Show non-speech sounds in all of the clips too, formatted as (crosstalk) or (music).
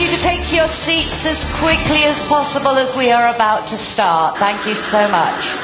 you to take your seats as quickly as possible as we are about to start. Thank you so much.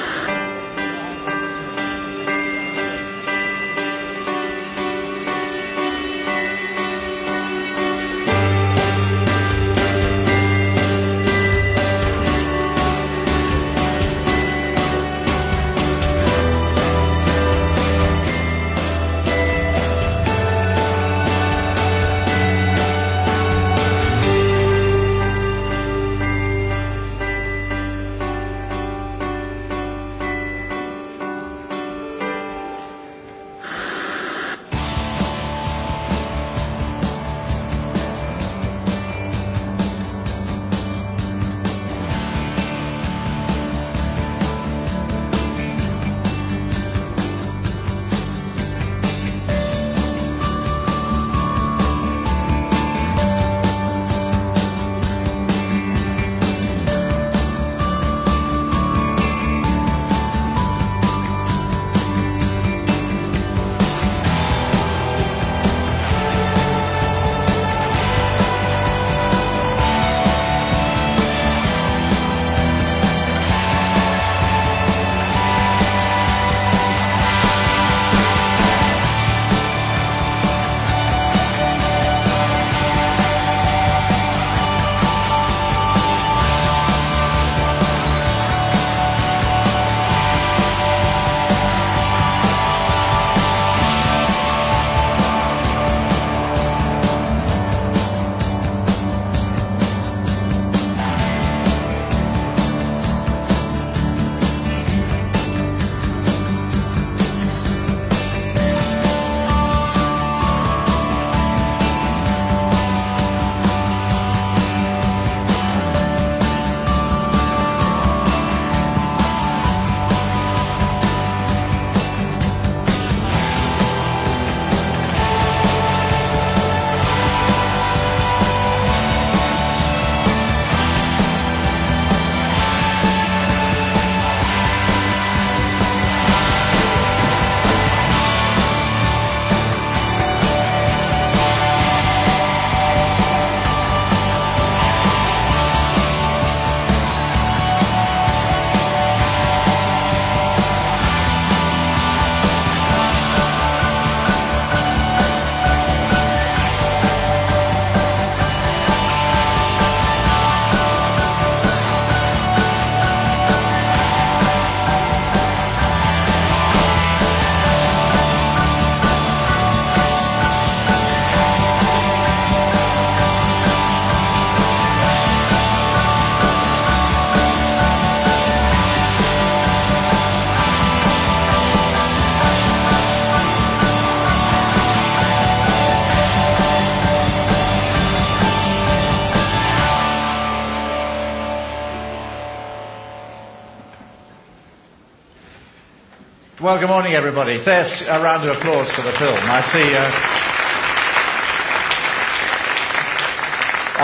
Well, good morning, everybody. There's a round of applause for the film. I see. Uh,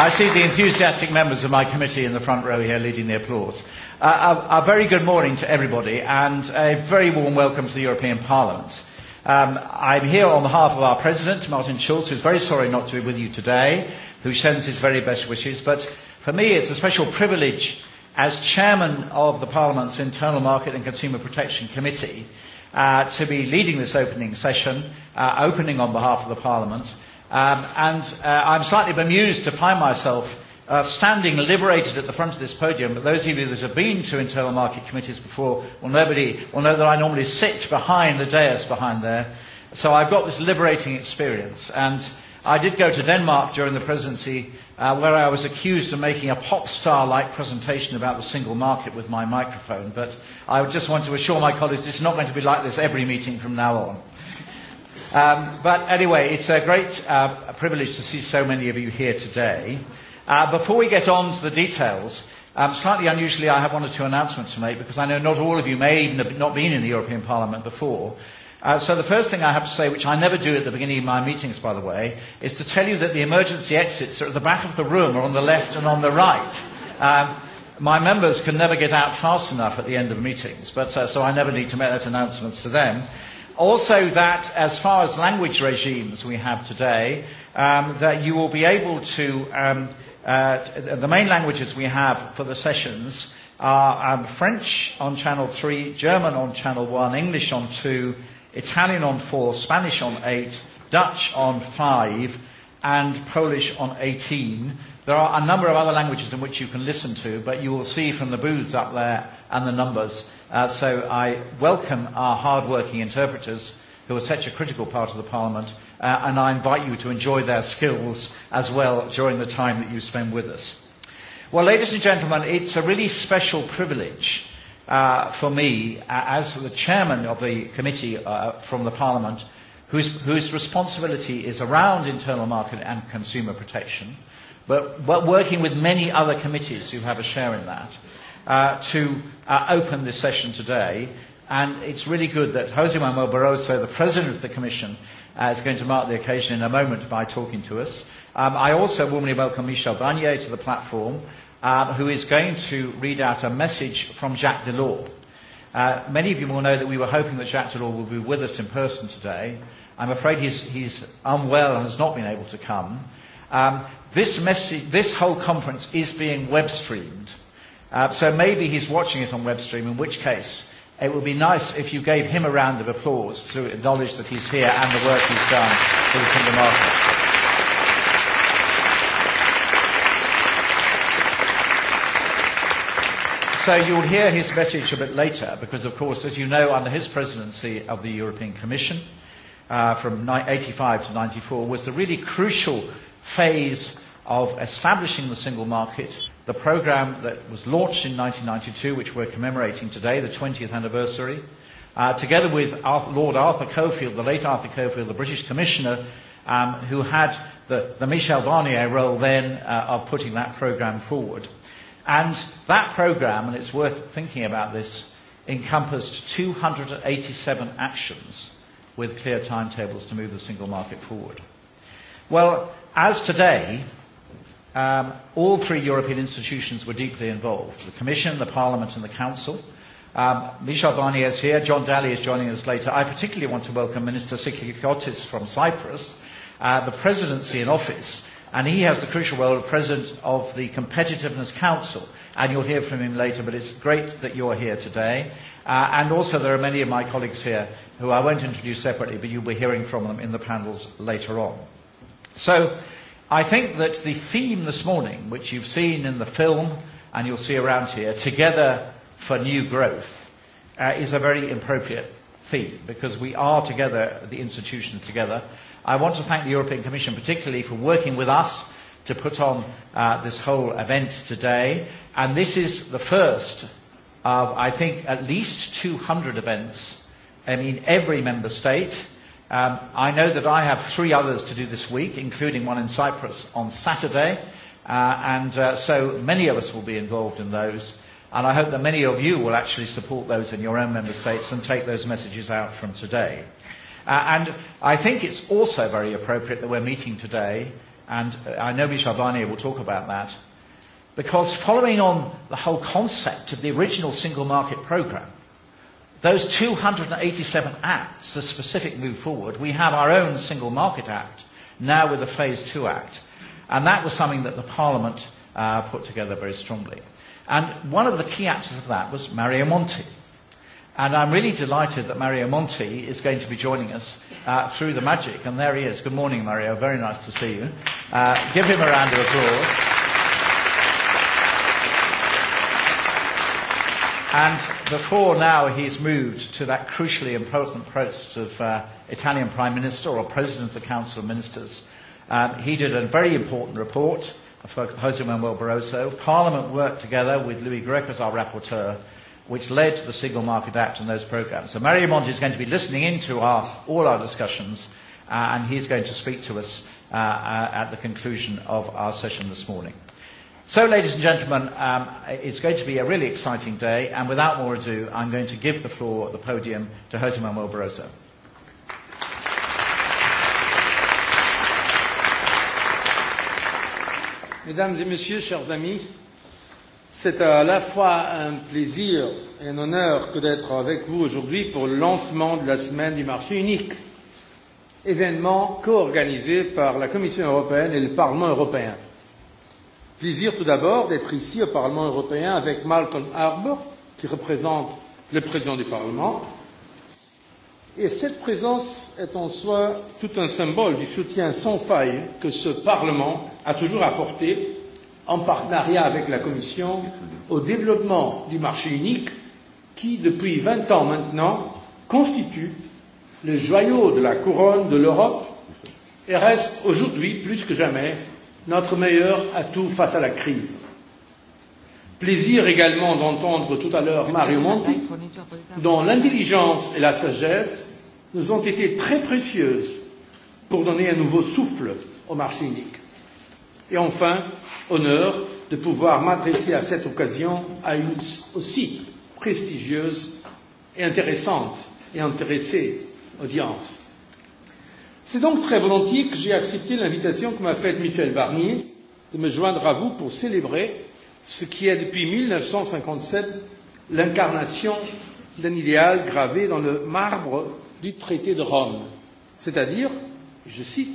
I see the enthusiastic members of my committee in the front row here leading the applause. Uh, a, a very good morning to everybody and a very warm welcome to the European Parliament. Um, I'm here on behalf of our President, Martin Schulz, who's very sorry not to be with you today, who sends his very best wishes. But for me, it's a special privilege as Chairman of the Parliament's Internal Market and Consumer Protection Committee uh, to be leading this opening session, uh, opening on behalf of the Parliament. Um, and uh, I'm slightly bemused to find myself uh, standing liberated at the front of this podium. But those of you that have been to internal market committees before will, nobody, will know that I normally sit behind the dais behind there. So I've got this liberating experience. And I did go to Denmark during the presidency uh, where I was accused of making a pop star like presentation about the single market with my microphone, but I just want to assure my colleagues it's not going to be like this every meeting from now on. Um, but anyway, it's a great uh, privilege to see so many of you here today. Uh, before we get on to the details, um, slightly unusually, I have one or two announcements to make because I know not all of you may even have not been in the European Parliament before. Uh, so the first thing I have to say, which I never do at the beginning of my meetings, by the way, is to tell you that the emergency exits are at the back of the room, or on the left and on the right. Um, my members can never get out fast enough at the end of meetings, but uh, so I never need to make that announcement to them. Also, that as far as language regimes we have today, um, that you will be able to um, uh, the main languages we have for the sessions are um, French on Channel 3, German on Channel 1, English on 2, Italian on four, Spanish on eight, Dutch on five, and Polish on 18. There are a number of other languages in which you can listen to, but you will see from the booths up there and the numbers. Uh, so I welcome our hard-working interpreters who are such a critical part of the Parliament, uh, and I invite you to enjoy their skills as well during the time that you spend with us. Well, ladies and gentlemen, it's a really special privilege uh, for me, uh, as the chairman of the committee uh, from the Parliament, whose, whose responsibility is around internal market and consumer protection, but, but working with many other committees who have a share in that, uh, to uh, open this session today. And it's really good that Jose Manuel Barroso, the president of the Commission, uh, is going to mark the occasion in a moment by talking to us. Um, I also warmly welcome Michel Barnier to the platform uh, who is going to read out a message from Jacques Delors. Uh, many of you will know that we were hoping that Jacques Delors would be with us in person today. I'm afraid he's, he's unwell and has not been able to come. Um, this, message, this whole conference is being web streamed. Uh, so maybe he's watching it on web stream, in which case it would be nice if you gave him a round of applause to acknowledge that he's here and the work he's done for the single market. So you'll hear his message a bit later, because, of course, as you know, under his presidency of the European Commission, uh, from 85 to 94, was the really crucial phase of establishing the single market. The program that was launched in 1992, which we're commemorating today, the 20th anniversary, uh, together with Arthur, Lord Arthur Cofield, the late Arthur Cofield, the British Commissioner, um, who had the, the Michel Barnier role then uh, of putting that program forward. And that program, and it's worth thinking about this, encompassed 287 actions with clear timetables to move the single market forward. Well, as today, um, all three European institutions were deeply involved the Commission, the Parliament, and the Council. Um, Michel Barnier is here, John Daly is joining us later. I particularly want to welcome Minister Sikikotis from Cyprus, uh, the presidency in office, And he has the crucial role of president of the Competitiveness Council. And you'll hear from him later, but it's great that you're here today. Uh, and also, there are many of my colleagues here who I won't introduce separately, but you'll be hearing from them in the panels later on. So, I think that the theme this morning, which you've seen in the film and you'll see around here, Together for New Growth, uh, is a very appropriate theme because we are together, the institutions together, I want to thank the European Commission particularly for working with us to put on uh, this whole event today. And this is the first of, I think, at least 200 events in every member state. Um, I know that I have three others to do this week, including one in Cyprus on Saturday. Uh, and uh, so many of us will be involved in those. And I hope that many of you will actually support those in your own member states and take those messages out from today. Uh, and I think it's also very appropriate that we're meeting today, and uh, I know Michel Barnier will talk about that, because following on the whole concept of the original single market program, those 287 acts the specific move forward. We have our own single market act, now with the phase two act. And that was something that the Parliament uh, put together very strongly. And one of the key actors of that was Mario Monti. And I'm really delighted that Mario Monti is going to be joining us uh, through the magic. And there he is. Good morning, Mario. Very nice to see you. Uh, give him a round of applause. And before now, he's moved to that crucially important post of uh, Italian Prime Minister or President of the Council of Ministers. Um, he did a very important report for Jose Manuel Barroso. Parliament worked together with Louis Greco as our rapporteur which led to the Single Market Act and those programs. So Mario Monti is going to be listening into our, all our discussions, uh, and he's going to speak to us uh, uh, at the conclusion of our session this morning. So, ladies and gentlemen, um, it's going to be a really exciting day, and without more ado, I'm going to give the floor, the podium, to Jose Manuel Barroso. Mesdames et messieurs, chers amis, C'est à la fois un plaisir et un honneur que d'être avec vous aujourd'hui pour le lancement de la semaine du marché unique, événement co-organisé par la Commission européenne et le Parlement européen. Plaisir tout d'abord d'être ici au Parlement européen avec Malcolm Harbour, qui représente le président du Parlement. Et cette présence est en soi tout un symbole du soutien sans faille que ce Parlement a toujours apporté en partenariat avec la Commission, au développement du marché unique qui, depuis vingt ans maintenant, constitue le joyau de la couronne de l'Europe et reste aujourd'hui plus que jamais notre meilleur atout face à la crise. Plaisir également d'entendre tout à l'heure Mario Monti, dont l'intelligence et la sagesse nous ont été très précieuses pour donner un nouveau souffle au marché unique. Et enfin, honneur de pouvoir m'adresser à cette occasion à une aussi prestigieuse et intéressante et intéressée audience. C'est donc très volontiers que j'ai accepté l'invitation que m'a faite Michel Barnier de me joindre à vous pour célébrer ce qui est depuis 1957 l'incarnation d'un idéal gravé dans le marbre du traité de Rome, c'est-à-dire, je cite,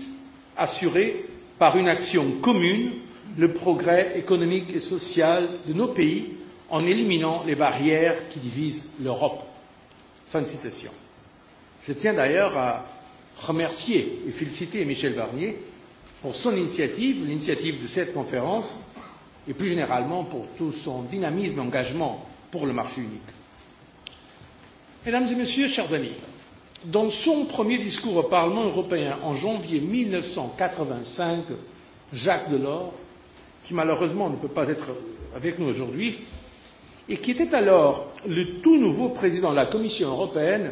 assuré par une action commune le progrès économique et social de nos pays en éliminant les barrières qui divisent l'Europe. Fin de citation. Je tiens d'ailleurs à remercier et féliciter Michel Barnier pour son initiative, l'initiative de cette conférence, et plus généralement pour tout son dynamisme et engagement pour le marché unique. Mesdames et Messieurs, chers amis, dans son premier discours au Parlement européen en janvier 1985, Jacques Delors qui malheureusement ne peut pas être avec nous aujourd'hui, et qui était alors le tout nouveau président de la Commission européenne,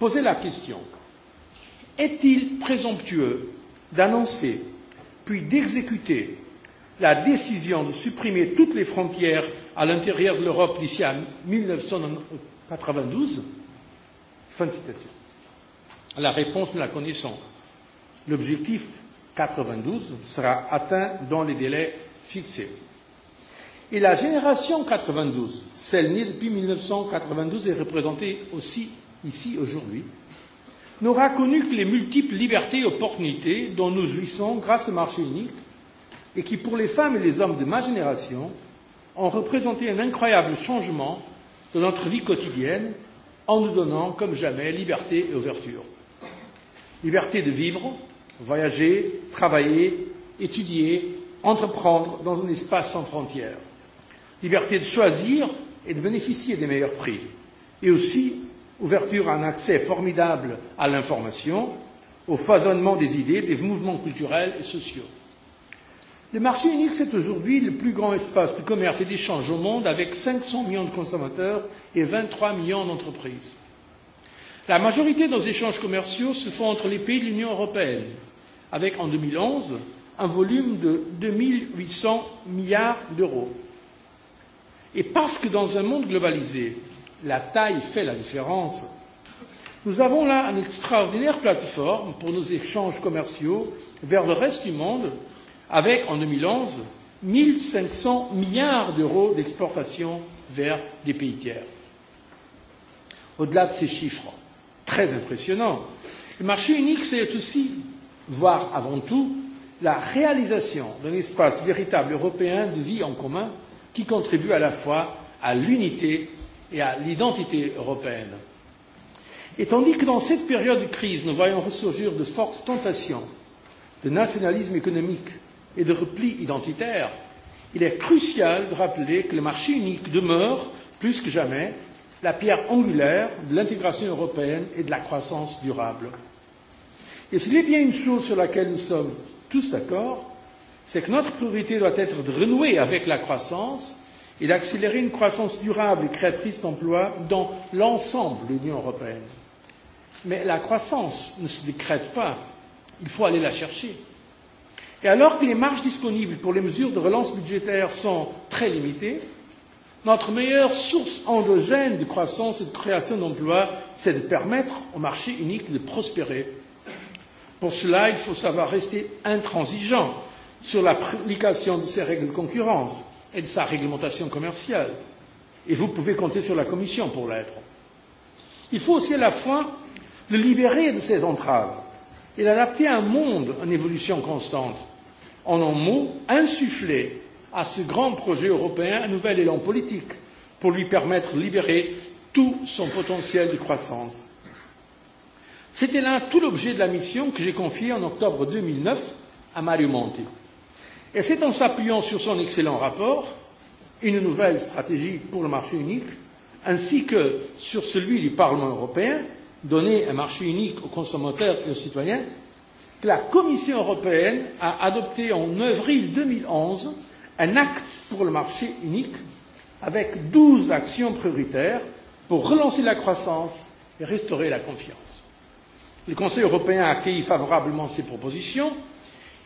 posait la question est-il présomptueux d'annoncer puis d'exécuter la décision de supprimer toutes les frontières à l'intérieur de l'Europe d'ici à 1992 Fin de citation. La réponse, nous la connaissons. L'objectif 92 sera atteint dans les délais fixé. Et la génération 92, celle née depuis 1992 et représentée aussi ici aujourd'hui, n'aura connu que les multiples libertés et opportunités dont nous jouissons grâce au marché unique et qui, pour les femmes et les hommes de ma génération, ont représenté un incroyable changement de notre vie quotidienne en nous donnant, comme jamais, liberté et ouverture. Liberté de vivre, voyager, travailler, étudier, entreprendre dans un espace sans frontières, liberté de choisir et de bénéficier des meilleurs prix, et aussi ouverture à un accès formidable à l'information, au foisonnement des idées, des mouvements culturels et sociaux. Le marché unique, c'est aujourd'hui le plus grand espace de commerce et d'échange au monde avec 500 millions de consommateurs et 23 millions d'entreprises. La majorité de nos échanges commerciaux se font entre les pays de l'Union européenne, avec en 2011 un volume de 2800 milliards d'euros. Et parce que dans un monde globalisé, la taille fait la différence, nous avons là une extraordinaire plateforme pour nos échanges commerciaux vers le reste du monde, avec en 2011 1500 milliards d'euros d'exportation vers des pays tiers. Au-delà de ces chiffres très impressionnants, le marché unique, c'est aussi, voire avant tout, la réalisation d'un espace véritable européen de vie en commun qui contribue à la fois à l'unité et à l'identité européenne. Et tandis que dans cette période de crise, nous voyons ressurgir de fortes tentations de nationalisme économique et de repli identitaire, il est crucial de rappeler que le marché unique demeure, plus que jamais, la pierre angulaire de l'intégration européenne et de la croissance durable. Et s'il est bien une chose sur laquelle nous sommes tous d'accord, c'est que notre priorité doit être de renouer avec la croissance et d'accélérer une croissance durable et créatrice d'emplois dans l'ensemble de l'Union européenne. Mais la croissance ne se décrète pas, il faut aller la chercher. Et alors que les marges disponibles pour les mesures de relance budgétaire sont très limitées, notre meilleure source endogène de croissance et de création d'emplois, c'est de permettre au marché unique de prospérer Pour cela, il faut savoir rester intransigeant sur l'application de ces règles de concurrence et de sa réglementation commerciale. Et vous pouvez compter sur la Commission pour l'être. Il faut aussi à la fois le libérer de ses entraves et l'adapter à un monde en évolution constante. En un mot, insuffler à ce grand projet européen un nouvel élan politique pour lui permettre de libérer tout son potentiel de croissance. C'était là tout l'objet de la mission que j'ai confiée en octobre 2009 à Mario Monti. Et c'est en s'appuyant sur son excellent rapport, une nouvelle stratégie pour le marché unique, ainsi que sur celui du Parlement européen, donner un marché unique aux consommateurs et aux citoyens, que la Commission européenne a adopté en avril 2011 un acte pour le marché unique avec douze actions prioritaires pour relancer la croissance et restaurer la confiance. Le Conseil européen a accueilli favorablement ces propositions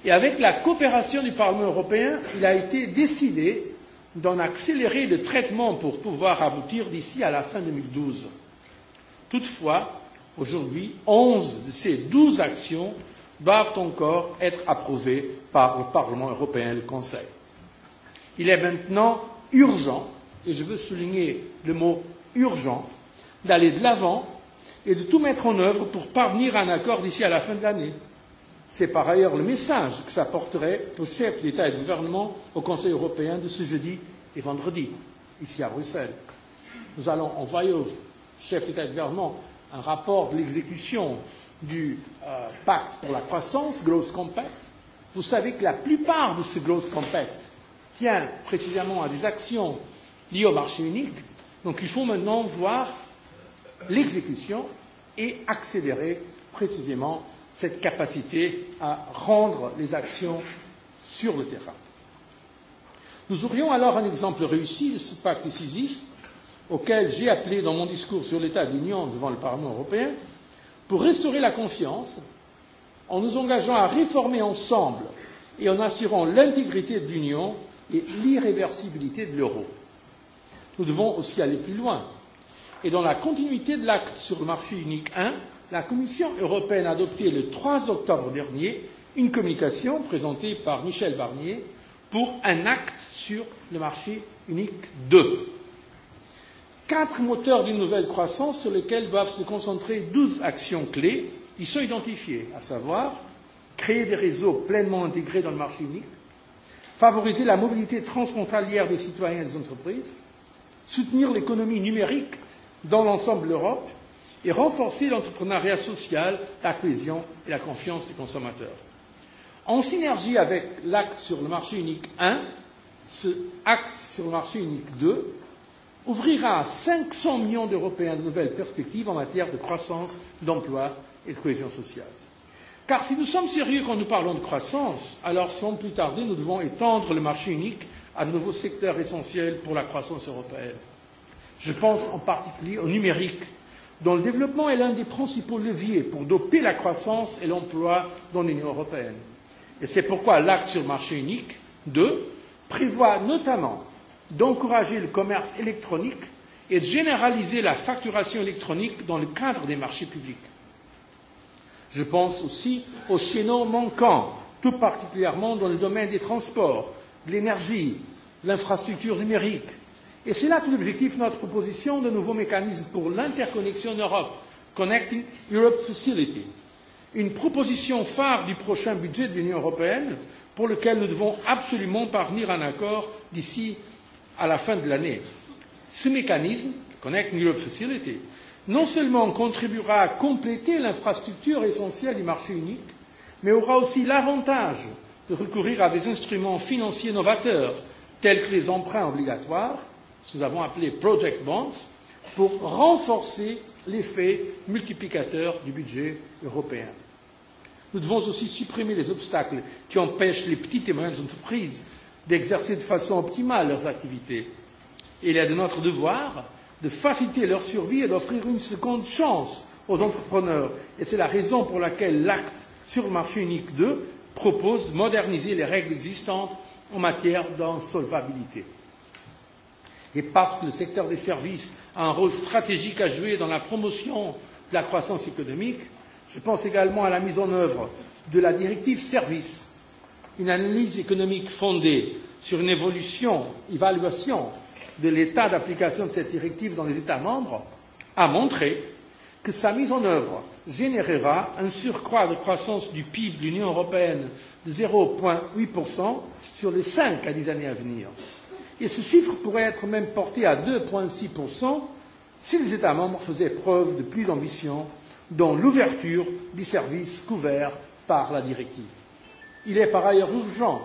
et avec la coopération du Parlement européen, il a été décidé d'en accélérer le traitement pour pouvoir aboutir d'ici à la fin deux mille douze. Toutefois, aujourd'hui, onze de ces douze actions doivent encore être approuvées par le Parlement européen et le Conseil. Il est maintenant urgent, et je veux souligner le mot urgent, d'aller de l'avant et de tout mettre en œuvre pour parvenir à un accord d'ici à la fin de l'année. C'est par ailleurs le message que j'apporterai aux chefs d'État et de gouvernement au Conseil européen de ce jeudi et vendredi, ici à Bruxelles. Nous allons envoyer aux chefs d'État et de gouvernement un rapport de l'exécution du euh, pacte pour la croissance, Growth Compact. Vous savez que la plupart de ce Growth Compact tient précisément à des actions liées au marché unique. Donc il faut maintenant voir l'exécution et accélérer précisément cette capacité à rendre les actions sur le terrain. Nous aurions alors un exemple réussi de ce pacte décisif auquel j'ai appelé dans mon discours sur l'état de l'Union devant le Parlement européen pour restaurer la confiance en nous engageant à réformer ensemble et en assurant l'intégrité de l'Union et l'irréversibilité de l'euro. Nous devons aussi aller plus loin et dans la continuité de l'acte sur le marché unique I, la Commission européenne a adopté le 3 octobre dernier une communication présentée par Michel Barnier pour un acte sur le marché unique II. Quatre moteurs d'une nouvelle croissance sur lesquels doivent se concentrer douze actions clés y sont identifiés, à savoir créer des réseaux pleinement intégrés dans le marché unique, favoriser la mobilité transfrontalière des citoyens et des entreprises, soutenir l'économie numérique dans l'ensemble de l'Europe et renforcer l'entrepreneuriat social, la cohésion et la confiance des consommateurs. En synergie avec l'acte sur le marché unique 1, ce acte sur le marché unique 2 ouvrira à 500 millions d'Européens de nouvelles perspectives en matière de croissance, d'emploi et de cohésion sociale. Car si nous sommes sérieux quand nous parlons de croissance, alors sans plus tarder, nous devons étendre le marché unique à de nouveaux secteurs essentiels pour la croissance européenne. Je pense en particulier au numérique, dont le développement est l'un des principaux leviers pour doper la croissance et l'emploi dans l'Union européenne. Et c'est pourquoi l'acte sur le marché unique 2 prévoit notamment d'encourager le commerce électronique et de généraliser la facturation électronique dans le cadre des marchés publics. Je pense aussi aux chaînons manquants, tout particulièrement dans le domaine des transports, de l'énergie, de l'infrastructure numérique, et c'est là tout l'objectif de notre proposition de nouveau mécanisme pour l'interconnexion en Europe, Connecting Europe Facility, une proposition phare du prochain budget de l'Union européenne pour lequel nous devons absolument parvenir à un accord d'ici à la fin de l'année. Ce mécanisme, Connecting Europe Facility, non seulement contribuera à compléter l'infrastructure essentielle du marché unique, mais aura aussi l'avantage de recourir à des instruments financiers novateurs tels que les emprunts obligatoires que nous avons appelé Project Bonds, pour renforcer l'effet multiplicateur du budget européen. Nous devons aussi supprimer les obstacles qui empêchent les petites et moyennes entreprises d'exercer de façon optimale leurs activités. Il est de notre devoir de faciliter leur survie et d'offrir une seconde chance aux entrepreneurs. Et c'est la raison pour laquelle l'acte sur le marché unique 2 propose de moderniser les règles existantes en matière d'insolvabilité et parce que le secteur des services a un rôle stratégique à jouer dans la promotion de la croissance économique. Je pense également à la mise en œuvre de la directive services. Une analyse économique fondée sur une évolution, évaluation de l'état d'application de cette directive dans les États membres a montré que sa mise en œuvre générera un surcroît de croissance du PIB de l'Union européenne de 0,8% sur les cinq à dix années à venir. Et ce chiffre pourrait être même porté à 2,6% si les États membres faisaient preuve de plus d'ambition dans l'ouverture des services couverts par la directive. Il est par ailleurs urgent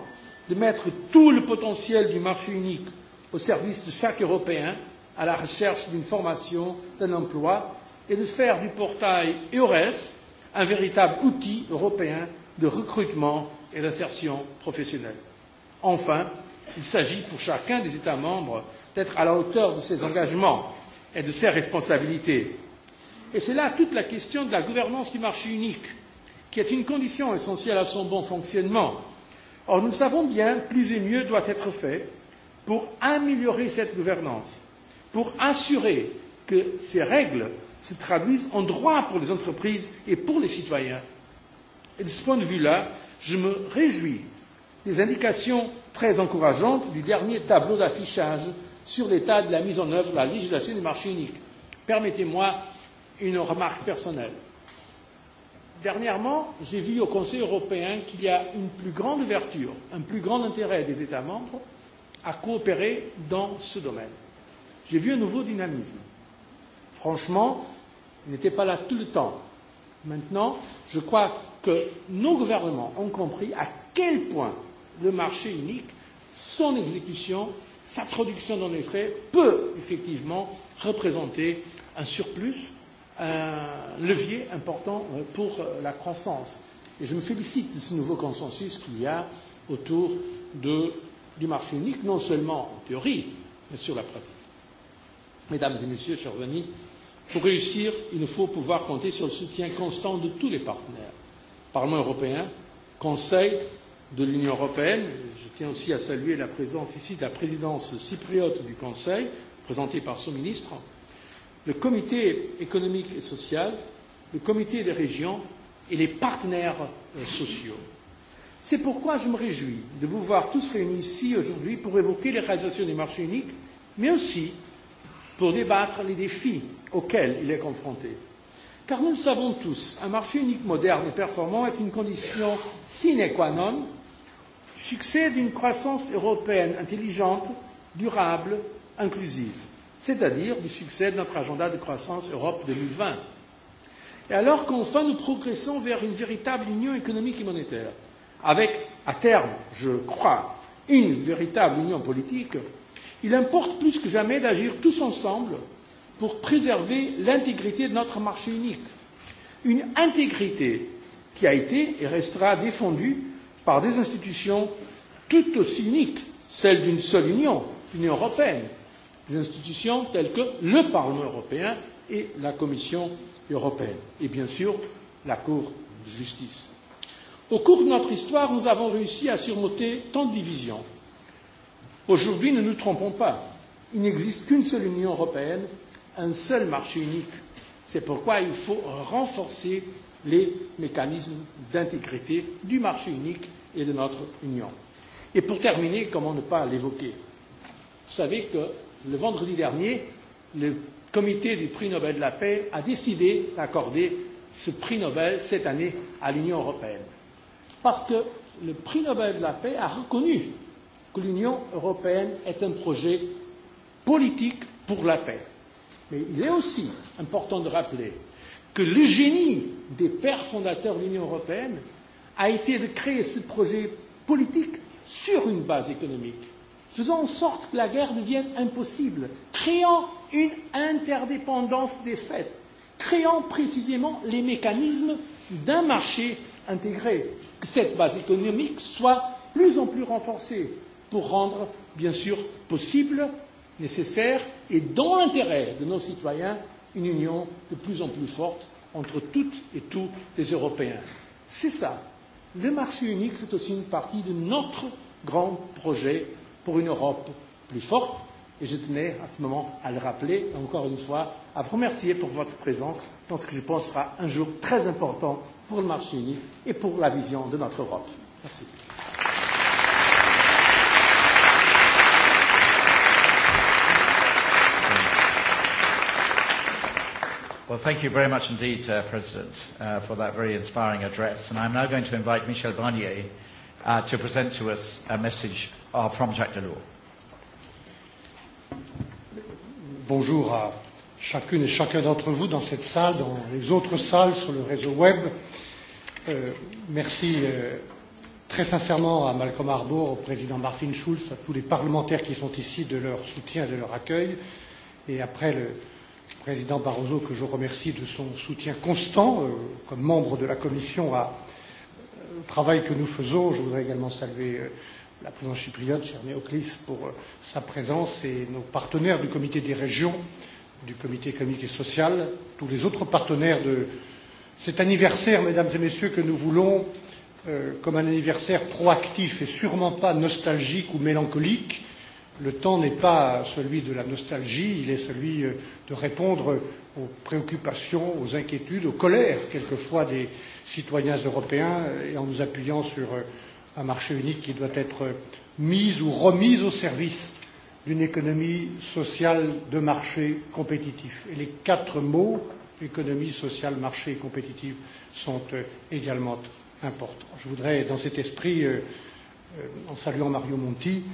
de mettre tout le potentiel du marché unique au service de chaque Européen à la recherche d'une formation, d'un emploi et de faire du portail EURES un véritable outil européen de recrutement et d'insertion professionnelle. Enfin, il s'agit pour chacun des États membres d'être à la hauteur de ses engagements et de ses responsabilités. Et c'est là toute la question de la gouvernance du marché unique, qui est une condition essentielle à son bon fonctionnement. Or, nous le savons bien, plus et mieux doit être fait pour améliorer cette gouvernance, pour assurer que ces règles se traduisent en droits pour les entreprises et pour les citoyens. Et de ce point de vue-là, je me réjouis des indications très encourageantes du dernier tableau d'affichage sur l'état de la mise en œuvre de la législation du marché unique. Permettez-moi une remarque personnelle. Dernièrement, j'ai vu au Conseil européen qu'il y a une plus grande ouverture, un plus grand intérêt des États membres à coopérer dans ce domaine. J'ai vu un nouveau dynamisme. Franchement, il n'était pas là tout le temps. Maintenant, je crois que nos gouvernements ont compris à quel point le marché unique, son exécution, sa traduction dans les faits peut effectivement représenter un surplus, un levier important euh, pour euh, la croissance. Et je me félicite de ce nouveau consensus qu'il y a autour de, du marché unique, non seulement en théorie, mais sur la pratique. Mesdames et Messieurs, chers amis, pour réussir, il nous faut pouvoir compter sur le soutien constant de tous les partenaires Parlement européen, Conseil, de l'Union européenne. Je tiens aussi à saluer la présence ici de la présidence cypriote du Conseil, présentée par son ministre, le comité économique et social, le comité des régions et les partenaires euh, sociaux. C'est pourquoi je me réjouis de vous voir tous réunis ici aujourd'hui pour évoquer les réalisations du marché unique, mais aussi pour débattre des défis auxquels il est confronté. Car nous le savons tous, un marché unique moderne et performant est une condition sine qua non du succès d'une croissance européenne intelligente, durable, inclusive, c'est-à-dire du succès de notre agenda de croissance Europe 2020. Et alors qu'enfin nous progressons vers une véritable union économique et monétaire, avec, à terme, je crois, une véritable union politique, il importe plus que jamais d'agir tous ensemble pour préserver l'intégrité de notre marché unique. Une intégrité qui a été et restera défendue par des institutions tout aussi uniques, celles d'une seule Union, l'Union européenne, des institutions telles que le Parlement européen et la Commission européenne, et bien sûr la Cour de justice. Au cours de notre histoire, nous avons réussi à surmonter tant de divisions. Aujourd'hui, ne nous trompons pas, il n'existe qu'une seule Union européenne un seul marché unique. C'est pourquoi il faut renforcer les mécanismes d'intégrité du marché unique et de notre Union. Et pour terminer, comment ne pas l'évoquer Vous savez que le vendredi dernier, le comité du prix Nobel de la paix a décidé d'accorder ce prix Nobel cette année à l'Union européenne. Parce que le prix Nobel de la paix a reconnu que l'Union européenne est un projet politique pour la paix. Mais il est aussi important de rappeler que le génie des pères fondateurs de l'Union européenne a été de créer ce projet politique sur une base économique, faisant en sorte que la guerre devienne impossible, créant une interdépendance des faits, créant précisément les mécanismes d'un marché intégré, que cette base économique soit plus en plus renforcée pour rendre, bien sûr, possible, nécessaire et dans l'intérêt de nos citoyens, une union de plus en plus forte entre toutes et tous les Européens. C'est ça. Le marché unique, c'est aussi une partie de notre grand projet pour une Europe plus forte. Et je tenais à ce moment à le rappeler, et encore une fois, à vous remercier pour votre présence dans ce que je pense sera un jour très important pour le marché unique et pour la vision de notre Europe. Merci. Well, thank you very much indeed, uh, President, uh, for that very inspiring address. And I'm now going to invite Michel Barnier uh, to present to us a message uh, from Jacques Delors. Bonjour à chacune et chacun d'entre vous dans cette salle, dans les autres salles, sur le réseau web. Euh, merci euh, très sincèrement à Malcolm Harbour, au président Martin Schulz, à tous les parlementaires qui sont ici de leur soutien et de leur accueil. Et après le, président Barroso, que je remercie de son soutien constant euh, comme membre de la Commission à, euh, au travail que nous faisons. Je voudrais également saluer euh, la présidence chypriote, cher Néoclis, pour euh, sa présence et nos partenaires du comité des régions, du comité économique et social, tous les autres partenaires de cet anniversaire, mesdames et messieurs, que nous voulons euh, comme un anniversaire proactif et sûrement pas nostalgique ou mélancolique le temps n'est pas celui de la nostalgie, il est celui euh, de répondre aux préoccupations, aux inquiétudes, aux colères quelquefois des citoyens européens euh, et en nous appuyant sur euh, un marché unique qui doit être mis ou remis au service d'une économie sociale de marché compétitif. Et les quatre mots économie sociale, marché et compétitive sont également importants. Je voudrais, dans cet esprit, en saluant Mario Monti,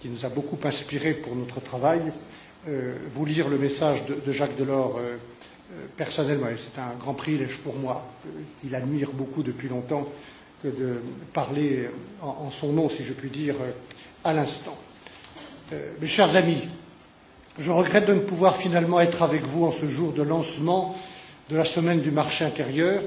qui nous a beaucoup inspirés pour notre travail, euh, vous lire le message de, de Jacques Delors euh, euh personnellement. C'est un grand privilège pour moi, euh, qu'il admire beaucoup depuis longtemps, que de parler en, en son nom, si je puis dire, euh, à l'instant. Euh, mes chers amis, je regrette de ne pouvoir finalement être avec vous en ce jour de lancement de la semaine du marché intérieur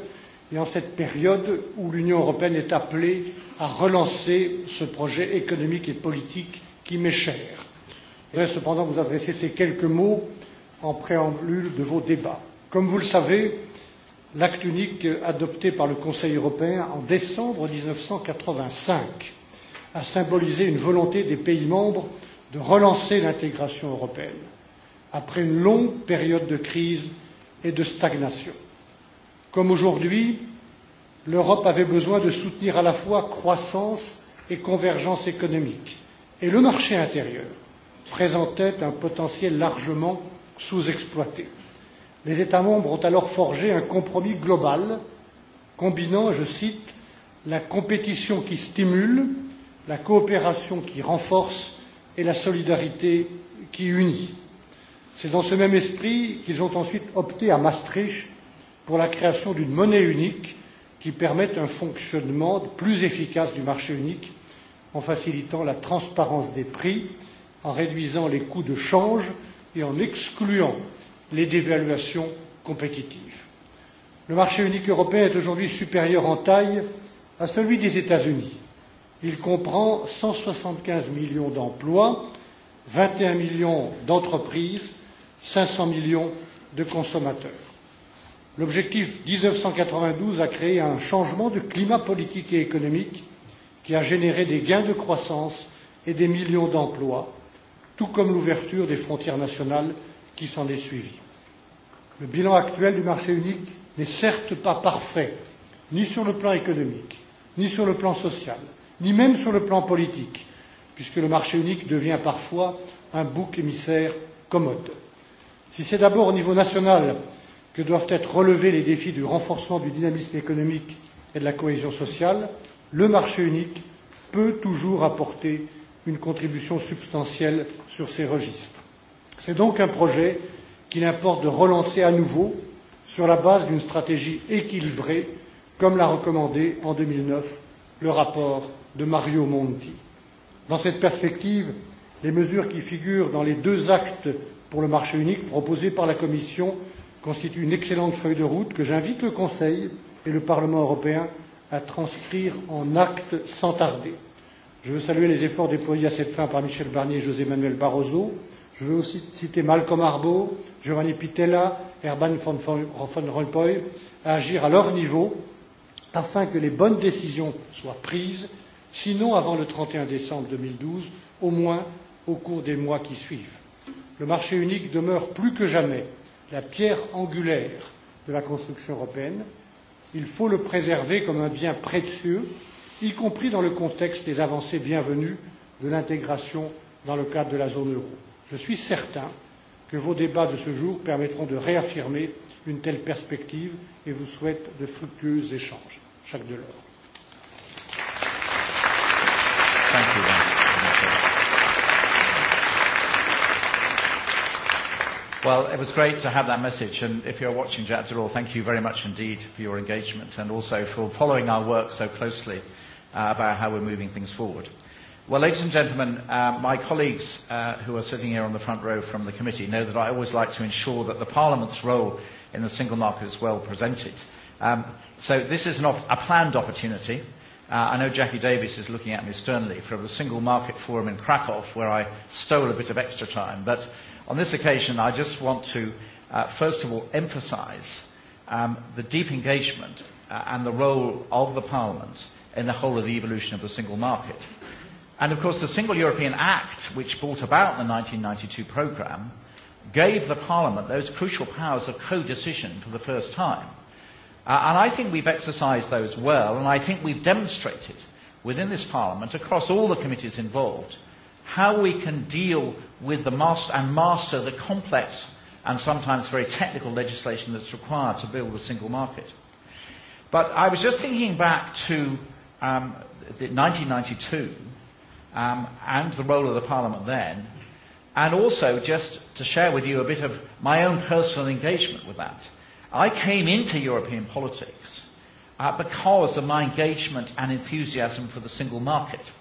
et en cette période où l'Union européenne est appelée à relancer ce projet économique et politique qui m'est chère. Je voudrais cependant vous adresser ces quelques mots en préambule de vos débats. Comme vous le savez, l'acte unique adopté par le Conseil européen en décembre mille neuf cent quatre-vingt-cinq a symbolisé une volonté des pays membres de relancer l'intégration européenne après une longue période de crise et de stagnation. Comme aujourd'hui, l'Europe avait besoin de soutenir à la fois croissance et convergence économique et le marché intérieur présentait un potentiel largement sous-exploité. Les États membres ont alors forgé un compromis global combinant, je cite, la compétition qui stimule, la coopération qui renforce et la solidarité qui unit. C'est dans ce même esprit qu'ils ont ensuite opté à Maastricht pour la création d'une monnaie unique qui permette un fonctionnement plus efficace du marché unique en facilitant la transparence des prix, en réduisant les coûts de change et en excluant les dévaluations compétitives. Le marché unique européen est aujourd'hui supérieur en taille à celui des États-Unis. Il comprend 175 millions d'emplois, 21 millions d'entreprises, 500 millions de consommateurs. L'objectif 1992 a créé un changement de climat politique et économique qui a généré des gains de croissance et des millions d'emplois, tout comme l'ouverture des frontières nationales qui s'en est suivie. Le bilan actuel du marché unique n'est certes pas parfait, ni sur le plan économique, ni sur le plan social, ni même sur le plan politique, puisque le marché unique devient parfois un bouc émissaire commode. Si c'est d'abord au niveau national que doivent être relevés les défis du renforcement du dynamisme économique et de la cohésion sociale, le marché unique peut toujours apporter une contribution substantielle sur ces registres. c'est donc un projet qu'il importe de relancer à nouveau sur la base d'une stratégie équilibrée comme l'a recommandé en deux mille neuf le rapport de mario monti. dans cette perspective les mesures qui figurent dans les deux actes pour le marché unique proposés par la commission constituent une excellente feuille de route que j'invite le conseil et le parlement européen à transcrire en actes sans tarder. Je veux saluer les efforts déployés à cette fin par Michel Barnier et José Manuel Barroso. Je veux aussi citer Malcolm Arbo, Giovanni Pitella, Herman von Rompuy à agir à leur niveau afin que les bonnes décisions soient prises, sinon avant le 31 décembre 2012, au moins au cours des mois qui suivent. Le marché unique demeure plus que jamais la pierre angulaire de la construction européenne Il faut le préserver comme un bien précieux, y compris dans le contexte des avancées bienvenues de l'intégration dans le cadre de la zone euro. Je suis certain que vos débats de ce jour permettront de réaffirmer une telle perspective et vous souhaite de fructueux échanges. Jacques Delors. Thank you. Well, it was great to have that message, and if you're watching Jack Durrell, thank you very much indeed for your engagement and also for following our work so closely uh, about how we're moving things forward. Well, ladies and gentlemen, uh, my colleagues uh, who are sitting here on the front row from the committee know that I always like to ensure that the Parliament's role in the single market is well presented. Um, so this is an op- a planned opportunity. Uh, I know Jackie Davis is looking at me sternly from the Single Market Forum in Krakow, where I stole a bit of extra time. But on this occasion, I just want to, uh, first of all, emphasize um, the deep engagement uh, and the role of the Parliament in the whole of the evolution of the single market. And of course, the Single European Act, which brought about the 1992 programme, gave the Parliament those crucial powers of co-decision for the first time. Uh, and I think we've exercised those well, and I think we've demonstrated within this Parliament, across all the committees involved, how we can deal with the master and master the complex and sometimes very technical legislation that's required to build the single market. But I was just thinking back to um, 1992 um, and the role of the Parliament then, and also just to share with you a bit of my own personal engagement with that. I came into European politics uh, because of my engagement and enthusiasm for the single market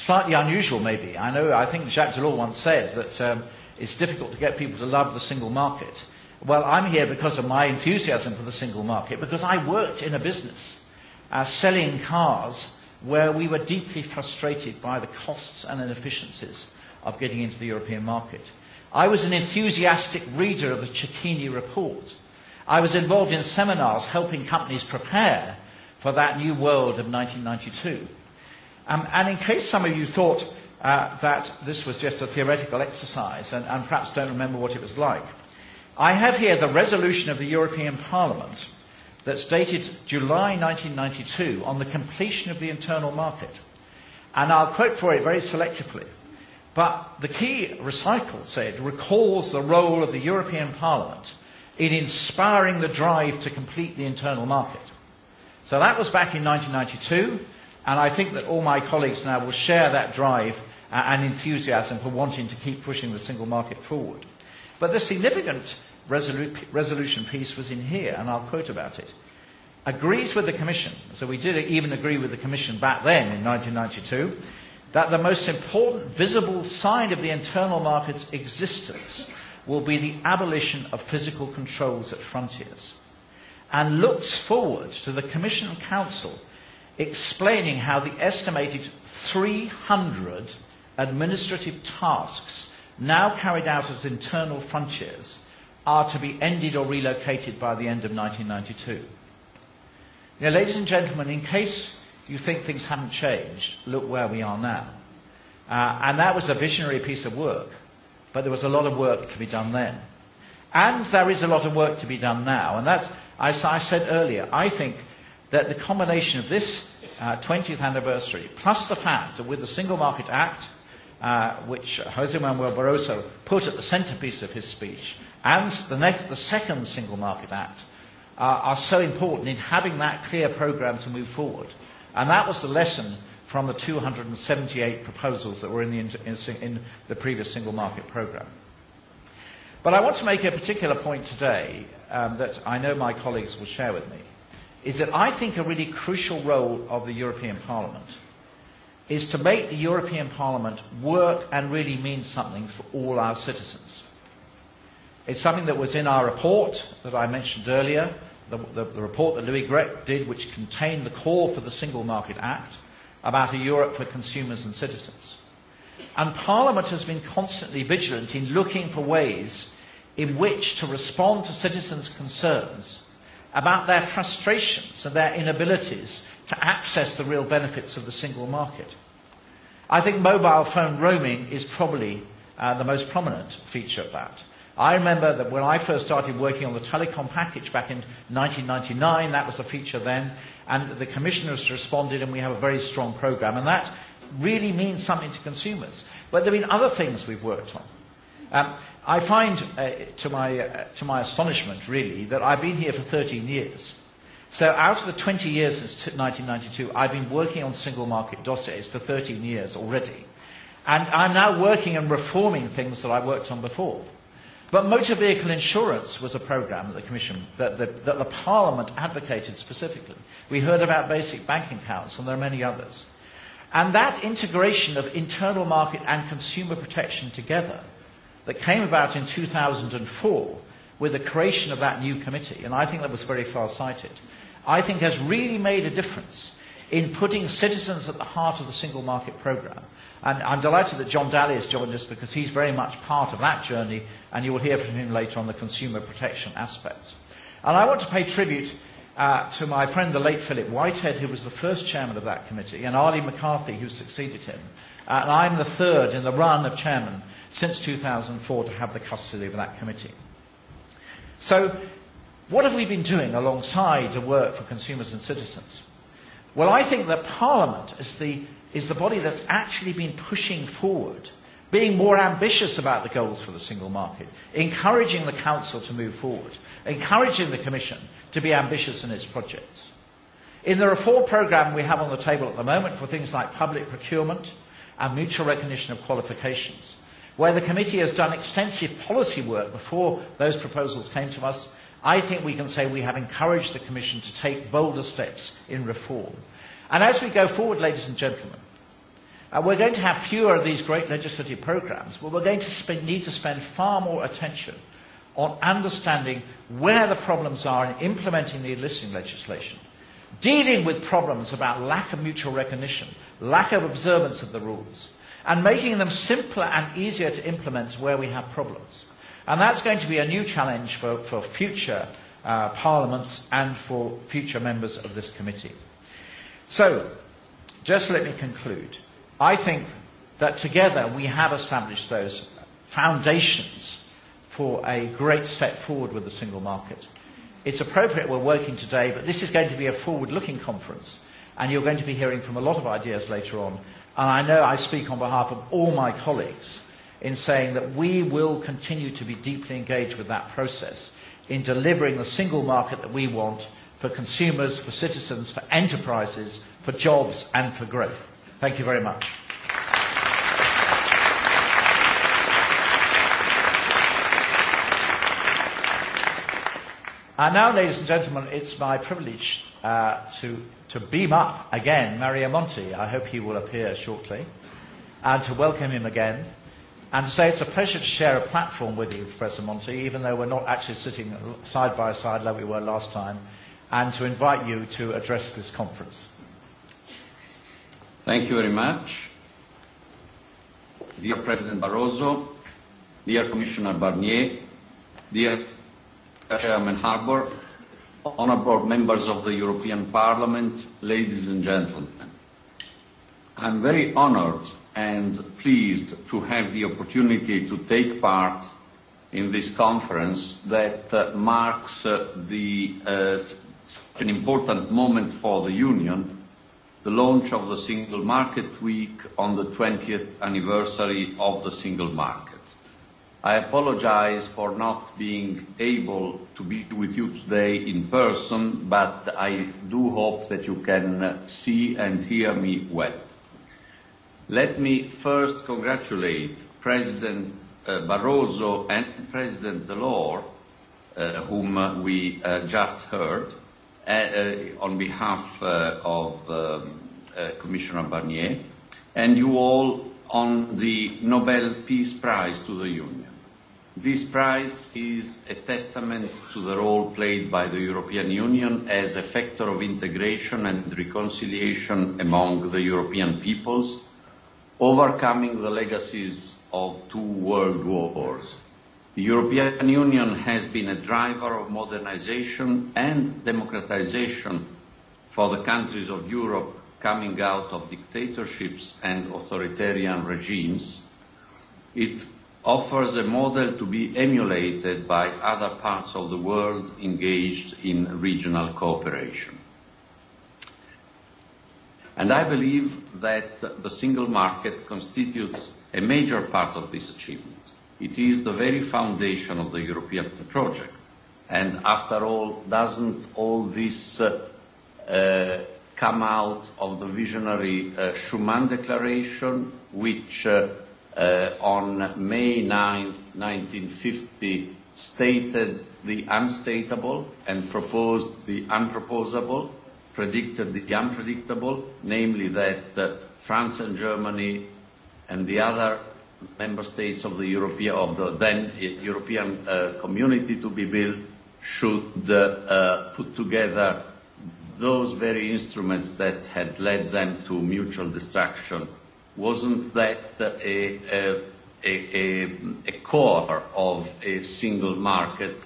slightly unusual maybe. I know, I think Jacques Delors once said that um, it's difficult to get people to love the single market. Well, I'm here because of my enthusiasm for the single market, because I worked in a business uh, selling cars where we were deeply frustrated by the costs and inefficiencies of getting into the European market. I was an enthusiastic reader of the Cecchini report. I was involved in seminars helping companies prepare for that new world of 1992. Um, and in case some of you thought uh, that this was just a theoretical exercise and, and perhaps don't remember what it was like, I have here the resolution of the European Parliament that's dated July 1992 on the completion of the internal market. And I'll quote for it very selectively. But the key recital said recalls the role of the European Parliament in inspiring the drive to complete the internal market. So that was back in 1992. And I think that all my colleagues now will share that drive uh, and enthusiasm for wanting to keep pushing the single market forward. But the significant resolu- resolution piece was in here, and I'll quote about it. Agrees with the Commission, so we did even agree with the Commission back then in 1992, that the most important visible sign of the internal market's existence will be the abolition of physical controls at frontiers, and looks forward to the Commission and Council explaining how the estimated 300 administrative tasks now carried out as internal frontiers are to be ended or relocated by the end of 1992. Now, ladies and gentlemen, in case you think things haven't changed, look where we are now. Uh, and that was a visionary piece of work, but there was a lot of work to be done then. And there is a lot of work to be done now. And that's, as I said earlier, I think that the combination of this uh, 20th anniversary, plus the fact that with the Single Market Act, uh, which Jose Manuel Barroso put at the centerpiece of his speech, and the, next, the second Single Market Act, uh, are so important in having that clear program to move forward. And that was the lesson from the 278 proposals that were in the, in, in the previous Single Market program. But I want to make a particular point today um, that I know my colleagues will share with me is that I think a really crucial role of the European Parliament is to make the European Parliament work and really mean something for all our citizens. It's something that was in our report that I mentioned earlier, the, the, the report that Louis Grech did, which contained the call for the Single Market Act about a Europe for consumers and citizens. And Parliament has been constantly vigilant in looking for ways in which to respond to citizens' concerns about their frustrations and their inabilities to access the real benefits of the single market. I think mobile phone roaming is probably uh, the most prominent feature of that. I remember that when I first started working on the telecom package back in 1999, that was a feature then, and the commissioners responded, and we have a very strong program, and that really means something to consumers. But there have been other things we've worked on. Um, I find, uh, to, my, uh, to my astonishment really, that I've been here for 13 years. So out of the 20 years since t- 1992, I've been working on single market dossiers for 13 years already. And I'm now working and reforming things that I worked on before. But motor vehicle insurance was a program that the Commission, that the, that the Parliament advocated specifically. We heard about basic banking accounts, and there are many others. And that integration of internal market and consumer protection together that came about in 2004 with the creation of that new committee, and I think that was very far sighted, I think has really made a difference in putting citizens at the heart of the single market programme. And I'm delighted that John Daly has joined us because he's very much part of that journey, and you will hear from him later on the consumer protection aspects. And I want to pay tribute uh, to my friend, the late Philip Whitehead, who was the first chairman of that committee, and Arlie McCarthy, who succeeded him. Uh, and I'm the third in the run of chairman since 2004 to have the custody of that committee. So, what have we been doing alongside the work for consumers and citizens? Well, I think that Parliament is the, is the body that's actually been pushing forward, being more ambitious about the goals for the single market, encouraging the Council to move forward, encouraging the Commission to be ambitious in its projects. In the reform programme we have on the table at the moment for things like public procurement and mutual recognition of qualifications, where the committee has done extensive policy work before those proposals came to us, I think we can say we have encouraged the Commission to take bolder steps in reform. And as we go forward, ladies and gentlemen, uh, we're going to have fewer of these great legislative programs, but we're going to spend, need to spend far more attention on understanding where the problems are in implementing the enlisting legislation, dealing with problems about lack of mutual recognition, lack of observance of the rules, and making them simpler and easier to implement where we have problems. And that's going to be a new challenge for, for future uh, parliaments and for future members of this committee. So, just let me conclude. I think that together we have established those foundations for a great step forward with the single market. It's appropriate we're working today, but this is going to be a forward looking conference, and you're going to be hearing from a lot of ideas later on And I know I speak on behalf of all my colleagues in saying that we will continue to be deeply engaged with that process in delivering the single market that we want for consumers, for citizens, for enterprises, for jobs and for growth. Thank you very much. And uh, now, ladies and gentlemen, it's my privilege uh, to, to beam up again Mario Monti. I hope he will appear shortly. And to welcome him again. And to say it's a pleasure to share a platform with you, Professor Monti, even though we're not actually sitting side by side like we were last time, and to invite you to address this conference. Thank you very much. Dear President Barroso, dear Commissioner Barnier, dear Chairman Harbour, honourable members of the European Parliament, ladies and gentlemen. I'm very honoured and pleased to have the opportunity to take part in this conference that uh, marks uh, the, uh, such an important moment for the Union, the launch of the Single Market Week on the 20th anniversary of the Single Market. I apologize for not being able to be with you today in person, but I do hope that you can see and hear me well. Let me first congratulate President uh, Barroso and President Delors, uh, whom we uh, just heard, on behalf of um, Commissioner Barnier, and you all on the Nobel Peace Prize to the Union. This prize is a testament to the role played by the European Union as a factor of integration and reconciliation among the European peoples, overcoming the legacies of two world wars. The European Union has been a driver of modernization and democratization for the countries of Europe coming out of dictatorships and authoritarian regimes. It offers a model to be emulated by other parts of the world engaged in regional cooperation. And I believe that the single market constitutes a major part of this achievement. It is the very foundation of the European project. And after all, doesn't all this uh, uh, come out of the visionary uh, Schuman Declaration, which uh, uh, on May 9th, 1950, stated the unstatable and proposed the unproposable, predicted the unpredictable, namely that uh, France and Germany and the other member states of the European, of the then European uh, community to be built should uh, uh, put together those very instruments that had led them to mutual destruction wasn't that a core of a single market?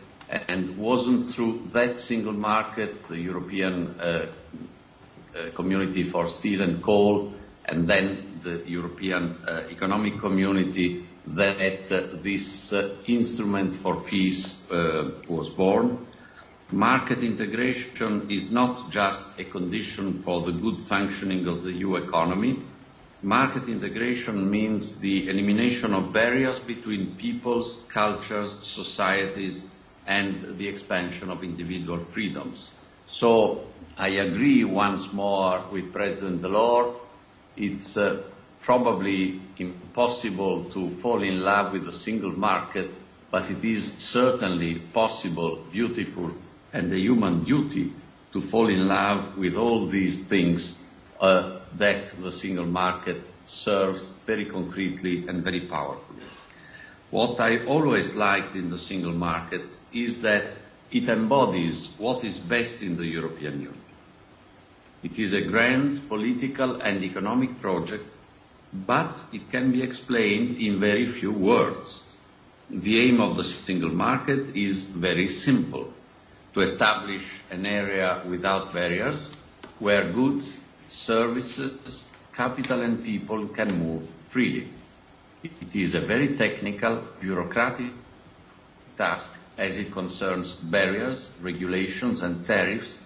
And wasn't through that single market, the European uh, uh, Community for Steel and Coal, and then the European uh, Economic Community, that this instrument for peace was born? Market integration is not just a condition for the good functioning of the EU economy, Market integration means the elimination of barriers between peoples, cultures, societies, and the expansion of individual freedoms. So I agree once more with President Delors. It's uh, probably impossible to fall in love with a single market, but it is certainly possible, beautiful, and a human duty to fall in love with all these things uh, that the single market serves very concretely and very powerfully. What I always liked in the single market is that it embodies what is best in the European Union. It is a grand political and economic project, but it can be explained in very few words. The aim of the single market is very simple: to establish an area without barriers, where goods services, capital and people can move freely. It is a very technical, bureaucratic task as it concerns barriers, regulations and tariffs,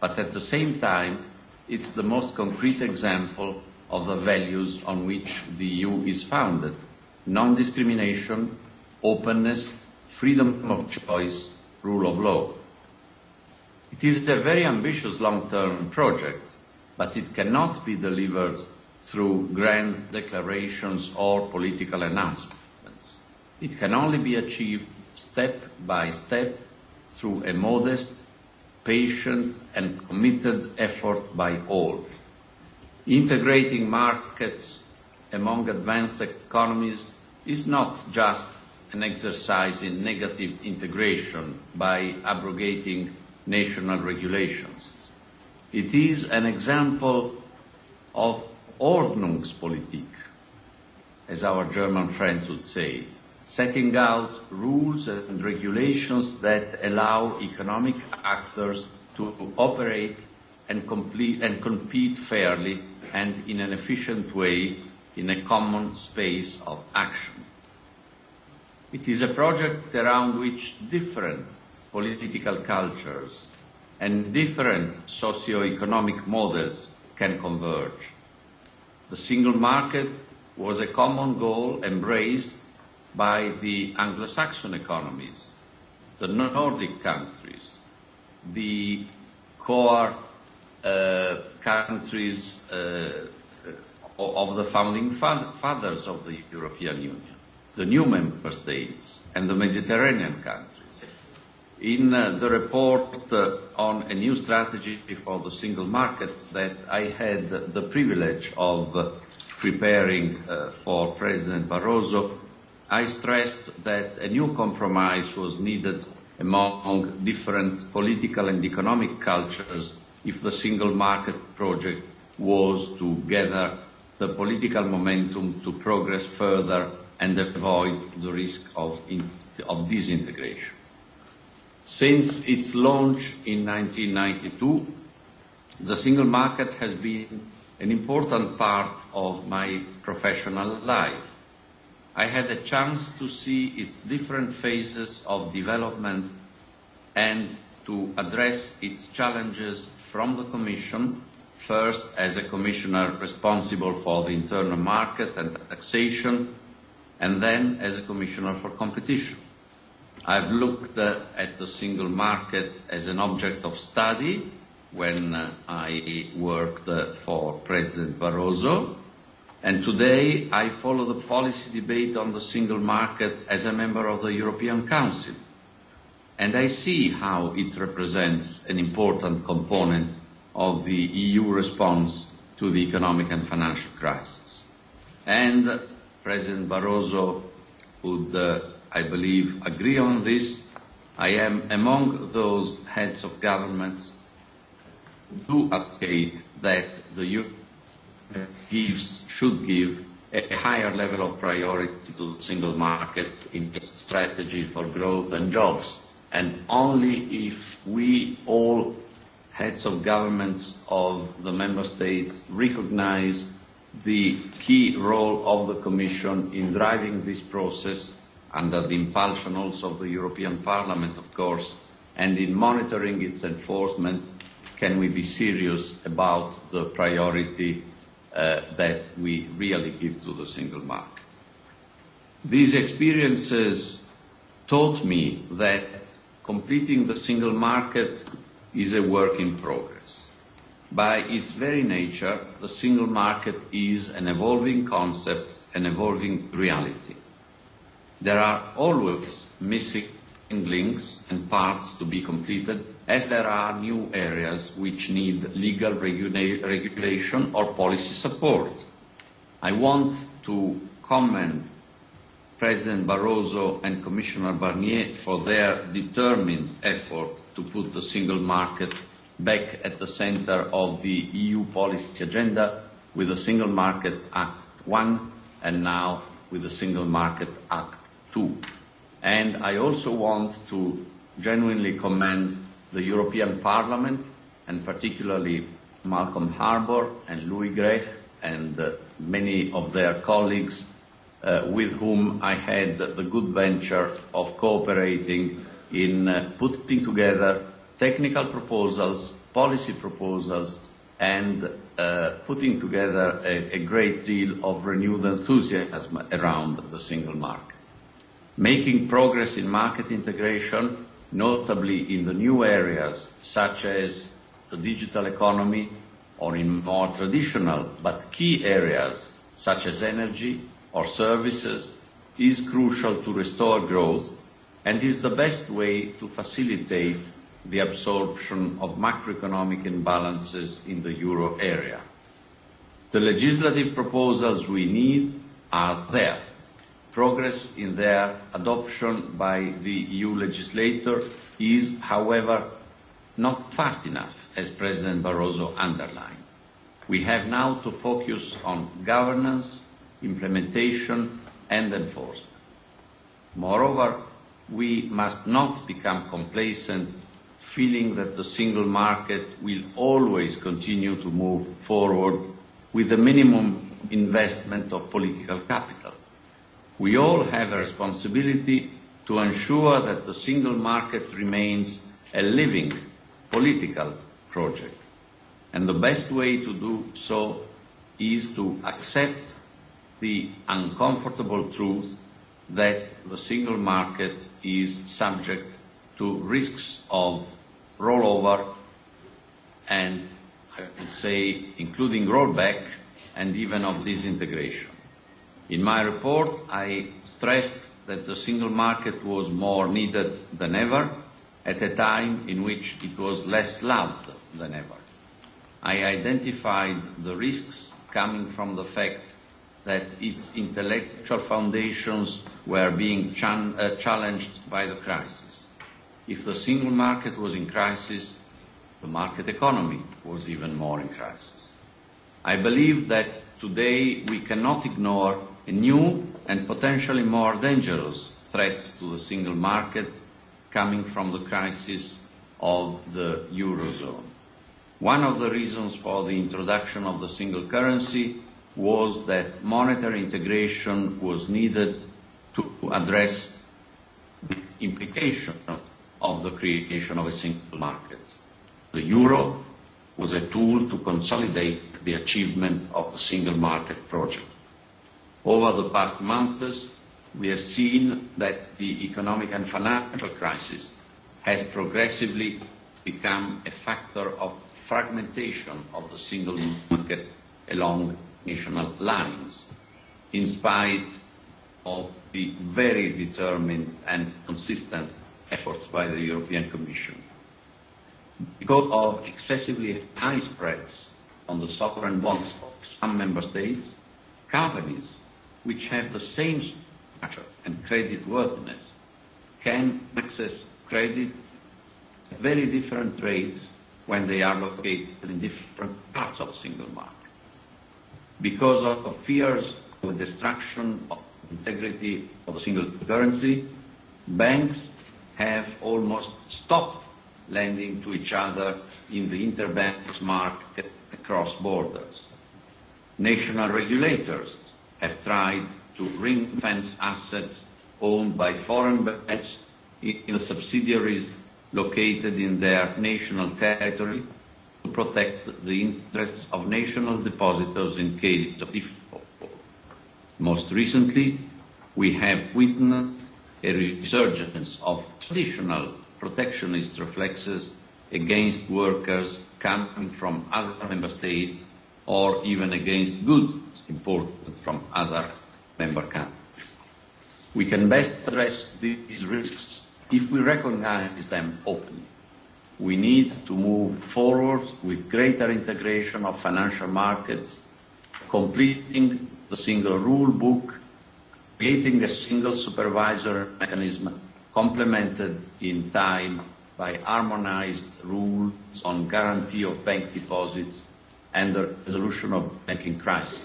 but at the same time it's the most concrete example of the values on which the EU is founded. Non-discrimination, openness, freedom of choice, rule of law. It is a very ambitious long-term project but it cannot be delivered through grand declarations or political announcements. It can only be achieved step by step through a modest, patient, and committed effort by all. Integrating markets among advanced economies is not just an exercise in negative integration by abrogating national regulations. It is an example of Ordnungspolitik, as our German friends would say, setting out rules and regulations that allow economic actors to operate and, complete, and compete fairly and in an efficient way in a common space of action. It is a project around which different political cultures and different socioeconomic models can converge. The single market was a common goal embraced by the Anglo-Saxon economies, the Nordic countries, the core uh, countries uh, of the founding fathers of the European Union, the new member states and the Mediterranean countries in uh, the report uh, on a new strategy for the single market that I had the privilege of uh, preparing for President Barroso, I stressed that a new compromise was needed among different political and economic cultures if the single market project was to gather the political momentum to progress further and avoid the risk of, in, of disintegration. Since its launch in 1992, the single market has been an important part of my professional life. I had a chance to see its different phases of development and to address its challenges from the Commission, first as a commissioner responsible for the internal market and taxation, and then as a commissioner for competition. I've looked at the single market as an object of study when uh, I worked uh, for President Barroso, and today I follow the policy debate on the single market as a member of the European Council. And I see how it represents an important component of the EU response to the economic and financial crisis. And uh, President Barroso would uh, I believe, agree on this. I am among those heads of governments who advocate that the EU gives, should give a higher level of priority to the single market in its strategy for growth and jobs. And only if we all heads of governments of the member states recognize the key role of the Commission in driving this process under the impulsion also of the European Parliament, of course, and in monitoring its enforcement, can we be serious about the priority uh, that we really give to the single market? These experiences taught me that completing the single market is a work in progress. By its very nature, the single market is an evolving concept, an evolving reality There are always missing links and parts to be completed, as there are new areas which need legal regula regulation or policy support. I want to commend President Barroso and Commissioner Barnier for their determined effort to put the single market back at the center of the EU policy agenda with the Single Market Act I and now with the Single Market Act too. And I also want to genuinely commend the European Parliament, and particularly Malcolm Harbour and Louis Grech and uh, many of their colleagues uh, with whom I had the good venture of cooperating in uh, putting together technical proposals, policy proposals, and uh, putting together a, a great deal of renewed enthusiasm around the single market making progress in market integration, notably in the new areas such as the digital economy or in more traditional but key areas such as energy or services, is crucial to restore growth and is the best way to facilitate the absorption of macroeconomic imbalances in the euro area. The legislative proposals we need are there. Progress in their adoption by the EU legislator is, however, not fast enough, as President Barroso underlined. We have now to focus on governance, implementation, and enforcement. Moreover, we must not become complacent, feeling that the single market will always continue to move forward with the minimum investment of political capital we all have a responsibility to ensure that the single market remains a living political project. And the best way to do so is to accept the uncomfortable truth that the single market is subject to risks of rollover and, I would say, including rollback and even of disintegration. In my report, I stressed that the single market was more needed than ever at a time in which it was less loved than ever. I identified the risks coming from the fact that its intellectual foundations were being ch uh, challenged by the crisis. If the single market was in crisis, the market economy was even more in crisis. I believe that today we cannot ignore new and potentially more dangerous threats to the single market coming from the crisis of the Eurozone. One of the reasons for the introduction of the single currency was that monetary integration was needed to address the implication of the creation of a single market. The euro was a tool to consolidate the achievement of the single market project. Over the past months, we have seen that the economic and financial crisis has progressively become a factor of fragmentation of the single market along national lines, in spite of the very determined and consistent efforts by the European Commission. Because of excessively high spreads on the sovereign bonds of some member states, companies which have the same structure and creditworthiness can access credit at very different rates when they are located in different parts of a single market. Because of fears of destruction of integrity of a single currency, banks have almost stopped lending to each other in the interbank market across borders. National regulators have tried to ring-fence assets owned by foreign banks in subsidiaries located in their national territory to protect the interests of national depositors in case of default. Most recently, we have witnessed a resurgence of traditional protectionist reflexes against workers coming from other member states or even against goods imported from other member countries. We can best address these risks if we recognize them openly. We need to move forward with greater integration of financial markets, completing the single rule book, creating a single supervisor mechanism complemented in time by harmonized rules on guarantee of bank deposits and the resolution of banking crises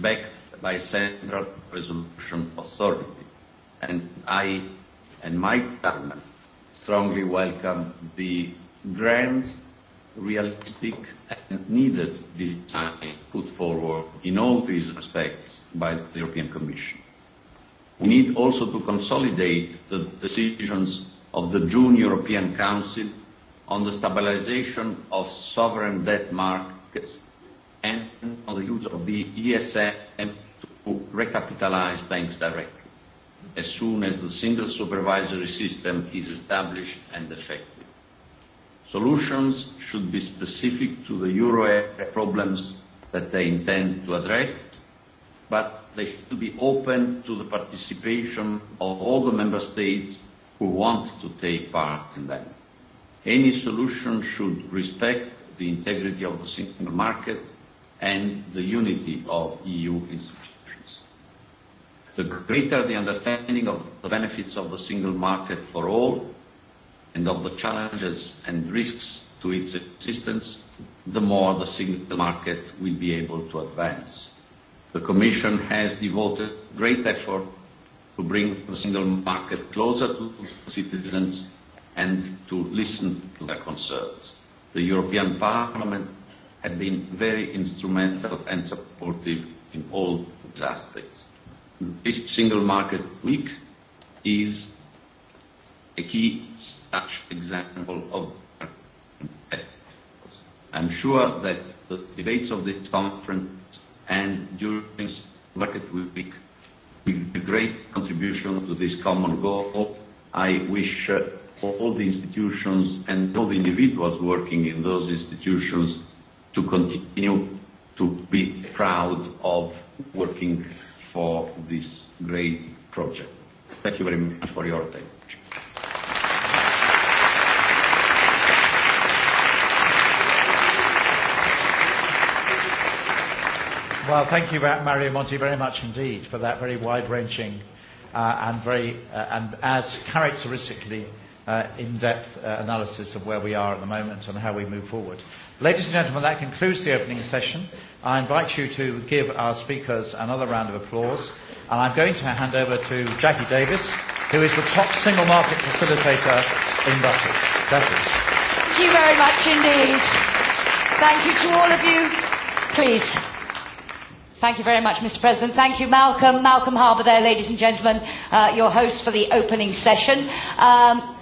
backed by Central Resolution Authority. And I and my government strongly welcome the grand, realistic, and needed design put forward in all these respects by the European Commission. We need also to consolidate the decisions of the June European Council on the stabilization of sovereign debt markets and on the use of the ESM to recapitalize banks directly as soon as the single supervisory system is established and effective. Solutions should be specific to the euro area problems that they intend to address, but they should be open to the participation of all the member states who want to take part in them. Any solution should respect the integrity of the single market and the unity of EU institutions. The greater the understanding of the benefits of the single market for all and of the challenges and risks to its existence, the more the single market will be able to advance. The Commission has devoted great effort to bring the single market closer to citizens and to listen to their concerns. The European Parliament have been very instrumental and supportive in all these aspects. This Single Market Week is a key such example of I'm sure that the debates of this conference and during Market Week will be a great contribution to this common goal. I wish uh, all the institutions and all the individuals working in those institutions to continue to be proud of working for this great project. Thank you very much for your attention. Well, thank you, Mario Monti, very much indeed for that very wide-ranging uh, and very uh, and as characteristically uh, in-depth uh, analysis of where we are at the moment and how we move forward. Ladies and gentlemen, that concludes the opening session. I invite you to give our speakers another round of applause. And I'm going to hand over to Jackie Davis, who is the top single market facilitator in Brussels. Jackie. Thank you very much indeed. Thank you to all of you. Please. Thank you very much, Mr. President. Thank you, Malcolm. Malcolm Harbour there, ladies and gentlemen, uh, your host for the opening session. Um,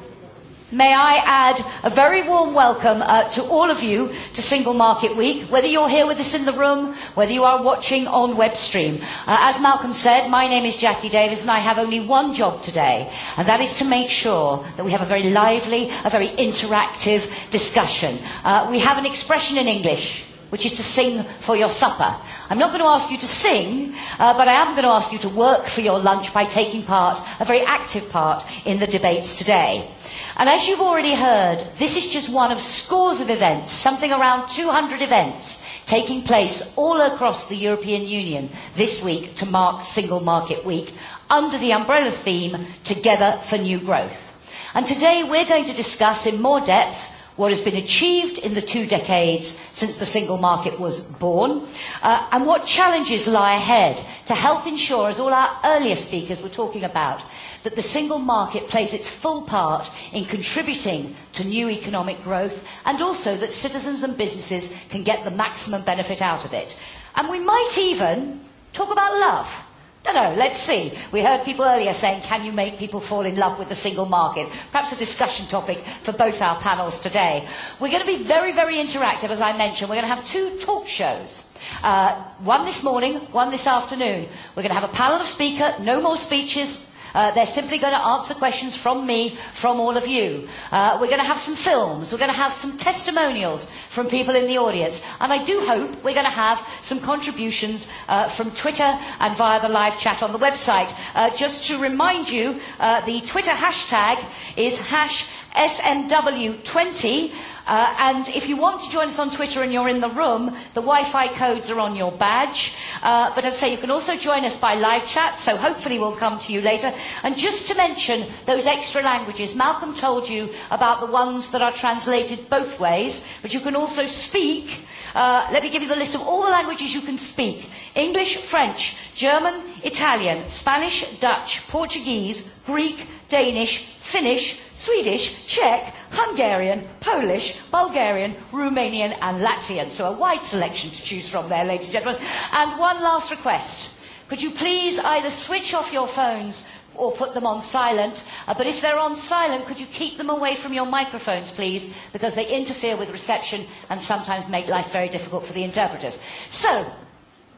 May I add a very warm welcome uh, to all of you to Single Market Week, whether you're here with us in the room, whether you are watching on webstream. Uh, as Malcolm said, my name is Jackie Davis and I have only one job today, and that is to make sure that we have a very lively, a very interactive discussion. Uh, we have an expression in English which is to sing for your supper. I'm not going to ask you to sing, uh, but I am going to ask you to work for your lunch by taking part, a very active part, in the debates today. And as you've already heard, this is just one of scores of events, something around 200 events taking place all across the European Union this week to mark Single Market Week under the umbrella theme Together for New Growth. And today we're going to discuss in more depth what has been achieved in the two decades since the single market was born, uh, and what challenges lie ahead to help ensure, as all our earlier speakers were talking about, that the single market plays its full part in contributing to new economic growth and also that citizens and businesses can get the maximum benefit out of it. And we might even talk about love don't know, no, let's see. We heard people earlier saying, can you make people fall in love with the single market? Perhaps a discussion topic for both our panels today. We're going to be very, very interactive, as I mentioned. We're going to have two talk shows. Uh, one this morning, one this afternoon. We're going to have a panel of speakers, no more speeches, Uh, they're simply going to answer questions from me, from all of you. Uh, we're going to have some films. We're going to have some testimonials from people in the audience. And I do hope we're going to have some contributions uh, from Twitter and via the live chat on the website. Uh, just to remind you, uh, the Twitter hashtag is hash SNW20. Uh, and if you want to join us on Twitter and you're in the room, the Wi-Fi codes are on your badge. Uh, but as I say, you can also join us by live chat, so hopefully we'll come to you later. And just to mention those extra languages, Malcolm told you about the ones that are translated both ways, but you can also speak. Uh, let me give you the list of all the languages you can speak. English, French, German, Italian, Spanish, Dutch, Portuguese, Greek, Danish, Finnish, Swedish, Czech, Hungarian, Polish, Bulgarian, Romanian and Latvian. So a wide selection to choose from there, ladies and gentlemen. And one last request. Could you please either switch off your phones or put them on silent. Uh, but if they're on silent, could you keep them away from your microphones, please, because they interfere with reception and sometimes make life very difficult for the interpreters. So,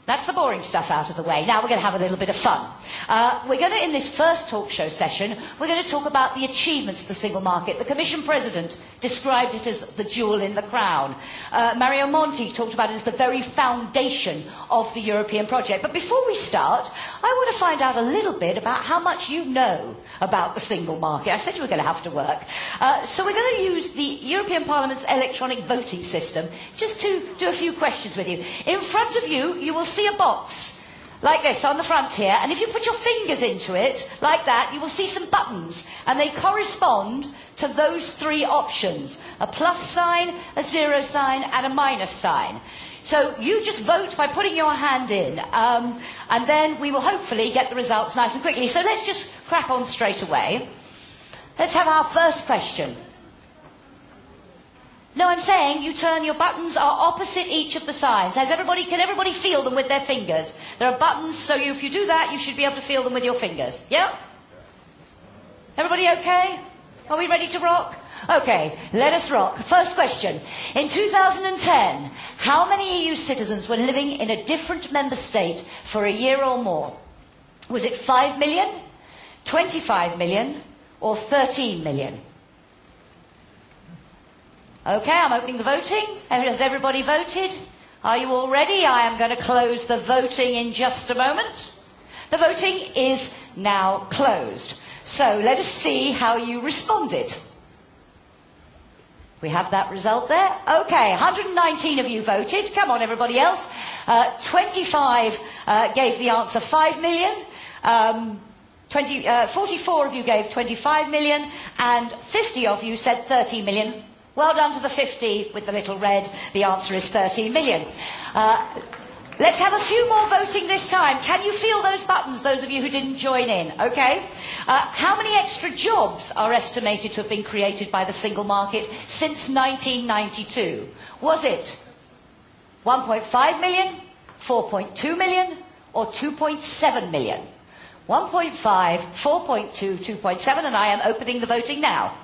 That's the boring stuff out of the way. Now we're going to have a little bit of fun. Uh, we're going to, in this first talk show session, we're going to talk about the achievements of the single market. The Commission President described it as the jewel in the crown. Uh, Mario Monti talked about it as the very foundation of the European project. But before we start, I want to find out a little bit about how much you know about the single market. I said you were going to have to work. Uh, so we're going to use the European Parliament's electronic voting system just to do a few questions with you. In front of you, you will see see a box like this on the front here, and if you put your fingers into it like that, you will see some buttons, and they correspond to those three options a plus sign, a zero sign, and a minus sign. So you just vote by putting your hand in, um, and then we will hopefully get the results nice and quickly. So let's just crack on straight away. Let's have our first question. No, I'm saying you turn your buttons are opposite each of the sides. Has everybody, can everybody feel them with their fingers? There are buttons, so you, if you do that, you should be able to feel them with your fingers. Yeah? Everybody okay? Are we ready to rock? Okay, let us rock. First question. In 2010, how many EU citizens were living in a different member state for a year or more? Was it 5 million, 25 million, or 13 million? Okay, I'm opening the voting. Has everybody voted? Are you all ready? I am going to close the voting in just a moment. The voting is now closed. So let us see how you responded. We have that result there. Okay, 119 of you voted. Come on, everybody else. Uh, 25 uh, gave the answer 5 million. Um, 20, uh, 44 of you gave 25 million, and 50 of you said 30 million Well done to the 50 with the little red. The answer is 13 million. Uh, Let's have a few more voting this time. Can you feel those buttons, those of you who didn't join in? Okay. Uh, how many extra jobs are estimated to have been created by the single market since 1992? Was it 1.5 million, 4.2 million, or 2.7 million? 1.5, 4.2, 2.7, and I am opening the voting now.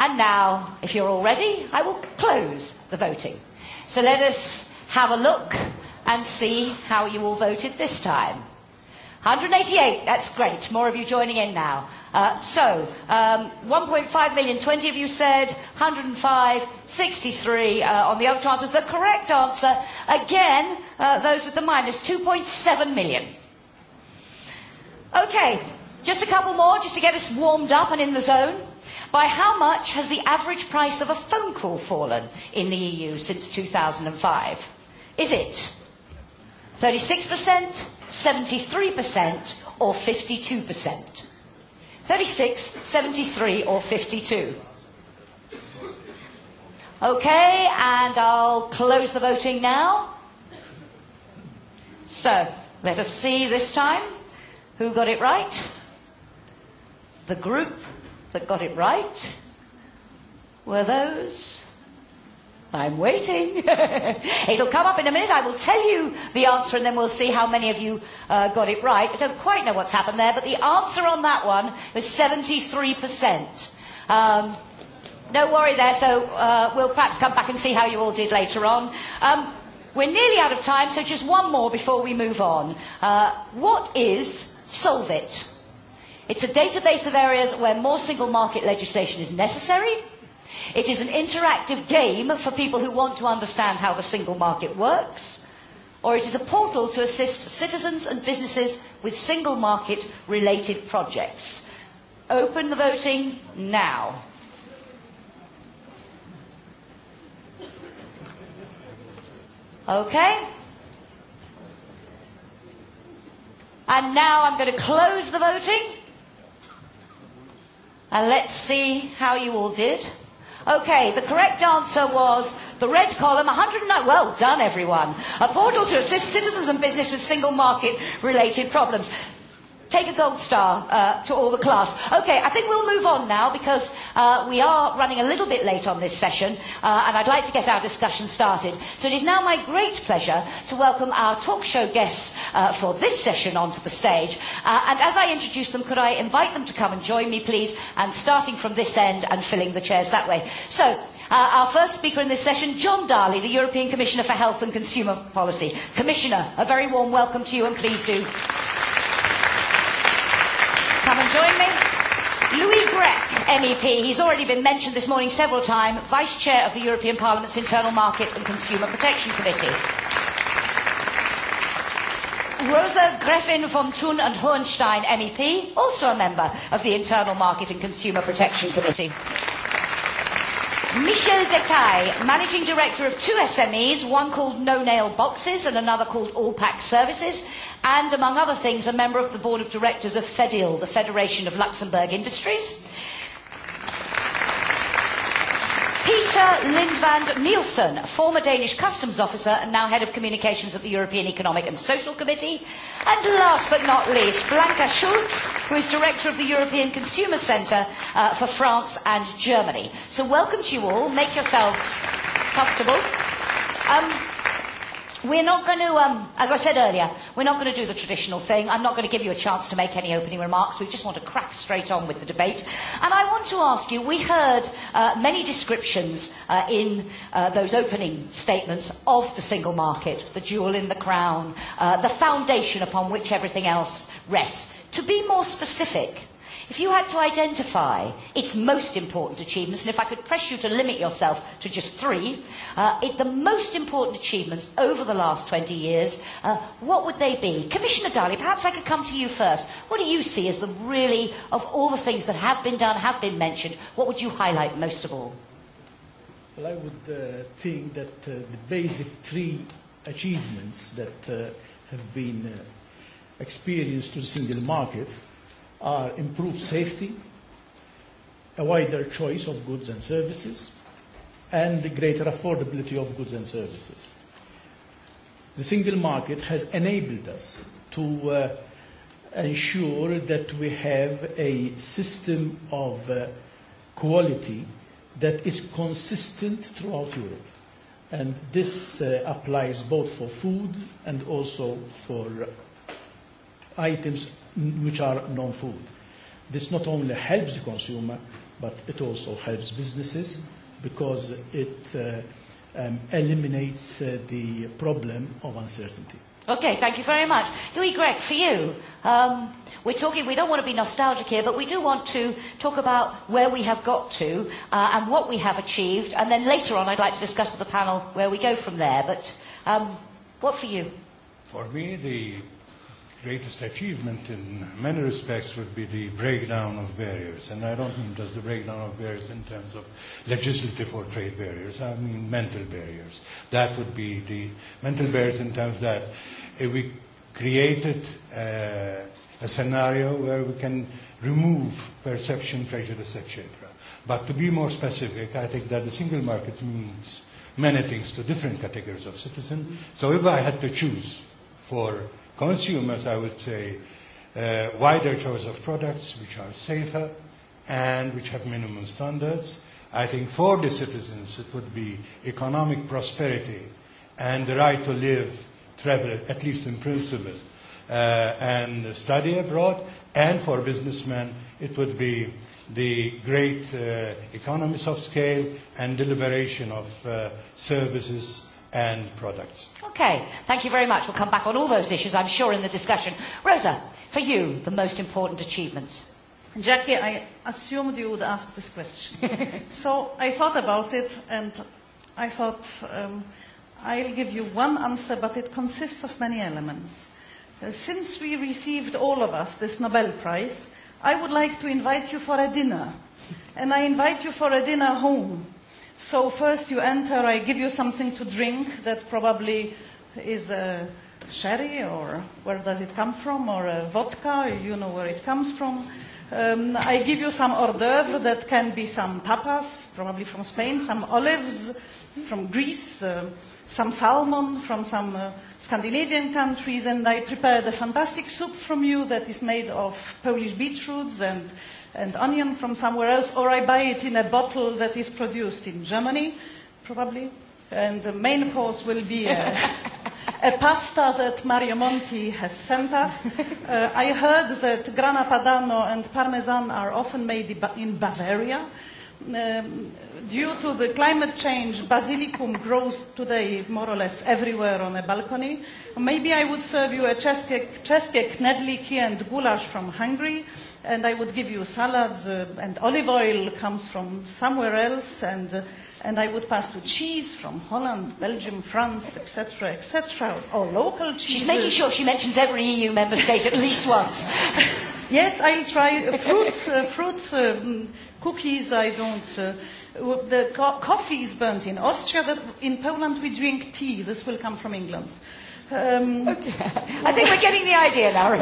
And now, if you're all ready, I will close the voting. So let us have a look and see how you all voted this time. 188, that's great. More of you joining in now. Uh, so, um, 1.5 million, 20 of you said, 105, 63 uh, on the other two answers. The correct answer, again, uh, those with the minus, 2.7 million. Okay, just a couple more just to get us warmed up and in the zone. By how much has the average price of a phone call fallen in the EU since 2005? Is it 36%, 73%, or 52%? 36, 73, or 52? Okay, and I'll close the voting now. So, let us see this time who got it right. The group that got it right were those. I'm waiting. (laughs) It'll come up in a minute. I will tell you the answer and then we'll see how many of you uh, got it right. I don't quite know what's happened there, but the answer on that one was 73%. Um, no worry there, so uh, we'll perhaps come back and see how you all did later on. Um, we're nearly out of time, so just one more before we move on. Uh, what is Solvit? It's a database of areas where more single market legislation is necessary. It is an interactive game for people who want to understand how the single market works. Or it is a portal to assist citizens and businesses with single market related projects. Open the voting now. Okay? And now I'm going to close the voting. And let's see how you all did. Okay, the correct answer was the red column, 109. Well done, everyone. A portal to assist citizens and business with single market related problems take a gold star uh, to all the class. Okay, I think we'll move on now because uh, we are running a little bit late on this session uh, and I'd like to get our discussion started. So it is now my great pleasure to welcome our talk show guests uh, for this session onto the stage. Uh, and as I introduce them, could I invite them to come and join me, please, and starting from this end and filling the chairs that way. So Uh, our first speaker in this session, John Darley, the European Commissioner for Health and Consumer Policy. Commissioner, a very warm welcome to you and please do come and join me. Louis Grech, MEP, he's already been mentioned this morning several times, Vice Chair of the European Parliament's Internal Market and Consumer Protection Committee. Rosa Greffin von Thun and Hohenstein, MEP, also a member of the Internal Market and Consumer Protection Committee. Michel Decay, Managing Director of two SMEs, one called No Nail Boxes and another called All Pack Services, and among other things, a member of the Board of Directors of FEDIL, the Federation of Luxembourg Industries. Peter Lindvand Nielsen, former Danish customs officer and now head of communications at the European Economic and Social Committee. And last but not least, Blanca Schulz, who is director of the European Consumer Centre uh, for France and Germany. So welcome to you all. Make yourselves comfortable. Um, We're not going to, um, as I said earlier, we're not going to do the traditional thing. I'm not going to give you a chance to make any opening remarks. We just want to crack straight on with the debate. And I want to ask you, we heard uh, many descriptions uh, in uh, those opening statements of the single market, the jewel in the crown, uh, the foundation upon which everything else rests. To be more specific, If you had to identify its most important achievements, and if I could press you to limit yourself to just three, uh, it, the most important achievements over the last 20 years, uh, what would they be? Commissioner Daly, perhaps I could come to you first. What do you see as the really, of all the things that have been done, have been mentioned, what would you highlight most of all? Well, I would uh, think that uh, the basic three achievements that uh, have been uh, experienced to the single market are improved safety, a wider choice of goods and services, and the greater affordability of goods and services. The single market has enabled us to uh, ensure that we have a system of uh, quality that is consistent throughout Europe. And this uh, applies both for food and also for items which are non-food. This not only helps the consumer, but it also helps businesses because it uh, um, eliminates uh, the problem of uncertainty. Okay, thank you very much. Louis Gregg, for you, um, we're talking, we don't want to be nostalgic here, but we do want to talk about where we have got to uh, and what we have achieved, and then later on I'd like to discuss with the panel where we go from there. But um, what for you? For me, the greatest achievement in many respects would be the breakdown of barriers. And I don't mean just the breakdown of barriers in terms of legislative or trade barriers. I mean mental barriers. That would be the mental barriers in terms that if we created uh, a scenario where we can remove perception, prejudice, etc. But to be more specific, I think that the single market means many things to different categories of citizens. So if I had to choose for consumers, I would say, uh, wider choice of products which are safer and which have minimum standards. I think for the citizens it would be economic prosperity and the right to live, travel, at least in principle, uh, and study abroad. And for businessmen it would be the great uh, economies of scale and deliberation of uh, services and products. Okay, thank you very much. We'll come back on all those issues, I'm sure, in the discussion. Rosa, for you, the most important achievements. Jackie, I assumed you would ask this question. (laughs) so I thought about it and I thought um, I'll give you one answer, but it consists of many elements. Uh, since we received, all of us, this Nobel Prize, I would like to invite you for a dinner. And I invite you for a dinner home. So first you enter, I give you something to drink that probably is a sherry or where does it come from or a vodka, you know where it comes from. Um, I give you some hors d'oeuvre that can be some tapas, probably from Spain, some olives from Greece, uh, some salmon from some uh, Scandinavian countries, and I prepared a fantastic soup from you that is made of Polish beetroots and, and onion from somewhere else, or I buy it in a bottle that is produced in Germany, probably And the main course will be a, (laughs) a pasta that Mario Monti has sent us. Uh, I heard that Grana Padano and Parmesan are often made in Bavaria. Um, due to the climate change, basilicum grows today more or less everywhere on a balcony. Maybe I would serve you a czeskie, czeskie knedliki and goulash from Hungary, and I would give you salads, uh, and olive oil comes from somewhere else, and uh, and I would pass to cheese from Holland, Belgium, France, etc., etc., or local cheese. She's making sure she mentions every EU member state at least once. (laughs) yes, I try uh, fruit, uh, fruit um, cookies. I don't. Uh, the co- coffee is burnt in Austria. That in Poland we drink tea. This will come from England. Um, okay. I think we're getting the idea now.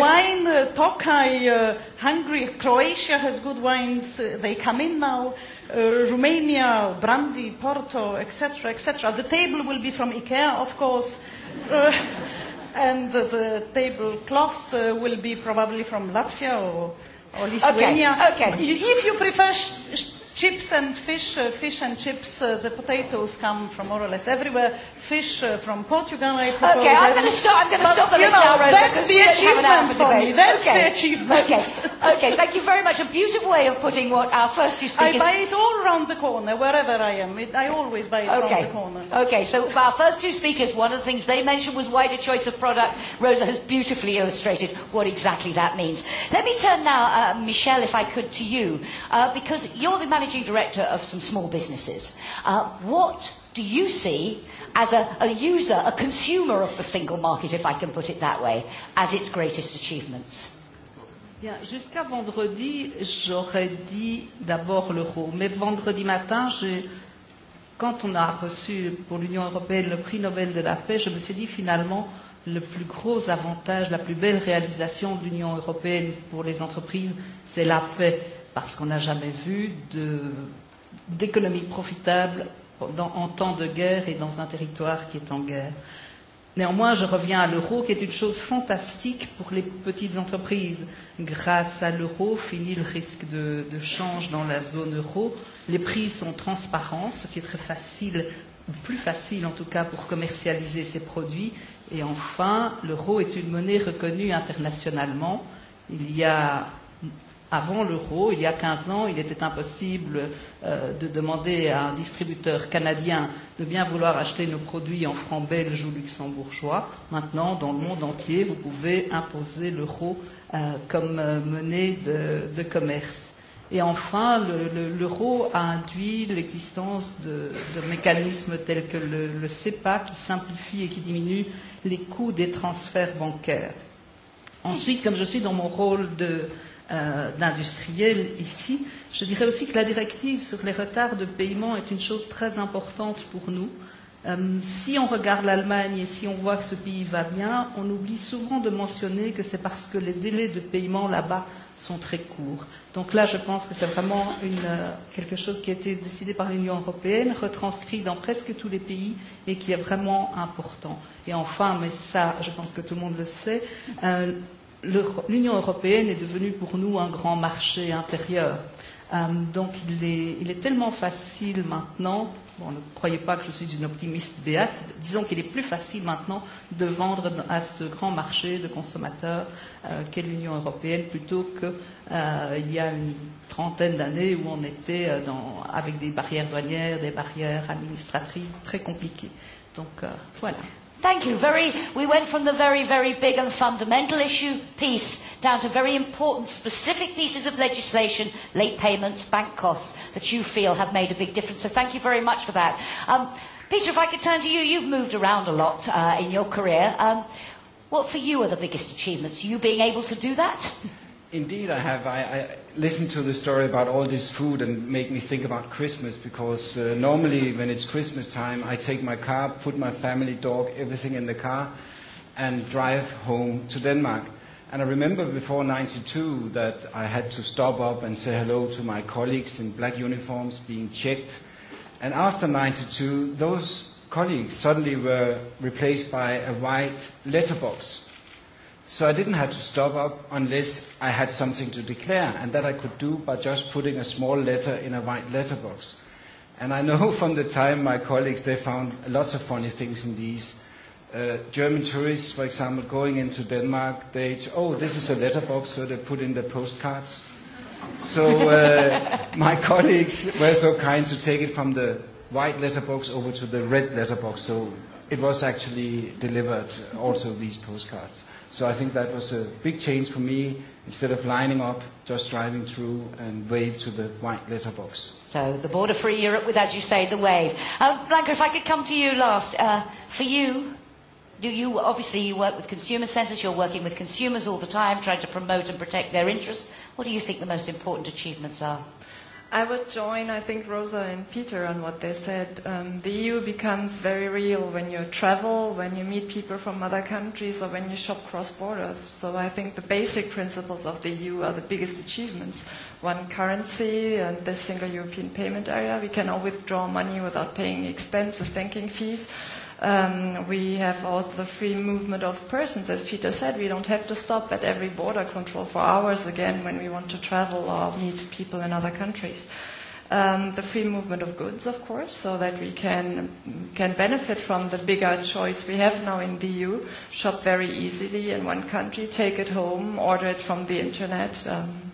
wine, uh, Tokaj, uh, Hungary, Croatia has good wines. Uh, they come in now. Uh, Romania, brandy, Porto, etc., etc. The table will be from IKEA, of course, uh, (laughs) and the tablecloth uh, will be probably from Latvia or, or Lithuania. Okay, okay. If you prefer sh- sh- chips and fish, uh, fish and chips, uh, the potatoes come from more or less everywhere. Fish uh, from Portugal, I propose. Okay, I'm going to stop. I'm going to stop at this know, now, Rosa, That's the achievement for me. That's okay. the achievement. Okay. okay, thank you very much. A beautiful way of putting what our first two speakers. I buy it all around the corner, wherever I am. It, I always buy it okay. around the corner. Okay, so our first two speakers, one of the things they mentioned was wider choice of product. Rosa has beautifully illustrated what exactly that means. Let me turn now, uh, Michelle, if I could, to you, uh, because you're the manager managing director of some small businesses. Uh, what do you see as a, a user, a consumer of the single market, if I can put it that way, as its greatest achievements? Bien, jusqu'à vendredi, j'aurais dit d'abord l'euro. Mais vendredi matin, j'ai, quand on a reçu pour l'Union européenne le prix Nobel de la paix, je me suis dit finalement, le plus gros avantage, la plus belle réalisation de l'Union européenne pour les entreprises, c'est la paix parce qu'on n'a jamais vu d'économie profitable dans, en temps de guerre et dans un territoire qui est en guerre. Néanmoins, je reviens à l'euro, qui est une chose fantastique pour les petites entreprises. Grâce à l'euro, fini le risque de, de change dans la zone euro. Les prix sont transparents, ce qui est très facile, ou plus facile en tout cas, pour commercialiser ces produits. Et enfin, l'euro est une monnaie reconnue internationalement. Il y a avant l'euro, il y a 15 ans, il était impossible euh, de demander à un distributeur canadien de bien vouloir acheter nos produits en francs belges ou luxembourgeois. Maintenant, dans le monde entier, vous pouvez imposer l'euro euh, comme euh, monnaie de, de commerce. Et enfin, l'euro le, le, a induit l'existence de, de mécanismes tels que le, le CEPA qui simplifie et qui diminue les coûts des transferts bancaires. Ensuite, comme je suis dans mon rôle de euh, euh, d'industriels ici. Je dirais aussi que la directive sur les retards de paiement est une chose très importante pour nous. Euh, si on regarde l'Allemagne et si on voit que ce pays va bien, on oublie souvent de mentionner que c'est parce que les délais de paiement là-bas sont très courts. Donc là, je pense que c'est vraiment une, euh, quelque chose qui a été décidé par l'Union européenne, retranscrit dans presque tous les pays et qui est vraiment important. Et enfin, mais ça, je pense que tout le monde le sait, euh, l'Union européenne est devenue pour nous un grand marché intérieur. Euh, donc il est, il est tellement facile maintenant, bon, ne croyez pas que je suis une optimiste béate, disons qu'il est plus facile maintenant de vendre à ce grand marché de consommateurs euh, qu'est l'Union européenne plutôt qu'il euh, y a une trentaine d'années où on était euh, dans, avec des barrières douanières, des barrières administratives très compliquées. Donc euh, voilà. Thank you. Very, we went from the very, very big and fundamental issue, peace, down to very important specific pieces of legislation, late payments, bank costs, that you feel have made a big difference. So thank you very much for that. Um, Peter, if I could turn to you, you've moved around a lot uh, in your career. Um, what for you are the biggest achievements? You being able to do that? (laughs) Indeed, I have. I, I listened to the story about all this food and make me think about Christmas because uh, normally when it's Christmas time, I take my car, put my family, dog, everything in the car, and drive home to Denmark. And I remember before 92 that I had to stop up and say hello to my colleagues in black uniforms being checked. And after 92, those colleagues suddenly were replaced by a white letterbox So I didn't have to stop up unless I had something to declare, and that I could do by just putting a small letter in a white letterbox. And I know (laughs) from the time my colleagues, they found lots of funny things in these. Uh, German tourists, for example, going into Denmark, they, oh, this is a letterbox, so they put in the postcards. So uh, (laughs) my colleagues were so kind to take it from the white letterbox over to the red letterbox, so it was actually delivered also these postcards. So I think that was a big change for me. Instead of lining up, just driving through and wave to the white letterbox. So the border free Europe with, as you say, the wave. Uh, Blanca, if I could come to you last. Uh, for you, do you obviously you work with consumer centres, you're working with consumers all the time, trying to promote and protect their interests. What do you think the most important achievements are? I would join, I think, Rosa and Peter on what they said. Um, the EU becomes very real when you travel, when you meet people from other countries, or when you shop cross border. So I think the basic principles of the EU are the biggest achievements. One currency and the single European payment area. We can all withdraw money without paying expensive banking fees. Um, we have also the free movement of persons. As Peter said, we don't have to stop at every border control for hours again when we want to travel or meet people in other countries. Um, the free movement of goods, of course, so that we can can benefit from the bigger choice we have now in the EU. Shop very easily in one country, take it home, order it from the internet. Um,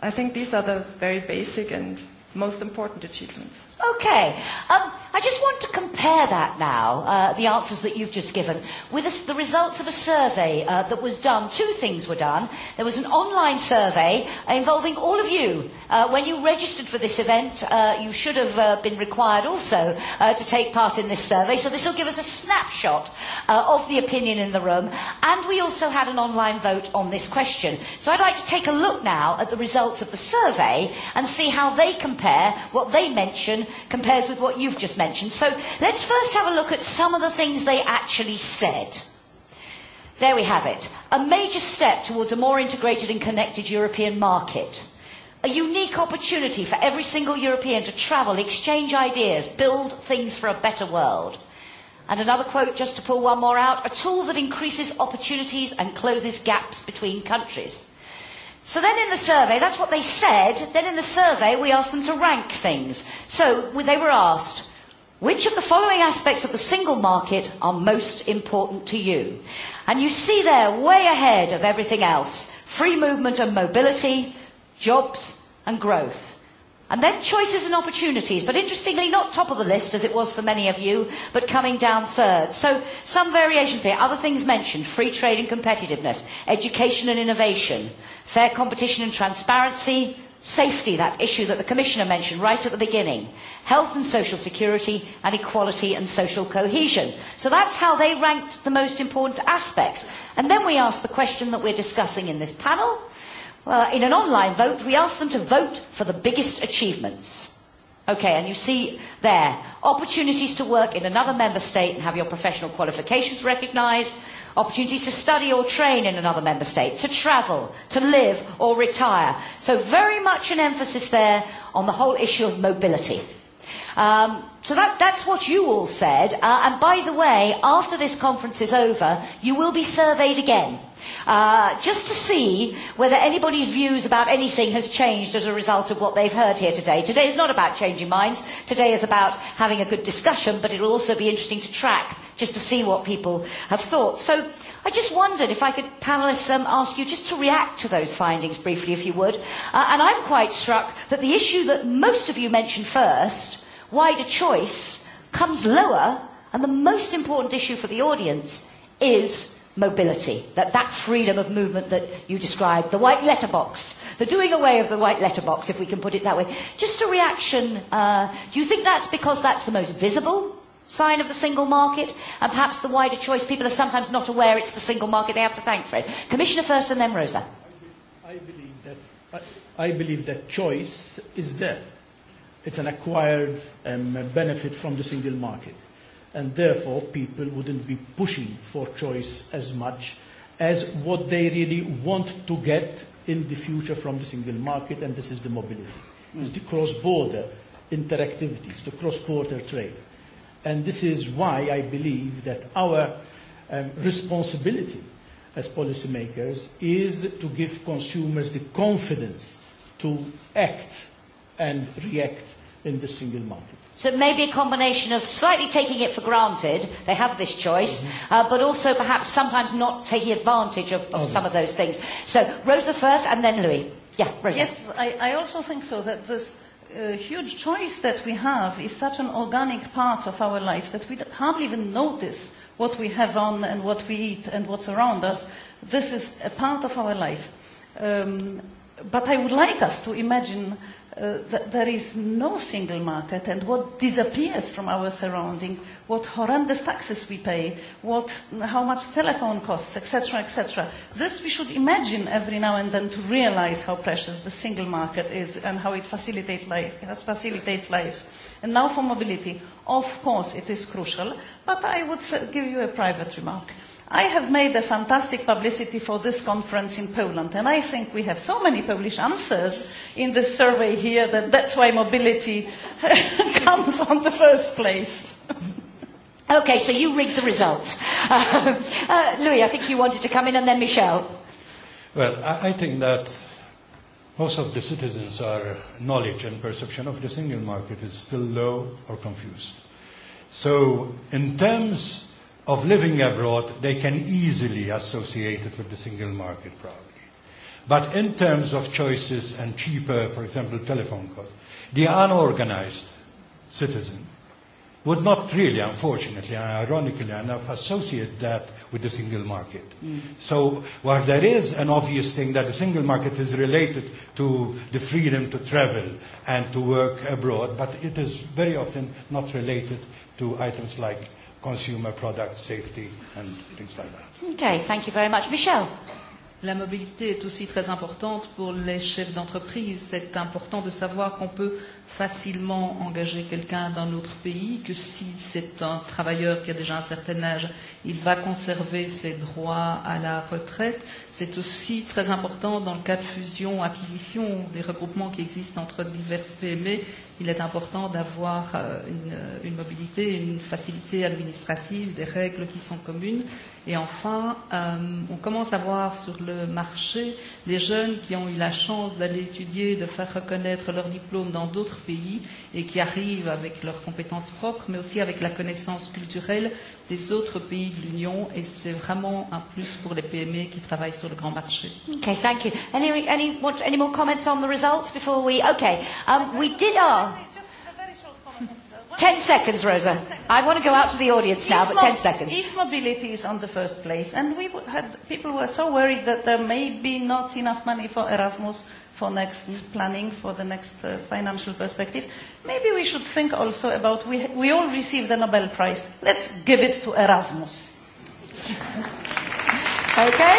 I think these are the very basic and most important achievements. Okay. Um, I just want to compare that now, uh, the answers that you've just given, with a, the results of a survey uh, that was done. Two things were done. There was an online survey involving all of you. Uh, when you registered for this event, uh, you should have uh, been required also uh, to take part in this survey. So this will give us a snapshot uh, of the opinion in the room. And we also had an online vote on this question. So I'd like to take a look now at the results of the survey and see how they compare what they mention compares with what you've just mentioned. So let's first have a look at some of the things they actually said. There we have it. A major step towards a more integrated and connected European market. A unique opportunity for every single European to travel, exchange ideas, build things for a better world. And another quote, just to pull one more out, a tool that increases opportunities and closes gaps between countries. So then in the survey, that's what they said. Then in the survey, we asked them to rank things. So they were asked, which of the following aspects of the single market are most important to you? And you see there, way ahead of everything else, free movement and mobility, jobs and growth. And then choices and opportunities, but interestingly not top of the list as it was for many of you, but coming down third. So some variation there. Other things mentioned, free trade and competitiveness, education and innovation, fair competition and transparency, safety, that issue that the Commissioner mentioned right at the beginning, health and social security, and equality and social cohesion. So that's how they ranked the most important aspects. And then we asked the question that we're discussing in this panel, Well, in an online vote, we ask them to vote for the biggest achievements. Okay, and you see there, opportunities to work in another member state and have your professional qualifications recognised, opportunities to study or train in another member state, to travel, to live or retire. So very much an emphasis there on the whole issue of mobility. Um, so that, that's what you all said. Uh, and by the way, after this conference is over, you will be surveyed again. Uh, just to see whether anybody's views about anything has changed as a result of what they've heard here today. Today is not about changing minds. Today is about having a good discussion, but it will also be interesting to track just to see what people have thought. So I just wondered if I could, panelists, um, ask you just to react to those findings briefly, if you would. Uh, and I'm quite struck that the issue that most of you mentioned first wider choice comes lower, and the most important issue for the audience is mobility, that, that freedom of movement that you described, the white letterbox, the doing away of the white letterbox, if we can put it that way. Just a reaction, uh, do you think that's because that's the most visible sign of the single market and perhaps the wider choice? People are sometimes not aware it's the single market. They have to thank Fred. Commissioner first and then Rosa. I believe that, I, I believe that choice is there it's an acquired um, benefit from the single market. And therefore, people wouldn't be pushing for choice as much as what they really want to get in the future from the single market, and this is the mobility. Mm. It's the cross-border interactivities, the cross-border trade. And this is why I believe that our um, responsibility as policymakers is to give consumers the confidence to act and react in the single market. So maybe a combination of slightly taking it for granted, they have this choice, mm-hmm. uh, but also perhaps sometimes not taking advantage of, of okay. some of those things. So Rosa first and then Louis. Yeah, Rosa. Yes, I, I also think so, that this uh, huge choice that we have is such an organic part of our life that we hardly even notice what we have on and what we eat and what's around us. This is a part of our life. Um, but I would like us to imagine uh, th- there is no single market, and what disappears from our surrounding, what horrendous taxes we pay, what, how much telephone costs, etc., etc. This we should imagine every now and then to realize how precious the single market is and how it facilitate life, has facilitates life. And now for mobility, of course, it is crucial, but I would give you a private remark. I have made a fantastic publicity for this conference in Poland, and I think we have so many Polish answers in this survey here that that's why mobility (laughs) comes on the first place. okay, so you rigged the results. Uh, (laughs) uh, Louis, I think you wanted to come in, and then Michel. Well, I, I think that most of the citizens' are knowledge and perception of the single market is still low or confused. So, in terms of living abroad, they can easily associate it with the single market probably. But in terms of choices and cheaper, for example, telephone calls, the unorganized citizen would not really, unfortunately, and ironically enough, associate that with the single market. Mm. So while there is an obvious thing that the single market is related to the freedom to travel and to work abroad, but it is very often not related to items like consumer product safety and things like that. Okay, thank you very much. Michelle. La mobilité est aussi très importante pour les chefs d'entreprise. C'est important de savoir qu'on peut facilement engager quelqu'un d'un autre pays, que si c'est un travailleur qui a déjà un certain âge, il va conserver ses droits à la retraite. C'est aussi très important dans le cas de fusion, acquisition, des regroupements qui existent entre diverses PME. Il est important d'avoir euh, une, une mobilité, une facilité administrative, des règles qui sont communes et enfin, euh, on commence à voir sur le marché des jeunes qui ont eu la chance d'aller étudier, de faire reconnaître leur diplôme dans d'autres pays et qui arrivent avec leurs compétences propres, mais aussi avec la connaissance culturelle des autres pays de l'Union. Et c'est vraiment un plus pour les PME qui travaillent sur le grand marché. OK, thank you. Any, any, any more comments on the results before we... OK. um, we did our... Ten seconds, Rosa. I want to go out to the audience now, but ten seconds. If mobility is on the first place, and we had people were so worried that there may be not enough money for Erasmus for next planning, for the next uh, financial perspective, maybe we should think also about we, we all received the Nobel Prize. Let's give it to Erasmus. (laughs) okay.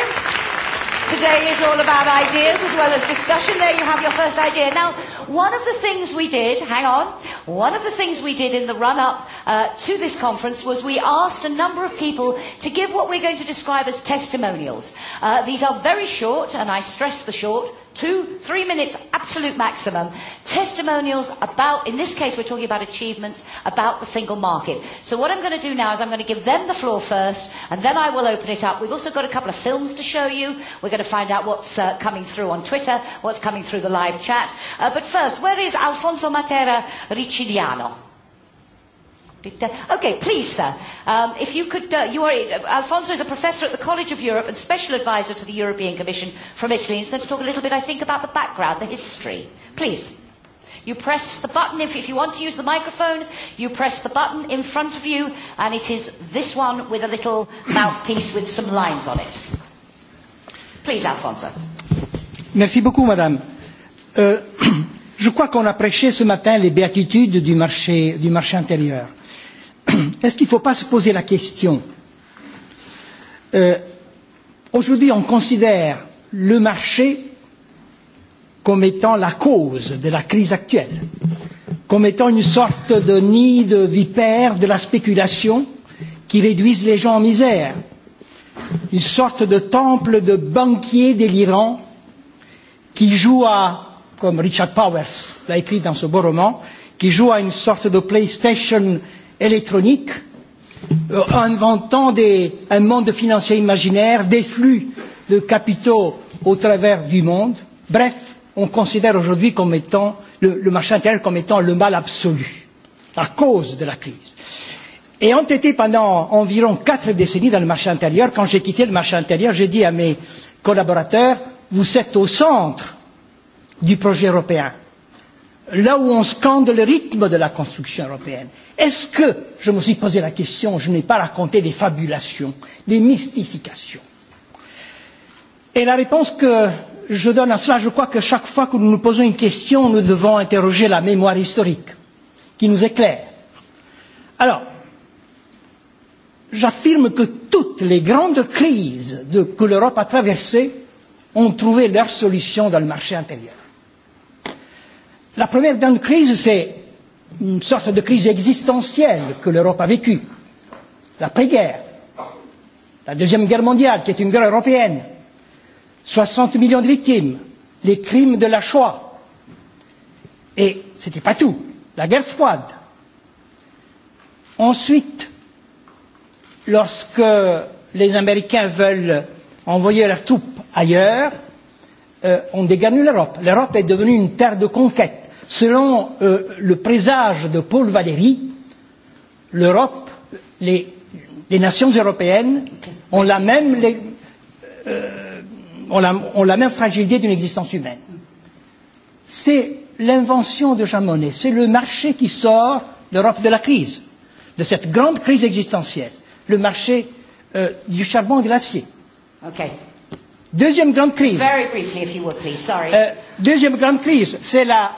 Today is all about ideas as well as discussion. There you have your first idea. Now, One of the things we did, hang on, one of the things we did in the run up uh, to this conference was we asked a number of people to give what we're going to describe as testimonials. Uh, these are very short, and I stress the short, two, three minutes, absolute maximum, testimonials about, in this case we're talking about achievements about the single market. So what I'm going to do now is I'm going to give them the floor first, and then I will open it up. We've also got a couple of films to show you. We're going to find out what's uh, coming through on Twitter, what's coming through the live chat. Uh, but first, where is Alfonso Matera Ricciliano? Okay, please, sir. Um, if you could, uh, you are, uh, Alfonso is a professor at the College of Europe and special advisor to the European Commission from Italy. He's going to talk a little bit, I think, about the background, the history. Please. You press the button if, if you want to use the microphone. You press the button in front of you, and it is this one with a little mouthpiece with some lines on it. Please, Alfonso. Merci beaucoup, Madame. Uh, (clears throat) je crois qu'on a prêché ce matin les béatitudes du marché, du marché intérieur. Euh, (clears throat) est-ce qu'il ne faut pas se poser la question euh, Aujourd'hui, on considère le marché comme étant la cause de la crise actuelle, comme étant une sorte de nid de vipère de la spéculation qui réduisent les gens en misère, une sorte de temple de banquiers délirants qui joue à, comme Richard Powers l'a écrit dans ce beau roman, qui joue à une sorte de PlayStation électronique, euh, inventant des, un monde financier imaginaire, des flux de capitaux au travers du monde. Bref, on considère aujourd'hui comme étant le, le marché intérieur comme étant le mal absolu, à cause de la crise. Et ont été pendant environ quatre décennies dans le marché intérieur. Quand j'ai quitté le marché intérieur, j'ai dit à mes collaborateurs, vous êtes au centre du projet européen là où on scande le rythme de la construction européenne. Est-ce que, je me suis posé la question, je n'ai pas raconté des fabulations, des mystifications Et la réponse que je donne à cela, je crois que chaque fois que nous nous posons une question, nous devons interroger la mémoire historique qui nous éclaire. Alors, j'affirme que toutes les grandes crises de, que l'Europe a traversées ont trouvé leur solution dans le marché intérieur. La première grande crise, c'est une sorte de crise existentielle que l'Europe a vécue, l'après-guerre, la Deuxième Guerre mondiale, qui est une guerre européenne, 60 millions de victimes, les crimes de la Shoah. Et ce n'était pas tout, la guerre froide. Ensuite, lorsque les Américains veulent envoyer leurs troupes ailleurs, euh, on dégaine l'Europe. L'Europe est devenue une terre de conquête Selon euh, le présage de Paul Valéry, l'Europe, les, les nations européennes ont la même, les, euh, ont la, ont la même fragilité d'une existence humaine. C'est l'invention de Jean Monnet, c'est le marché qui sort l'Europe de la crise, de cette grande crise existentielle, le marché euh, du charbon et de l'acier. Okay. Deuxième grande crise. Very briefly, if you would please. Sorry. Euh, deuxième grande crise, c'est la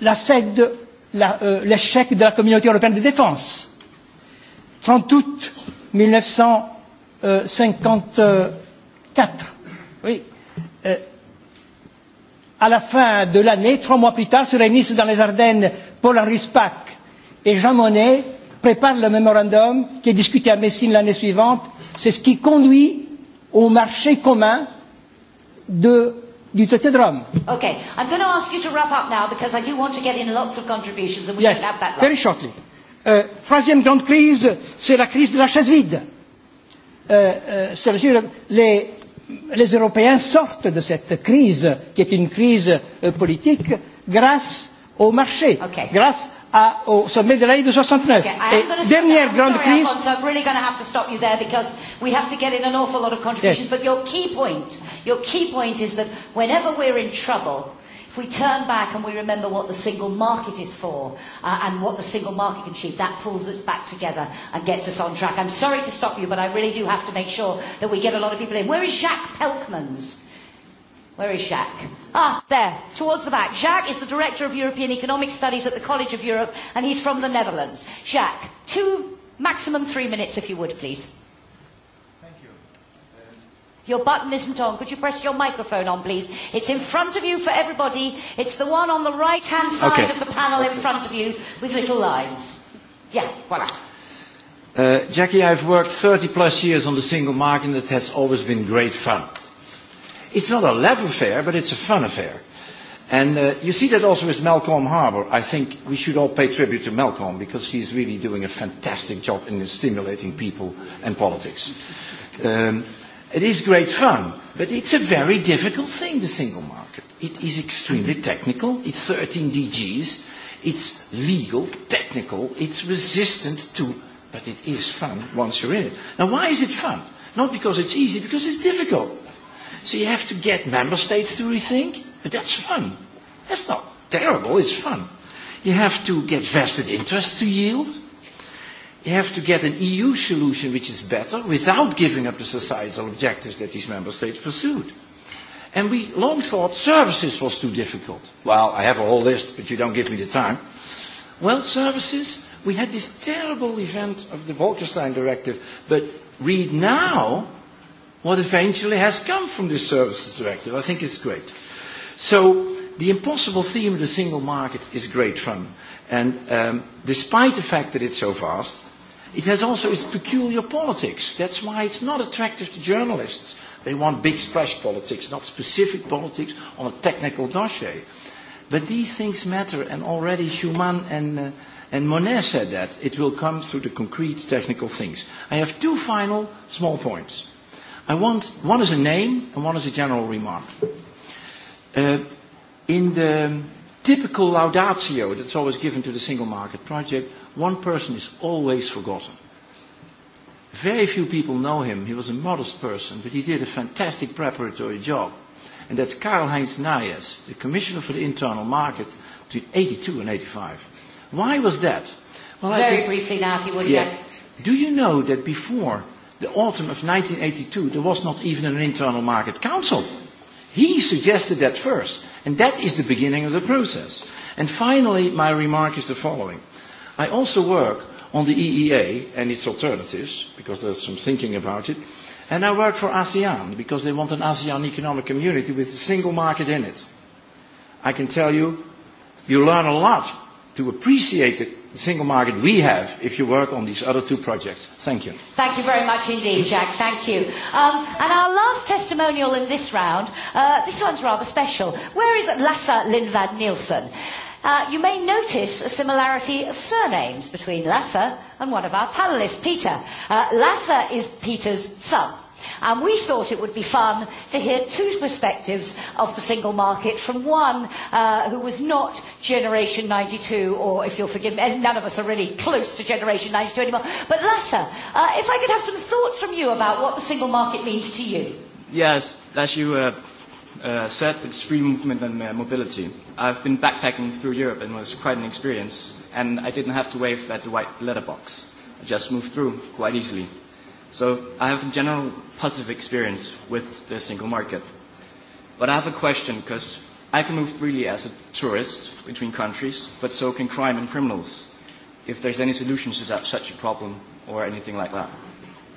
l'échec de, la, euh, de la communauté européenne de défense. 30 août 1954. Oui. Euh, à la fin de l'année, trois mois plus tard, se réunissent dans les Ardennes Paul-Henri Spack et Jean Monnet préparent le mémorandum qui est discuté à Messine l'année suivante. C'est ce qui conduit au marché commun de Deuteronomy. Okay, I'm going to ask you to wrap up now because I do want to get in lots of contributions and we yes, don't have that Yes, very shortly. Uh, troisième grande crise, c'est la crise de la chaise vide. Euh, euh, c'est sûr, les, les Européens sortent de cette crise, qui est une crise euh, politique, grâce au marché, okay. grâce uh, oh, so Middle Age de 69. Okay, uh, dernière I'm grande sorry, crise. Alfonso, I'm really going to have to stop you there because we have to get in an awful lot of contributions. Yes. But your key point, your key point is that whenever we're in trouble, if we turn back and we remember what the single market is for uh, and what the single market can achieve, that pulls us back together and gets us on track. I'm sorry to stop you, but I really do have to make sure that we get a lot of people in. Where is Jacques Pelkmans? Where is Jacques? Ah, there, towards the back. Jacques is the Director of European Economic Studies at the College of Europe, and he's from the Netherlands. Jacques, two, maximum three minutes, if you would, please. Thank you. Um... Your button isn't on. Could you press your microphone on, please? It's in front of you for everybody. It's the one on the right-hand side okay. of the panel in front of you with little lines. Yeah, voila. Uh, Jackie, I've worked 30 plus years on the single market and it has always been great fun. It's not a love affair, but it's a fun affair. And uh, you see that also with Malcolm Harbour. I think we should all pay tribute to Malcolm because he's really doing a fantastic job in stimulating people and politics. Um, it is great fun, but it's a very difficult thing, the single market. It is extremely technical. It's 13 DGs. It's legal, technical. It's resistant to, but it is fun once you're in it. Now, why is it fun? Not because it's easy, because it's difficult. So you have to get member states to rethink, but that's fun. That's not terrible, it's fun. You have to get vested interests to yield. You have to get an EU solution which is better without giving up the societal objectives that these member states pursued. And we long thought services was too difficult. Well, I have a whole list, but you don't give me the time. Well, services, we had this terrible event of the Bolkestein Directive, but read now what eventually has come from this services directive. I think it's great. So the impossible theme of the single market is great fun. And um, despite the fact that it's so vast, it has also its peculiar politics. That's why it's not attractive to journalists. They want big splash politics, not specific politics on a technical dossier. But these things matter, and already Schumann and, uh, and Monet said that. It will come through the concrete technical things. I have two final small points. I want one as a name and one as a general remark. Uh, in the typical laudatio that's always given to the single market project, one person is always forgotten. Very few people know him. He was a modest person, but he did a fantastic preparatory job. And that's Karl-Heinz Nayes, the Commissioner for the Internal Market between 82 and 85. Why was that? Well, Very I think, briefly now, if you would. Yeah. Yes. Do you know that before the autumn of 1982, there was not even an internal market council. He suggested that first, and that is the beginning of the process. And finally, my remark is the following. I also work on the EEA and its alternatives, because there's some thinking about it, and I work for ASEAN, because they want an ASEAN economic community with a single market in it. I can tell you, you learn a lot to appreciate the single market we have if you work on these other two projects. Thank you. Thank you very much indeed, Jack. Thank you. Um, and our last testimonial in this round, uh, this one's rather special. Where is Lassa Lindvad Nielsen? Uh, you may notice a similarity of surnames between Lassa and one of our panelists, Peter. Uh, Lassa is Peter's son. And we thought it would be fun to hear two perspectives of the single market from one uh, who was not Generation 92, or if you'll forgive me, none of us are really close to Generation 92 anymore. But Lassa, uh, if I could have some thoughts from you about what the single market means to you. Yes, as you uh, uh, said, it's free movement and uh, mobility. I've been backpacking through Europe and it was quite an experience, and I didn't have to wave at the white letterbox. I just moved through quite easily. So I have a general positive experience with the single market. But I have a question because I can move freely as a tourist between countries, but so can crime and criminals, if there's any solutions to that, such a problem or anything like that.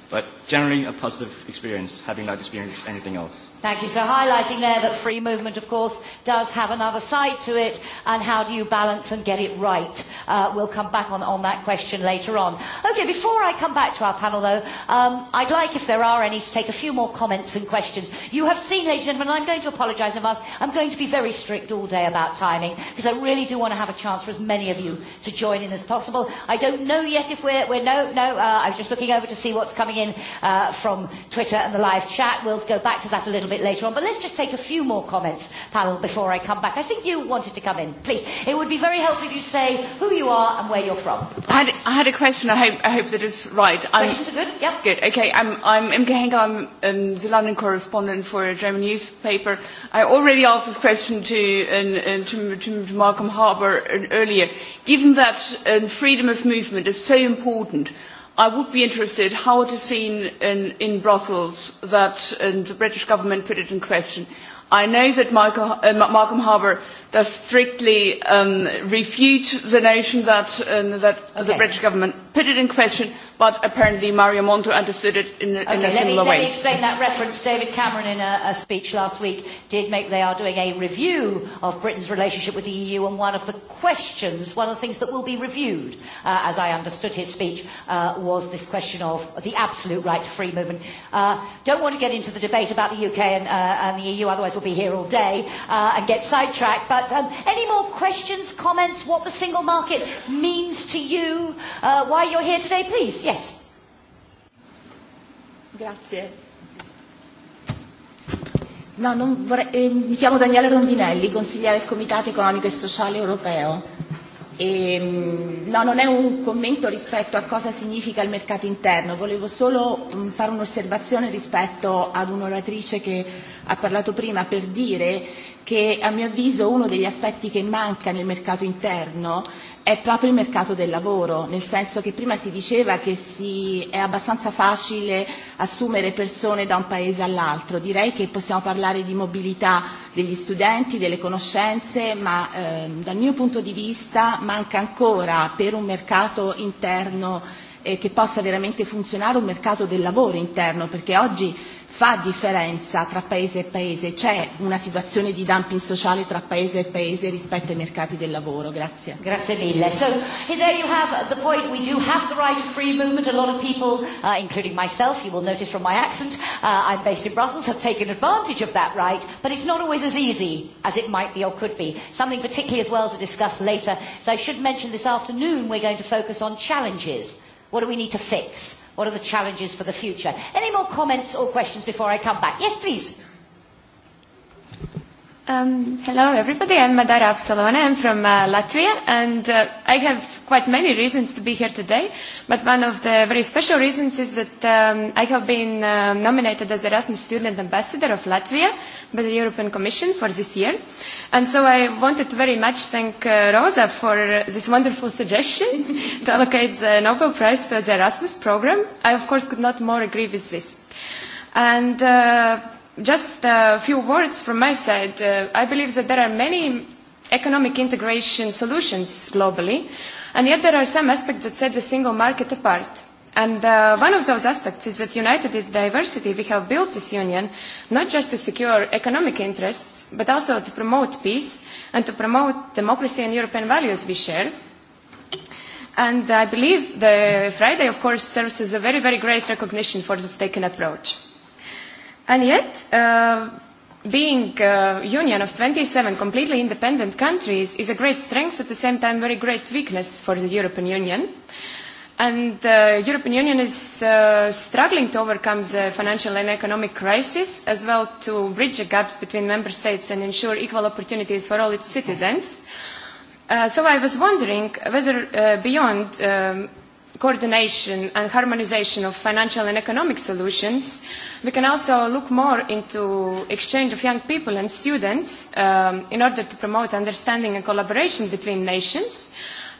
But generally, a positive experience, having not experienced anything else. Thank you. So highlighting there that free movement, of course, does have another side to it, and how do you balance and get it right? Uh, we'll come back on, on that question later on. Okay, before I come back to our panel, though, um, I'd like, if there are any, to take a few more comments and questions. You have seen, ladies and gentlemen, I'm going to apologise and ask, I'm going to be very strict all day about timing, because I really do want to have a chance for as many of you to join in as possible. I don't know yet if we're, we're no, no, uh, I'm just looking over to see what's coming in uh, from Twitter and the live chat. We'll go back to that a little bit bit later on. But let's just take a few more comments, panel, before I come back. I think you wanted to come in. Please, it would be very helpful if you say who you are and where you're from. I had, I had a question. I hope, I hope that is right. I'm, Questions are good? Yep. Good. Okay. I'm, I'm Imke Henke. I'm um, the London correspondent for a German newspaper. I already asked this question to, uh, uh, to, to, to Malcolm Harbour uh, earlier. Given that um, freedom of movement is so important, I would be interested how it is seen in, in Brussels that and the British government put it in question I know that Michael, uh, Malcolm Harbour does strictly um, refute the notion that, um, that okay. the British government put it in question, but apparently Mario Monti understood it in, a, okay, in a similar me, way. Let me explain that reference. David Cameron, in a, a speech last week, did make they are doing a review of Britain's relationship with the EU, and one of the questions, one of the things that will be reviewed, uh, as I understood his speech, uh, was this question of the absolute right to free movement. Uh, don't want to get into the debate about the UK and, uh, and the EU, otherwise we'll be here all day uh, and get sidetracked. But um, any more questions, comments, what the single market means to you, uh, why you're here today, please? Yes. Grazie. No, non vorrei, eh, mi chiamo Daniele Rondinelli, consigliere del Comitato Economico e Sociale Europeo. E, no, non è un commento rispetto a cosa significa il mercato interno, volevo solo mm, fare un'osservazione rispetto ad un'oratrice che ha parlato prima per dire che a mio avviso uno degli aspetti che manca nel mercato interno è proprio il mercato del lavoro, nel senso che prima si diceva che si, è abbastanza facile assumere persone da un paese all'altro, direi che possiamo parlare di mobilità degli studenti, delle conoscenze, ma eh, dal mio punto di vista manca ancora per un mercato interno eh, che possa veramente funzionare un mercato del lavoro interno, perché oggi fa differenza tra paese e paese? C'è una situazione di dumping sociale tra paese e paese rispetto ai mercati del lavoro? Grazie. Grazie mille. So there you have the point. We do have the right of free movement. A lot of people, uh, including myself, you will notice from my accent, uh, I'm based in Brussels, have taken advantage of that right, but it's not always as easy as it might be or could be. Something particularly as well to discuss later. So I should mention this afternoon we're going to focus on challenges. What do we need to fix? What are the challenges for the future? Any more comments or questions before I come back? Yes, please. Um, hello, everybody. I'm Madara Avsalona. I'm from uh, Latvia, and uh, I have quite many reasons to be here today. But one of the very special reasons is that um, I have been uh, nominated as Erasmus Student Ambassador of Latvia by the European Commission for this year. And so I wanted to very much thank uh, Rosa for this wonderful suggestion (laughs) to allocate the Nobel Prize to the Erasmus program. I, of course, could not more agree with this. And... Uh, just a few words from my side. Uh, I believe that there are many economic integration solutions globally, and yet there are some aspects that set the single market apart. And uh, one of those aspects is that united in diversity, we have built this union not just to secure economic interests, but also to promote peace and to promote democracy and European values we share. And I believe the Friday, of course, serves as a very, very great recognition for this taken approach. And yet, uh, being a uh, union of 27 completely independent countries is a great strength, at the same time, very great weakness for the European Union. And the uh, European Union is uh, struggling to overcome the financial and economic crisis, as well to bridge the gaps between member states and ensure equal opportunities for all its citizens. Uh, so I was wondering whether, uh, beyond um, coordination and harmonization of financial and economic solutions, we can also look more into exchange of young people and students um, in order to promote understanding and collaboration between nations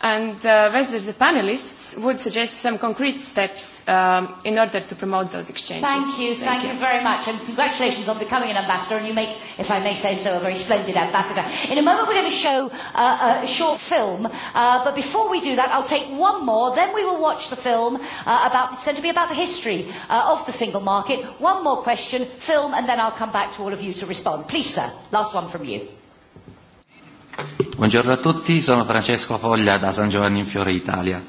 and uh, whether the panelists would suggest some concrete steps um, in order to promote those exchanges. Thank you, thank, thank you. you very much, and congratulations on becoming an ambassador. And you make, if I may say so, a very splendid ambassador. In a moment, we're going to show uh, a short film, uh, but before we do that, I'll take one more. Then we will watch the film uh, about. It's going to be about the history uh, of the single market. One more question, film, and then I'll come back to all of you to respond. Please, sir. Last one from you. Buongiorno a tutti, sono Francesco Foglia da San Giovanni in Fiore Italia.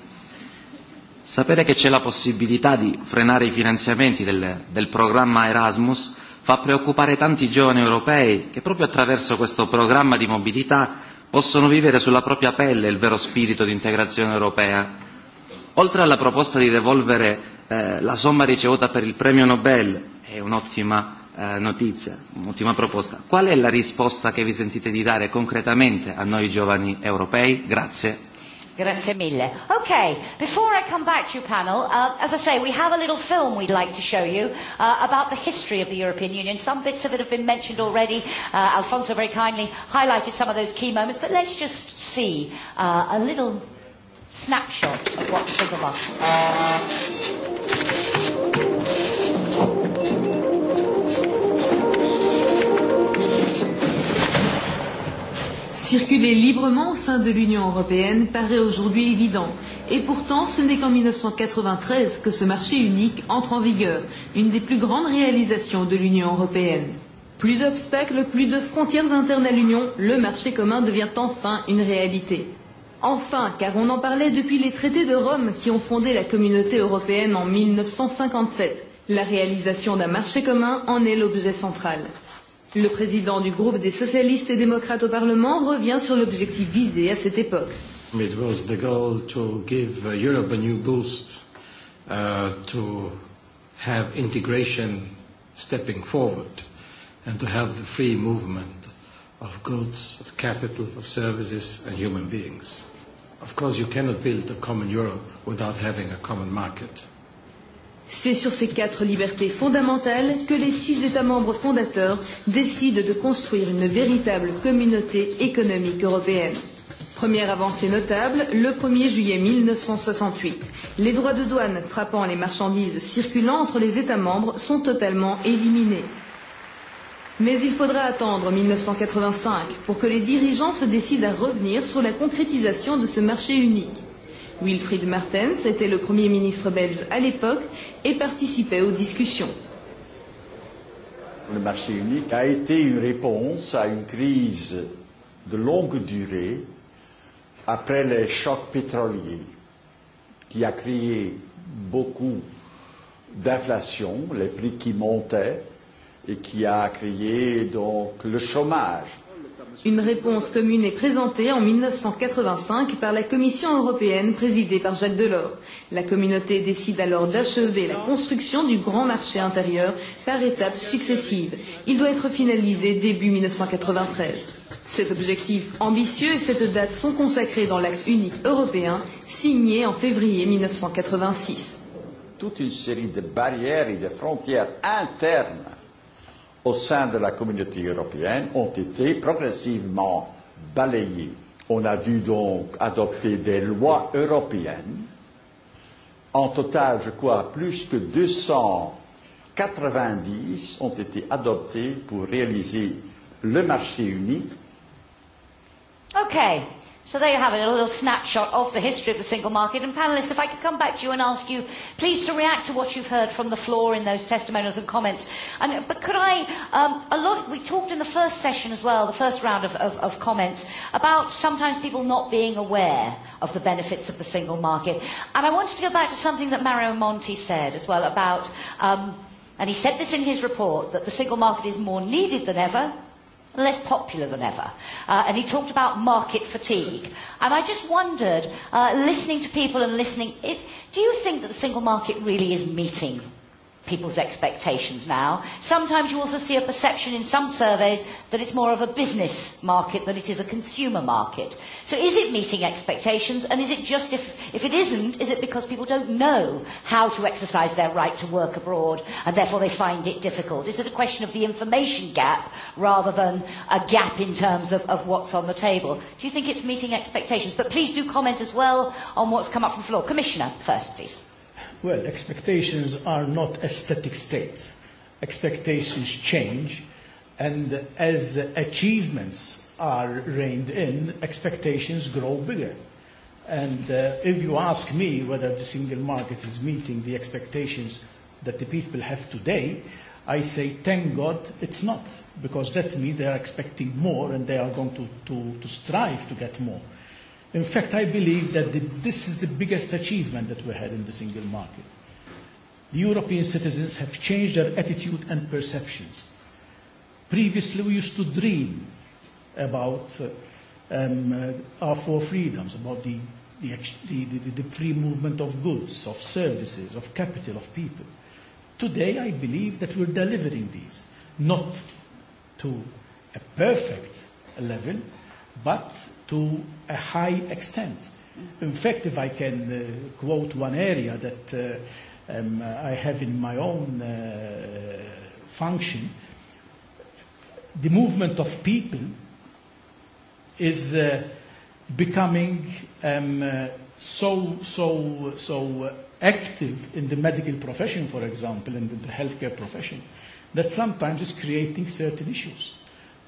Sapere che c'è la possibilità di frenare i finanziamenti del, del programma Erasmus fa preoccupare tanti giovani europei che proprio attraverso questo programma di mobilità possono vivere sulla propria pelle il vero spirito di integrazione europea. Oltre alla proposta di devolvere eh, la somma ricevuta per il premio Nobel, è un'ottima eh, notizia, un'ultima proposta. Qual è la risposta che vi sentite di dare concretamente a noi giovani europei? Grazie. Grazie mille. Ok, before I come back to your panel, uh, as I say, we have a little film we'd like to show you uh, about the history of the European Union. Some bits of it have been mentioned already. Uh, Alfonso very kindly highlighted some of those key moments, but let's just see uh, a little snapshot of what's in the box. Uh... circuler librement au sein de l'Union européenne paraît aujourd'hui évident. Et pourtant, ce n'est qu'en 1993 que ce marché unique entre en vigueur, une des plus grandes réalisations de l'Union européenne. Plus d'obstacles, plus de frontières internes à l'Union, le marché commun devient enfin une réalité. Enfin, car on en parlait depuis les traités de Rome qui ont fondé la communauté européenne en 1957, la réalisation d'un marché commun en est l'objet central. Le président du groupe des socialistes et démocrates au Parlement revient sur l'objectif visé à cette époque. It was the goal to give Europe a new boost, uh, to have integration stepping forward, and to have the free movement of goods, of capital, of services, and human beings. Of course, you cannot build a common Europe without having a common market C'est sur ces quatre libertés fondamentales que les six États membres fondateurs décident de construire une véritable communauté économique européenne. Première avancée notable, le 1er juillet 1968. Les droits de douane frappant les marchandises circulant entre les États membres sont totalement éliminés. Mais il faudra attendre 1985 pour que les dirigeants se décident à revenir sur la concrétisation de ce marché unique. Wilfried Martens était le Premier ministre belge à l'époque et participait aux discussions. Le marché unique a été une réponse à une crise de longue durée après les chocs pétroliers qui a créé beaucoup d'inflation, les prix qui montaient et qui a créé donc le chômage Une réponse commune est présentée en 1985 par la Commission européenne présidée par Jacques Delors. La communauté décide alors d'achever la construction du grand marché intérieur par étapes successives. Il doit être finalisé début 1993. Cet objectif ambitieux et cette date sont consacrés dans l'acte unique européen signé en février 1986. Toute une série de barrières et de frontières internes au sein de la communauté européenne ont été progressivement balayés. On a dû donc adopter des lois européennes. En total, je crois, plus que 290 ont été adoptées pour réaliser le marché unique. Okay, So there you have it, a little snapshot of the history of the single market. And panelists, if I could come back to you and ask you, please, to react to what you've heard from the floor in those testimonials and comments. And, uh, but could I, um, a lot, we talked in the first session as well, the first round of, of, of comments, about sometimes people not being aware of the benefits of the single market. And I wanted to go back to something that Mario Monti said as well about, um, and he said this in his report, that the single market is more needed than ever, less popular than ever. Uh, and he talked about market fatigue. And I just wondered, uh, listening to people and listening, if, do you think that the single market really is meeting people's expectations now. Sometimes you also see a perception in some surveys that it's more of a business market than it is a consumer market. So is it meeting expectations and is it just if, if it isn't, is it because people don't know how to exercise their right to work abroad and therefore they find it difficult? Is it a question of the information gap rather than a gap in terms of, of what's on the table? Do you think it's meeting expectations? But please do comment as well on what's come up from the floor. Commissioner, first, please. Well, expectations are not a static state. Expectations change, and as achievements are reined in, expectations grow bigger. And uh, if you ask me whether the single market is meeting the expectations that the people have today, I say, thank God it's not, because that means they are expecting more and they are going to, to, to strive to get more. In fact, I believe that the, this is the biggest achievement that we had in the single market. The European citizens have changed their attitude and perceptions. Previously, we used to dream about uh, um, uh, our four freedoms, about the, the, the, the, the free movement of goods, of services, of capital, of people. Today, I believe that we're delivering these, not to a perfect level, but to a high extent. In fact, if I can uh, quote one area that uh, um, I have in my own uh, function, the movement of people is uh, becoming um, uh, so so so active in the medical profession, for example, and in the healthcare profession, that sometimes is creating certain issues.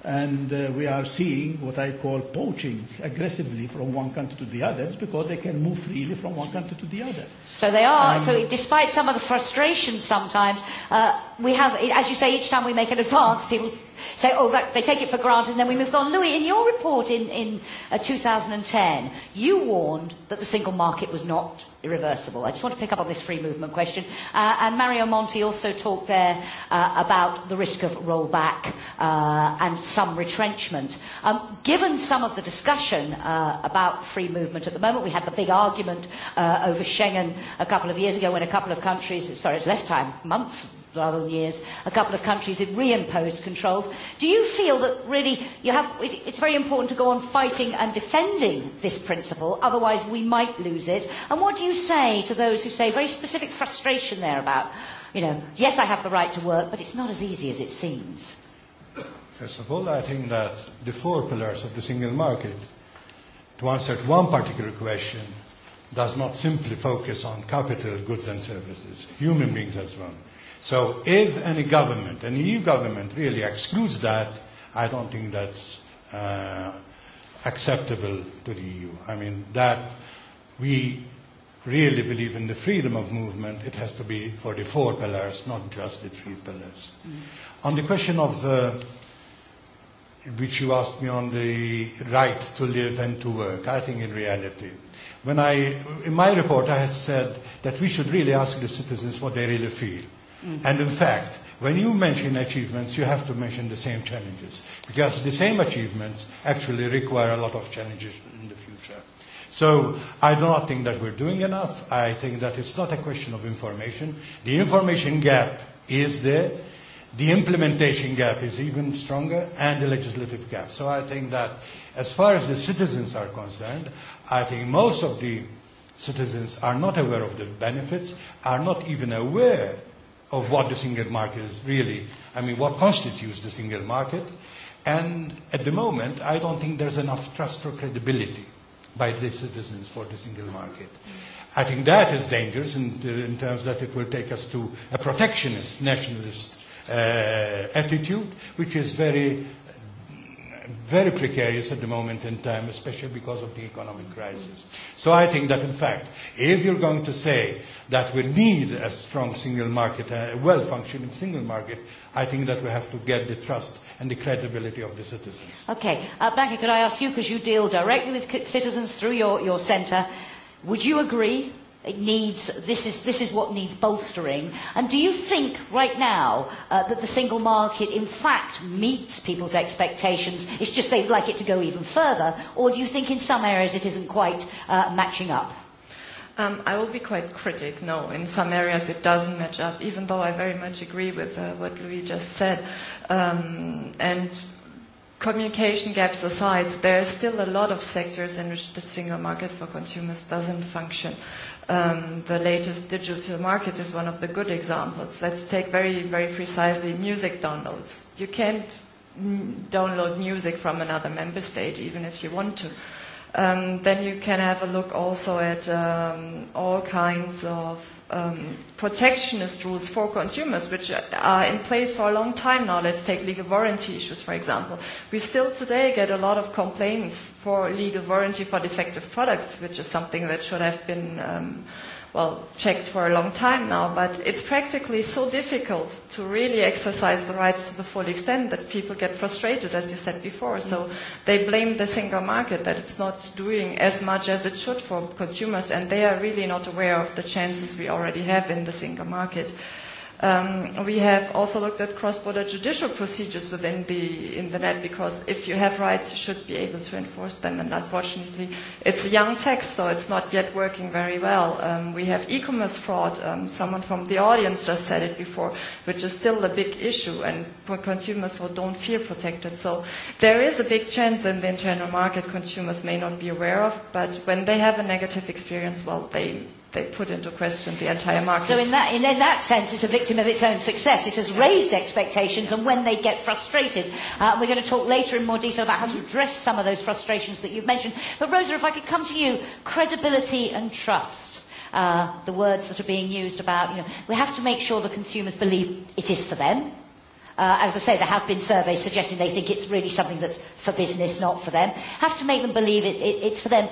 And uh, we are seeing what I call poaching aggressively from one country to the other because they can move freely from one country to the other. So they are. Um, so despite some of the frustrations sometimes, uh, we have, as you say, each time we make an advance, people say, oh, that, they take it for granted, and then we move on. Louis, in your report in, in uh, 2010, you warned that the single market was not irreversible. I just want to pick up on this free movement question. Uh, and Mario Monti also talked there uh, about the risk of rollback uh, and some retrenchment. Um, given some of the discussion uh, about free movement at the moment, we had the big argument uh, over Schengen a couple of years ago when a couple of countries, sorry, it's less time, months, rather than years, a couple of countries had reimposed controls. Do you feel that really you have, it, it's very important to go on fighting and defending this principle, otherwise we might lose it? And what do you say to those who say very specific frustration there about, you know, yes, I have the right to work, but it's not as easy as it seems? First of all, I think that the four pillars of the single market, to answer to one particular question, does not simply focus on capital, goods and services, human beings as well. So if any government, any EU government, really excludes that, I don't think that's uh, acceptable to the EU. I mean, that we really believe in the freedom of movement, it has to be for the four pillars, not just the three pillars. Mm. On the question of uh, which you asked me on the right to live and to work, I think in reality, when I, in my report, I had said that we should really ask the citizens what they really feel. Mm-hmm. And in fact, when you mention achievements, you have to mention the same challenges, because the same achievements actually require a lot of challenges in the future. So I do not think that we're doing enough. I think that it's not a question of information. The information gap is there. The implementation gap is even stronger, and the legislative gap. So I think that as far as the citizens are concerned, I think most of the citizens are not aware of the benefits, are not even aware of what the single market is really. I mean, what constitutes the single market. And at the moment, I don't think there's enough trust or credibility by the citizens for the single market. I think that is dangerous in, in terms that it will take us to a protectionist, nationalist uh, attitude, which is very, very precarious at the moment in time, especially because of the economic crisis. So I think that, in fact, if you're going to say that we need a strong single market, a well-functioning single market, I think that we have to get the trust and the credibility of the citizens. Okay. Uh, Blanca, could I ask you, because you deal directly with citizens through your, your centre, would you agree it needs, this is, this is what needs bolstering? And do you think right now uh, that the single market in fact meets people's expectations? It's just they'd like it to go even further, or do you think in some areas it isn't quite uh, matching up? Um, I will be quite critic. No, in some areas it doesn't match up, even though I very much agree with uh, what Louis just said. Um, and communication gaps aside, there are still a lot of sectors in which the single market for consumers doesn't function. Um, the latest digital market is one of the good examples. Let's take very, very precisely music downloads. You can't mm, download music from another member state, even if you want to. Um, then you can have a look also at um, all kinds of um, protectionist rules for consumers, which are in place for a long time now. Let's take legal warranty issues, for example. We still today get a lot of complaints for legal warranty for defective products, which is something that should have been um, well, checked for a long time now, but it's practically so difficult to really exercise the rights to the full extent that people get frustrated, as you said before. So they blame the single market that it's not doing as much as it should for consumers, and they are really not aware of the chances we already have in the single market. Uh, Um, we have also looked at cross-border judicial procedures within the in the net because if you have rights, you should be able to enforce them. And unfortunately, it's a young text, so it's not yet working very well. Um, we have e-commerce fraud. Um, someone from the audience just said it before, which is still a big issue, and for consumers who don't feel protected. So there is a big chance in the internal market consumers may not be aware of, but when they have a negative experience, well, they they put into question the entire market. So in that, in, in that sense, it's a victim of its own success. It has yeah. raised expectations, and when they get frustrated, uh, we're going to talk later in more detail about how to address some of those frustrations that you've mentioned. But Rosa, if I could come to you, credibility and trust. Uh, the words that are being used about, you know, we have to make sure the consumers believe it is for them, Uh, as I say, there have been surveys suggesting they think it's really something that's for business, not for them. Have to make them believe it, it, it's for them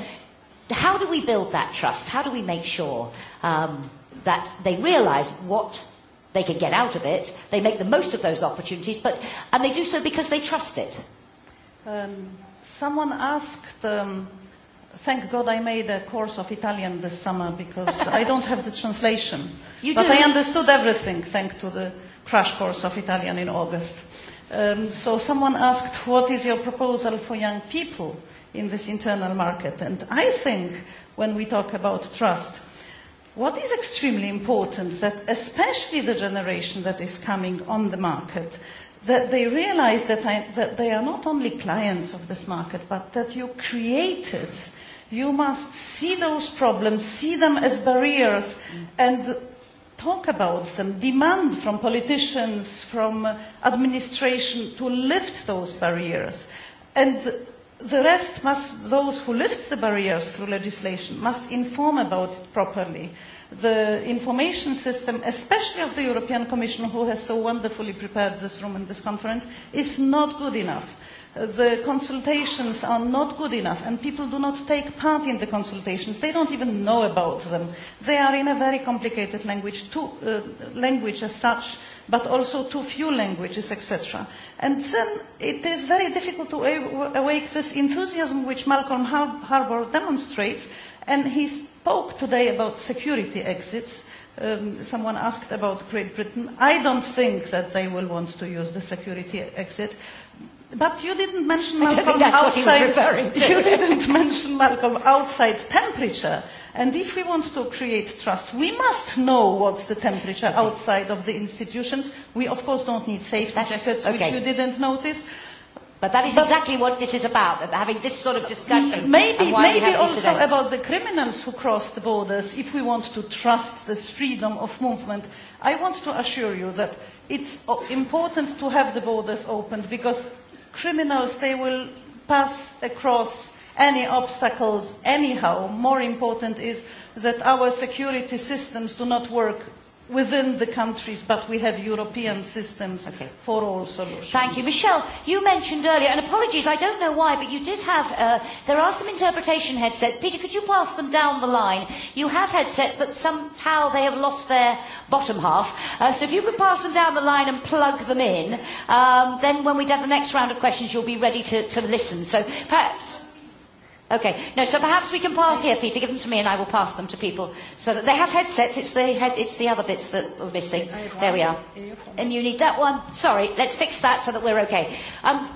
how do we build that trust? How do we make sure um, that they realise what they can get out of it, they make the most of those opportunities, but, and they do so because they trust it? Um, someone asked, um, thank God I made a course of Italian this summer because (laughs) I don't have the translation. You but do. I understood everything thanks to the crash course of Italian in August. Um, so someone asked, what is your proposal for young people? in this internal market. And I think when we talk about trust, what is extremely important that especially the generation that is coming on the market, that they realize that, I, that they are not only clients of this market, but that you create it. You must see those problems, see them as barriers, and talk about them, demand from politicians, from administration to lift those barriers. And the rest must, those who lift the barriers through legislation must inform about it properly. The information system, especially of the European Commission, who has so wonderfully prepared this room and this conference, is not good enough the consultations are not good enough and people do not take part in the consultations. They don't even know about them. They are in a very complicated language, too, uh, language as such, but also too few languages, etc. And then it is very difficult to awake this enthusiasm which Malcolm Har Harbour demonstrates. And he spoke today about security exits um, someone asked about Great Britain. I don't think that they will want to use the security exit. But you didn't mention Malcolm that's outside. What he was to. (laughs) You didn't mention Malcolm outside temperature. And if we want to create trust, we must know what's the temperature outside of the institutions. We of course don't need safety That's, jackets, okay. which you didn't notice. But that is but exactly what this is about, having this sort of discussion. Maybe, maybe also events. about the criminals who cross the borders, if we want to trust this freedom of movement. I want to assure you that it's important to have the borders opened because criminals, they will pass across any obstacles anyhow. More important is that our security systems do not work within the countries, but we have European systems okay. for all solutions. Thank you. Michelle, you mentioned earlier, and apologies, I don't know why, but you did have, uh, there are some interpretation headsets. Peter, could you pass them down the line? You have headsets, but somehow they have lost their bottom half. Uh, so if you could pass them down the line and plug them in, um, then when we do the next round of questions, you'll be ready to, to listen. So perhaps Okay. No, so perhaps we can pass here, Peter. Give them to me and I will pass them to people. So that they have headsets. It's the, head, it's the other bits that are missing. There we are. And you need that one. Sorry, let's fix that so that we're okay. Um,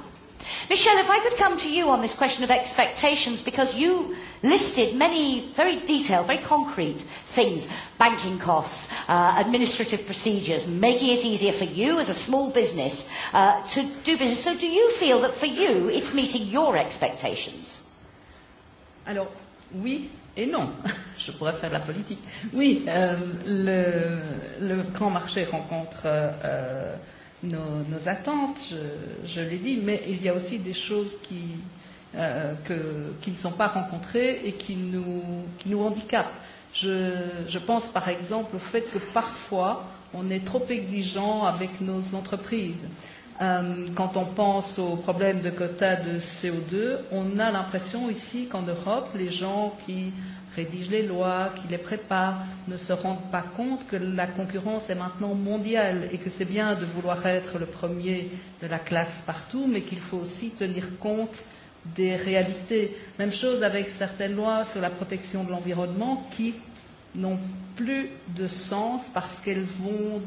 Michelle, if I could come to you on this question of expectations, because you listed many very detailed, very concrete things banking costs, uh, administrative procedures, making it easier for you as a small business uh, to do business. So, do you feel that for you it's meeting your expectations? Alors, oui et non. (laughs) Je pourrais faire de la politique. Oui, euh, le, le grand marché rencontre euh, euh, nos, nos attentes, je, je l'ai dit, mais il y a aussi des choses qui, euh, que, qui ne sont pas rencontrées et qui nous, qui nous handicapent. Je, je pense par exemple au fait que parfois on est trop exigeant avec nos entreprises. Euh, quand on pense au problème de quotas de CO2, on a l'impression ici qu'en Europe, les gens qui rédigent les lois, qui les préparent, ne se rendent pas compte que la concurrence est maintenant mondiale et que c'est bien de vouloir être le premier de la classe partout, mais qu'il faut aussi tenir compte des réalités. Même chose avec certaines lois sur la protection de l'environnement qui n'ont plus de sens parce qu'elles vont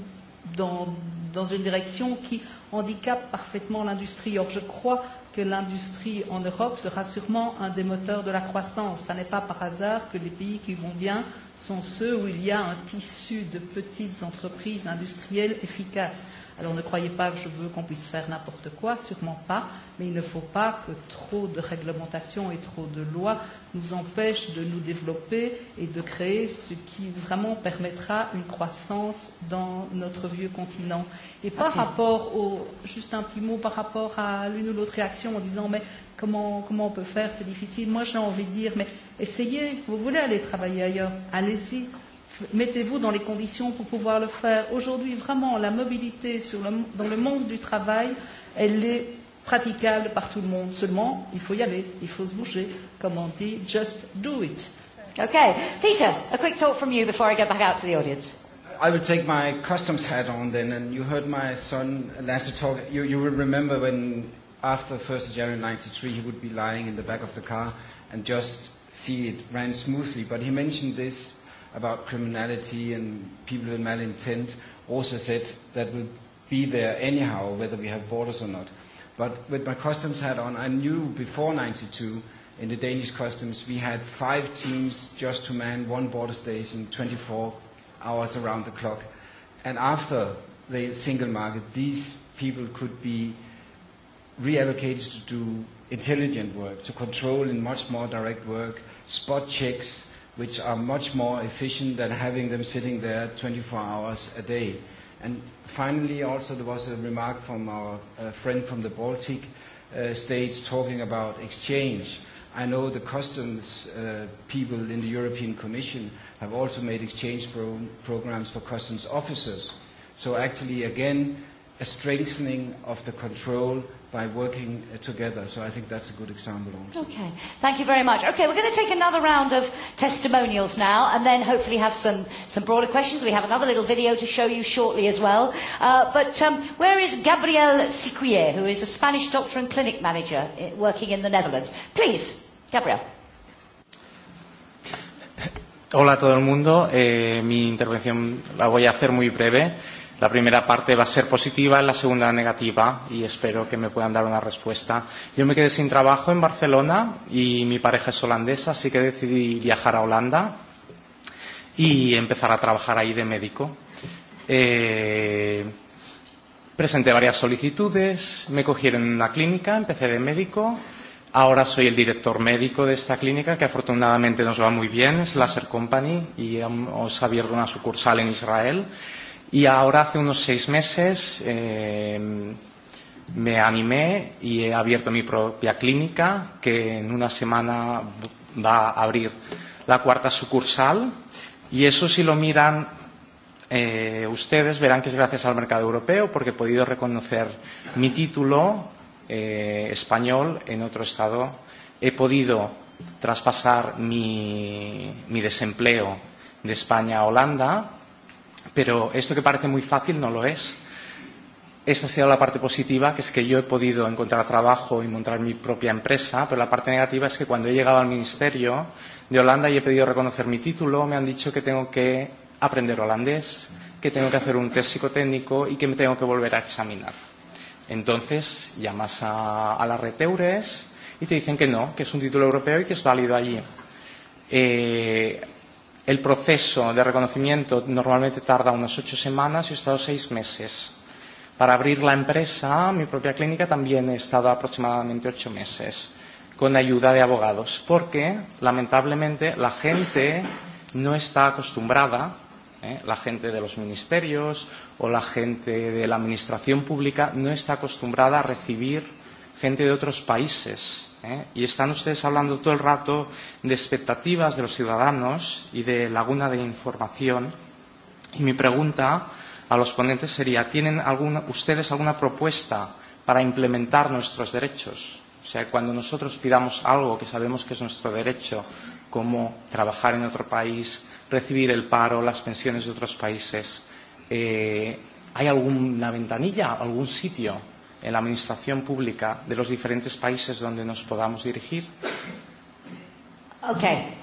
dans, dans une direction qui handicapent parfaitement l'industrie. Or, je crois que l'industrie en Europe sera sûrement un des moteurs de la croissance. Ce n'est pas par hasard que les pays qui vont bien sont ceux où il y a un tissu de petites entreprises industrielles efficaces. Alors ne croyez pas que je veux qu'on puisse faire n'importe quoi, sûrement pas, mais il ne faut pas que trop de réglementations et trop de lois nous empêchent de nous développer et de créer ce qui vraiment permettra une croissance dans notre vieux continent. Et par okay. rapport au, juste un petit mot par rapport à l'une ou l'autre réaction en disant mais comment, comment on peut faire, c'est difficile. Moi j'ai envie de dire mais essayez, vous voulez aller travailler ailleurs, allez-y, mettez-vous dans les conditions pour pouvoir le faire. Aujourd'hui, vraiment, la mobilité sur le, dans le monde du travail, elle est praticable par tout le monde. Seulement, il faut y aller, il faut se bouger. Comme on dit, just do it. Okay. Peter, a quick thought from you before I get back out to the audience. I would take my customs hat on then, and you heard my son Lasse talk. You, you will remember when, after 1st of January 93, he would be lying in the back of the car and just see it ran smoothly. But he mentioned this about criminality and people with malintent also said that would be there anyhow, whether we have borders or not. But with my customs hat on, I knew before 92 in the Danish customs we had five teams just to man one border station 24 hours around the clock. And after the single market, these people could be reallocated to do intelligent work, to control in much more direct work, spot checks, which are much more efficient than having them sitting there 24 hours a day. And finally, also there was a remark from our uh, friend from the Baltic uh, states talking about exchange. I know the customs uh, people in the European Commission have also made exchange pro programs for customs officers. So actually, again, a strengthening of the control by working uh, together. So I think that's a good example also. Okay, thank you very much. Okay, we're going to take another round of testimonials now and then hopefully have some, some broader questions. We have another little video to show you shortly as well. Uh, but um, where is Gabrielle Siquier, who is a Spanish doctor and clinic manager eh, working in the Netherlands? Please, Gabrielle. Hola a todo el mundo. Eh, mi intervención la voy a hacer muy breve. La primera parte va a ser positiva, y la segunda negativa y espero que me puedan dar una respuesta. Yo me quedé sin trabajo en Barcelona y mi pareja es holandesa, así que decidí viajar a Holanda y empezar a trabajar ahí de médico. Eh, presenté varias solicitudes, me cogieron en una clínica, empecé de médico. Ahora soy el director médico de esta clínica, que afortunadamente nos va muy bien, es Laser Company, y os ha abierto una sucursal en Israel. Y ahora, hace unos seis meses, eh, me animé y he abierto mi propia clínica, que en una semana va a abrir la cuarta sucursal. Y eso, si lo miran eh, ustedes, verán que es gracias al mercado europeo, porque he podido reconocer mi título eh, español en otro estado. He podido traspasar mi, mi desempleo de España a Holanda Pero esto que parece muy fácil no lo es. Esa ha sido la parte positiva, que es que yo he podido encontrar trabajo y montar mi propia empresa, pero la parte negativa es que cuando he llegado al Ministerio de Holanda y he pedido reconocer mi título, me han dicho que tengo que aprender holandés, que tengo que hacer un test psicotécnico y que me tengo que volver a examinar. Entonces llamas a, a la red Eures y te dicen que no, que es un título europeo y que es válido allí. Eh, El proceso de reconocimiento normalmente tarda unas ocho semanas y he estado seis meses. Para abrir la empresa, mi propia clínica, también he estado aproximadamente ocho meses, con ayuda de abogados, porque lamentablemente la gente no está acostumbrada, ¿eh? la gente de los ministerios o la gente de la administración pública no está acostumbrada a recibir gente de otros países ¿eh? Y están ustedes hablando todo el rato de expectativas de los ciudadanos y de laguna de información. Y mi pregunta a los ponentes sería, ¿tienen alguna, ustedes alguna propuesta para implementar nuestros derechos? O sea, cuando nosotros pidamos algo que sabemos que es nuestro derecho, como trabajar en otro país, recibir el paro, las pensiones de otros países, eh, ¿hay alguna ventanilla, algún sitio en la administración pública de los diferentes países donde nos podamos dirigir? Okay.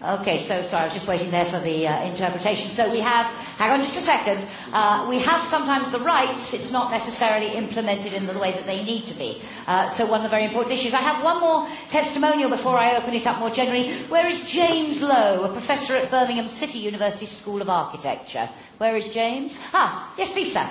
Okay, so sorry, I was just waiting there for the uh, interpretation. So we have, hang on just a second, uh, we have sometimes the rights, it's not necessarily implemented in the way that they need to be. Uh, so one of the very important issues. I have one more testimonial before I open it up more generally. Where is James Lowe, a professor at Birmingham City University School of Architecture? Where is James? Ah, yes, please, sir.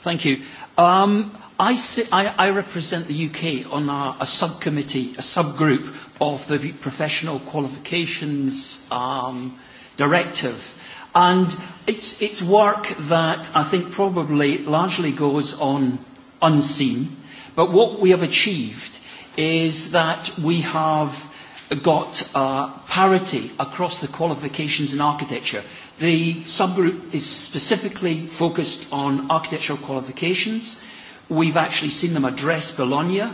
Thank you. Um, I, sit, I, I represent the UK on our, a subcommittee, a subgroup of the Professional Qualifications um, Directive. And it's, it's work that I think probably largely goes on unseen. But what we have achieved is that we have got uh, parity across the qualifications in architecture. The subgroup is specifically focused on architectural qualifications We've actually seen them address Bologna.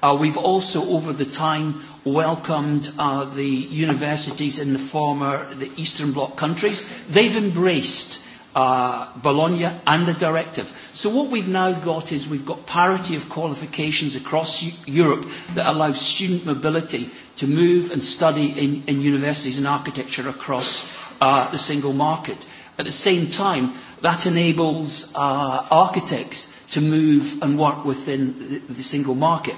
Uh, we've also, over the time, welcomed uh, the universities in the former the Eastern Bloc countries. They've embraced uh, Bologna and the directive. So what we've now got is we've got parity of qualifications across Europe that allows student mobility to move and study in, in universities and architecture across uh, the single market. At the same time, That enables uh, architects to move and work within the, the single market.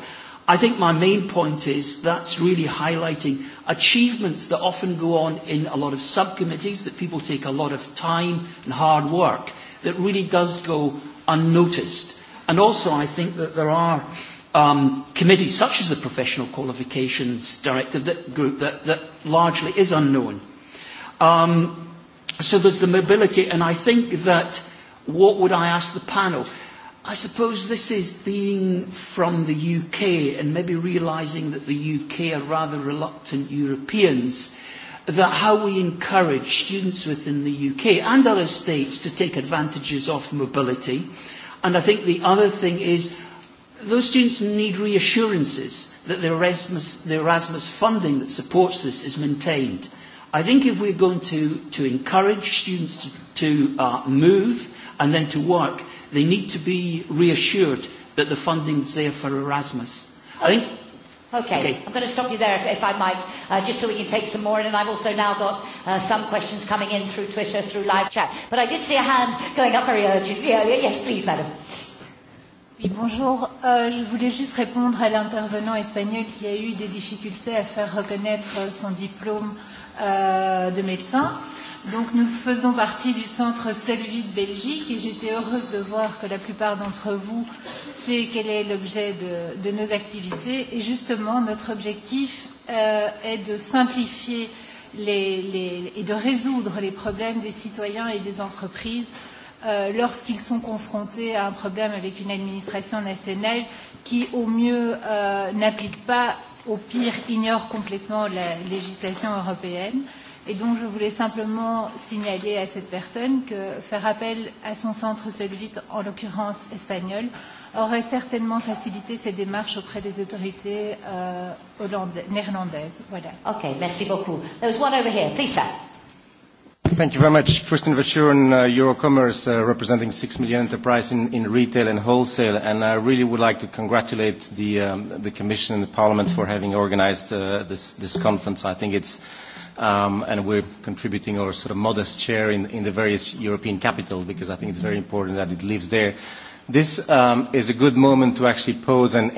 I think my main point is that's really highlighting achievements that often go on in a lot of subcommittees, that people take a lot of time and hard work, that really does go unnoticed. And also, I think that there are um, committees such as the Professional Qualifications Directive that group that, that largely is unknown. Um, So there's the mobility, and I think that what would I ask the panel? I suppose this is being from the UK and maybe realising that the UK are rather reluctant Europeans, that how we encourage students within the UK and other states to take advantages of mobility. And I think the other thing is those students need reassurances that the Erasmus, the Erasmus funding that supports this is maintained I think if we're going to, to encourage students to, to uh, move and then to work, they need to be reassured that the funding's there for Erasmus. I think Okay. okay, I'm going to stop you there if, if I might, uh, just so we can take some more in. And I've also now got uh, some questions coming in through Twitter, through live chat. But I did see a hand going up very urgently. earlier. yes, please, madam. Oui, bonjour. Euh, je voulais juste répondre à l'intervenant espagnol qui a eu des difficultés à faire reconnaître euh, son diplôme euh, de médecins. Donc nous faisons partie du centre Celvi de Belgique et j'étais heureuse de voir que la plupart d'entre vous sait quel est l'objet de, de nos activités. Et justement, notre objectif euh, est de simplifier les, les, et de résoudre les problèmes des citoyens et des entreprises euh, lorsqu'ils sont confrontés à un problème avec une administration nationale qui, au mieux, euh, n'applique pas au pire, ignorent complètement la législation européenne. Et donc, je voulais simplement signaler à cette personne que faire appel à son centre cellulite, en l'occurrence espagnol, aurait certainement facilité ses démarches auprès des autorités euh, néerlandaises. Voilà. OK, merci beaucoup. There was one over here. Please, sir. Thank you very much. Christian Vachon, uh, Eurocommerce, uh, representing 6 million enterprise in, retail and wholesale. And I really would like to congratulate the, um, Commission and the Parliament for having organized uh, this, conference. I think it's, um, and we're contributing our sort of modest share in, the various European capital because I think it's very important that it lives there. This um, is a good moment to actually pause and,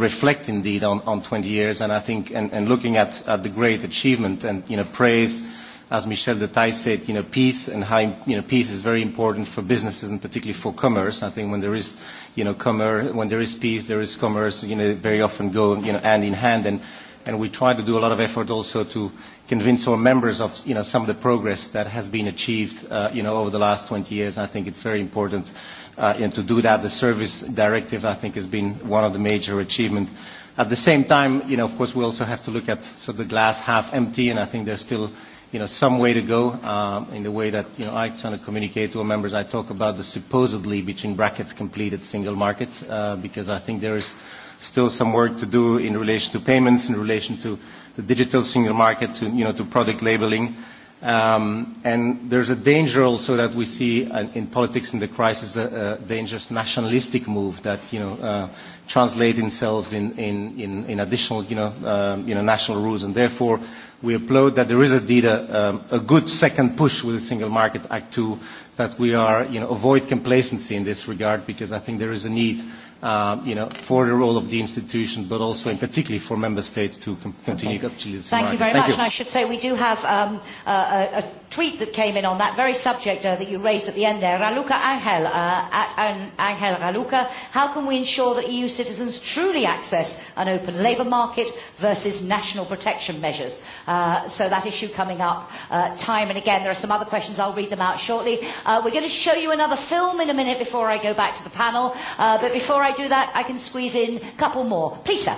reflect indeed on, 20 years and I think, and, looking at, at the great achievement and, you know, praise as Michel de Taille said, you know, peace and how, you know, peace is very important for businesses and particularly for commerce. I think when there is, you know, commerce, when there is peace, there is commerce, you know, very often go, you know, hand in hand. And, and we try to do a lot of effort also to convince our members of, you know, some of the progress that has been achieved, uh, you know, over the last 20 years. I think it's very important uh, know, to do that. The service directive, I think, has been one of the major achievements. At the same time, you know, of course, we also have to look at sort of the glass half empty, and I think there's still you know, some way to go um, in the way that, you know, I try to communicate to our members. I talk about the supposedly, between brackets, completed single market, uh, because I think there is still some work to do in relation to payments, in relation to the digital single market, to, you know, to product labeling. Um, and there's a danger also that we see uh, in politics in the crisis a, a dangerous nationalistic move that you know uh, translate themselves in, in, in, in additional you know, um, you know national rules and therefore we applaud that there is indeed a, um, a good second push with the Single Market Act 2 that we are you know avoid complacency in this regard because I think there is a need Uh, you know, for the role of the institution, but also in particularly for member states to continue okay. actually this Thank market. you very Thank much. You. And I should say we do have um, uh, a, a tweet that came in on that very subject uh, that you raised at the end there, Raluca Angel, uh, at Angel Raluca, how can we ensure that EU citizens truly access an open labour market versus national protection measures? Uh, so that issue coming up uh, time and again. There are some other questions. I'll read them out shortly. Uh, we're going to show you another film in a minute before I go back to the panel. Uh, but before I do that, I can squeeze in a couple more. Please, sir.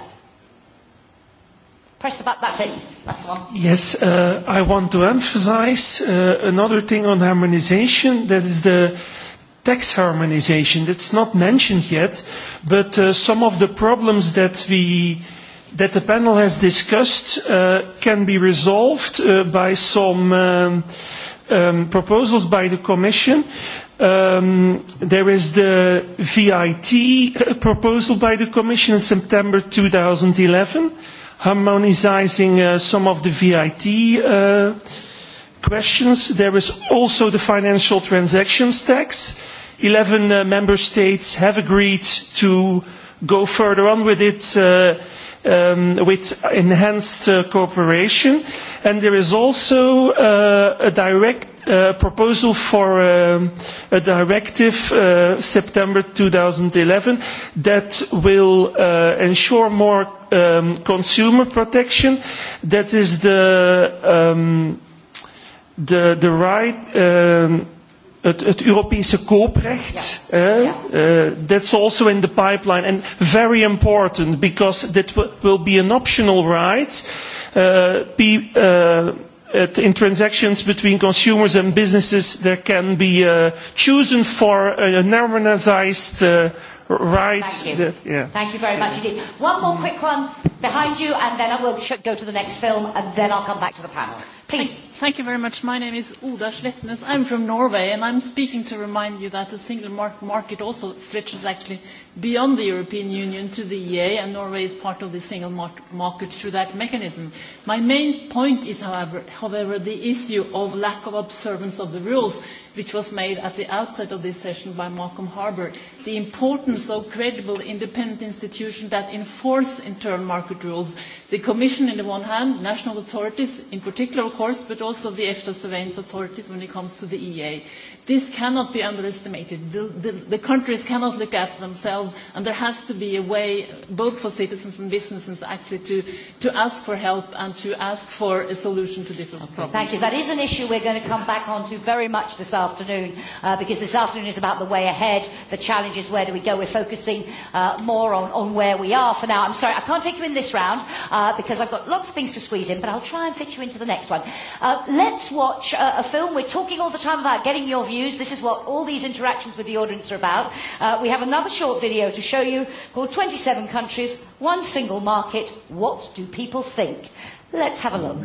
Press the button. That's it. That's the one. Yes, uh, I want to emphasize uh, another thing on harmonization. That is the tax harmonization. That's not mentioned yet, but uh, some of the problems that we that the panel has discussed uh, can be resolved uh, by some um, um, proposals by the Commission. Um, there is the VIT (laughs) proposal by the Commission in September 2011 harmonizing uh, some of the VIT uh, questions. There is also the financial transactions tax. Eleven uh, member states have agreed to go further on with it uh, um, with enhanced uh, cooperation. And there is also uh, a direct uh, proposal for um, a directive uh, September 2011 that will uh, ensure more um, consumer protection. That is the um, the the right. Um, het, het Europese kooprecht. Ja. Yeah. Ja. uh, that's also in the pipeline and very important because that will be an optional right. Uh, be, uh, eh, at, in transactions between consumers and businesses, there can be uh, chosen for a a narrowized uh, right. Thank you. That, yeah. Thank you very much indeed. One more quick one behind you, and then I will go to the next film, and then I'll come back to the panel. Please. Thank Thank you very much. My name is Oda Slettnes. I'm from Norway, and I'm speaking to remind you that the single market also stretches actually beyond the European Union to the EEA and Norway is part of the single market through that mechanism. My main point is, however, the issue of lack of observance of the rules, which was made at the outset of this session by Malcolm Harbour. The importance of credible, independent institutions that enforce internal market rules. The Commission in on the one hand, national authorities in particular, of course, but also also the EFTA surveillance authorities when it comes to the EA. This cannot be underestimated. The, the, the countries cannot look after themselves, and there has to be a way, both for citizens and businesses, actually to, to ask for help and to ask for a solution to different okay, problems. Thank you. That is an issue we're going to come back on to very much this afternoon, uh, because this afternoon is about the way ahead, the challenges, where do we go. We're focusing uh, more on, on where we are for now. I'm sorry, I can't take you in this round uh, because I've got lots of things to squeeze in, but I'll try and fit you into the next one. Uh, let's watch a, a film. We're talking all the time about getting your views. This is what all these interactions with the audience are about. Uh, we have another short video to show you called 27 Countries, One Single Market. What do people think? Let's have a look.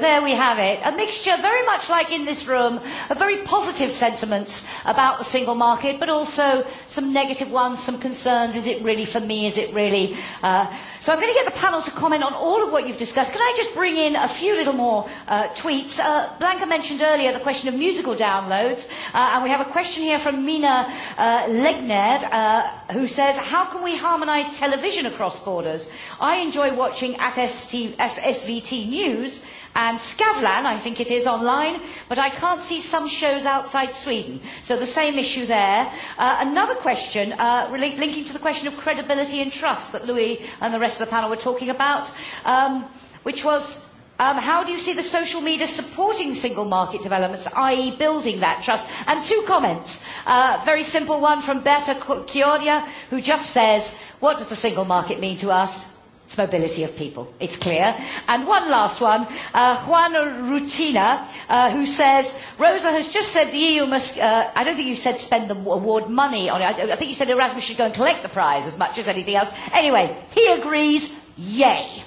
there we have it. A mixture, very much like in this room, of very positive sentiments about the single market, but also some negative ones, some concerns. Is it really for me? Is it really. Uh, So I'm going to get the panel to comment on all of what you've discussed. Can I just bring in a few little more uh, tweets? Uh, Blanca mentioned earlier the question of musical downloads, uh, and we have a question here from Mina uh, Legnerd, uh, who says, how can we harmonise television across borders? I enjoy watching at ST, SVT News and Skavlan, I think it is online, but I can't see some shows outside Sweden. So the same issue there. Uh, another question, uh, linking to the question of credibility and trust that Louis and the rest rest of the panel were talking about, um, which was um, how do you see the social media supporting single market developments, i.e. building that trust? And two comments. Uh, very simple one from Berta Chiodia, who just says, what does the single market mean to us? its mobility of people. It's clear. And one last one, uh, Juan Rutina, uh, who says, Rosa has just said the EU must, uh, I don't think you said spend the award money on it. I, I think you said Erasmus should go and collect the prize as much as anything else. Anyway, he agrees, yay.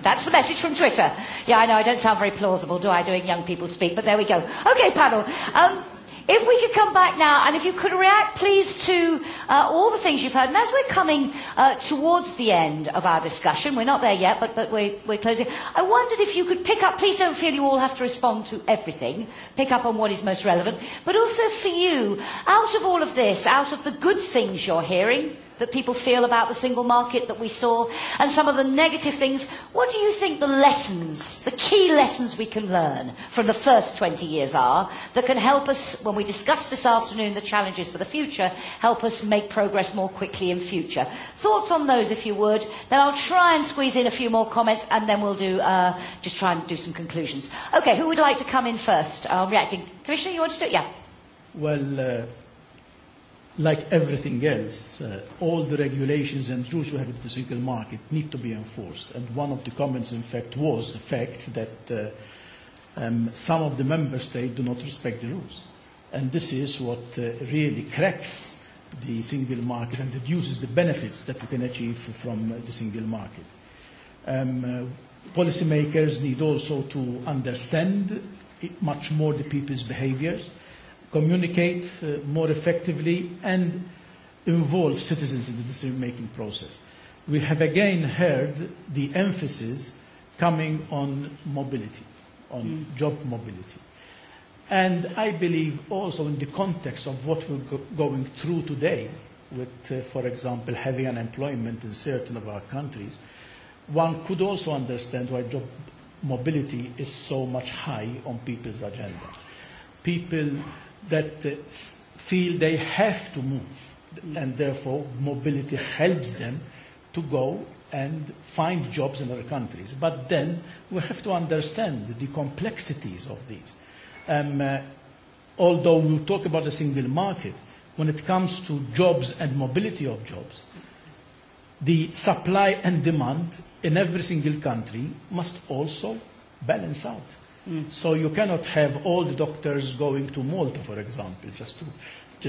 That's the message from Twitter. Yeah, I know, I don't sound very plausible, do I, doing young people speak, but there we go. Okay, panel. Um, If we could come back now, and if you could react, please, to uh, all the things you've heard. And as we're coming uh, towards the end of our discussion, we're not there yet, but, but we're, we're closing. I wondered if you could pick up, please don't feel you all have to respond to everything, pick up on what is most relevant, but also for you, out of all of this, out of the good things you're hearing, that people feel about the single market that we saw and some of the negative things. What do you think the lessons, the key lessons we can learn from the first 20 years are that can help us, when we discuss this afternoon the challenges for the future, help us make progress more quickly in future? Thoughts on those, if you would. Then I'll try and squeeze in a few more comments and then we'll do, uh, just try and do some conclusions. Okay, who would like to come in first? Uh, reacting. Commissioner, you want to do it? Yeah. Well, uh, like everything else, uh, all the regulations and rules we have in the single market need to be enforced. And one of the comments, in fact, was the fact that uh, um, some of the member states do not respect the rules. And this is what uh, really cracks the single market and reduces the benefits that we can achieve from uh, the single market. Um, uh, policymakers need also to understand much more the people's behaviors communicate uh, more effectively, and involve citizens in the decision-making process. We have again heard the emphasis coming on mobility, on mm. job mobility. And I believe also in the context of what we're go going through today, with, uh, for example, heavy unemployment in certain of our countries, one could also understand why job mobility is so much high on people's agenda. People that uh, feel they have to move, and therefore mobility helps them to go and find jobs in other countries. But then we have to understand the complexities of these. Um, uh, although we talk about a single market, when it comes to jobs and mobility of jobs, the supply and demand in every single country must also balance out. Mm. So you cannot have all the doctors going to Malta, for example, just to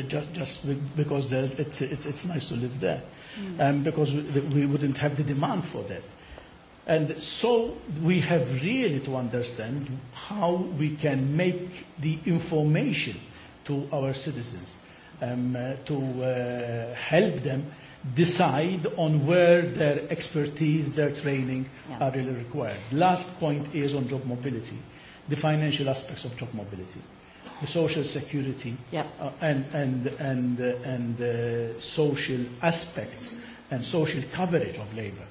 just, just because there's, it's, it's, it's nice to live there, mm. um, because we, we wouldn't have the demand for that. And so we have really to understand how we can make the information to our citizens um, uh, to uh, help them decide on where their expertise, their training yeah. are really required. Last point is on job mobility the financial aspects of job mobility, the social security, yep. uh, and, and, and, uh, and the uh, social aspects and social coverage of labor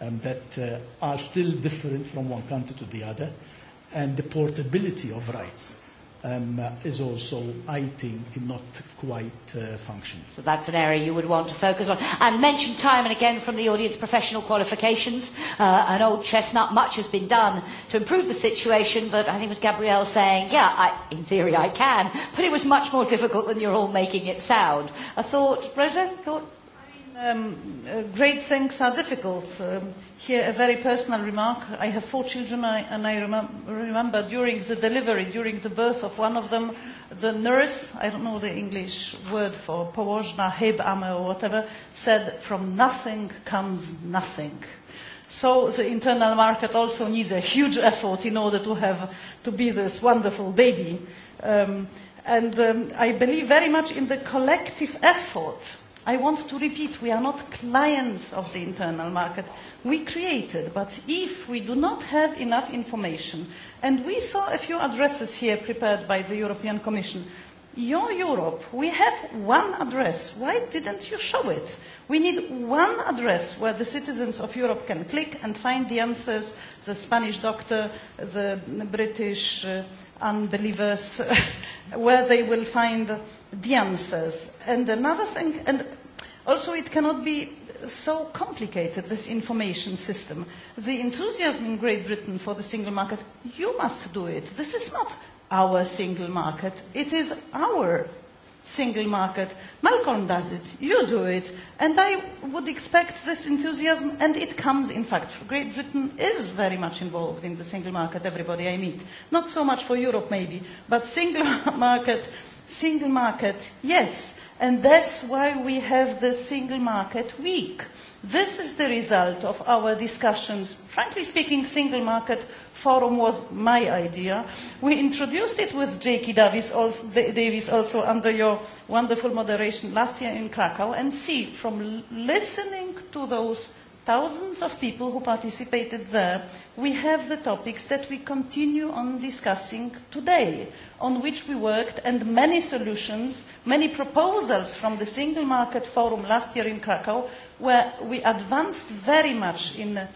um, that uh, are still different from one country to the other, and the portability of rights um, is also, I think, not quite uh, functioning. So that's an area you would want to focus on. And mention time and again from the audience professional qualifications, uh, an old chestnut. Much has been done to improve the situation, but I think it was Gabrielle saying, yeah, I, in theory I can, but it was much more difficult than you're all making it sound. A thought, Rosa? Thought? Um, uh, great things are difficult. Um, here, a very personal remark. I have four children, I, and I remem- remember during the delivery, during the birth of one of them, the nurse, I don't know the English word for położna, ame or whatever, said, from nothing comes nothing. So the internal market also needs a huge effort in order to have, to be this wonderful baby. Um, and um, I believe very much in the collective effort I want to repeat, we are not clients of the internal market. We created, but if we do not have enough information, and we saw a few addresses here prepared by the European Commission, your Europe, we have one address. Why didn't you show it? We need one address where the citizens of Europe can click and find the answers, the Spanish doctor, the British uh, unbelievers, (laughs) where they will find the answers. And another thing, and also it cannot be so complicated, this information system. The enthusiasm in Great Britain for the single market, you must do it. This is not our single market. It is our single market. Malcolm does it. You do it. And I would expect this enthusiasm, and it comes, in fact. Great Britain is very much involved in the single market, everybody I meet. Not so much for Europe, maybe, but single (laughs) market Single market, yes. And that's why we have the single market week. This is the result of our discussions. Frankly speaking, single market forum was my idea. We introduced it with J.K. Davis also, Davis also under your wonderful moderation last year in Krakow and see from listening to those thousands of people who participated there, we have the topics that we continue on discussing today, on which we worked, and many solutions, many proposals from the Single Market Forum last year in Krakow, where we advanced very much in uh,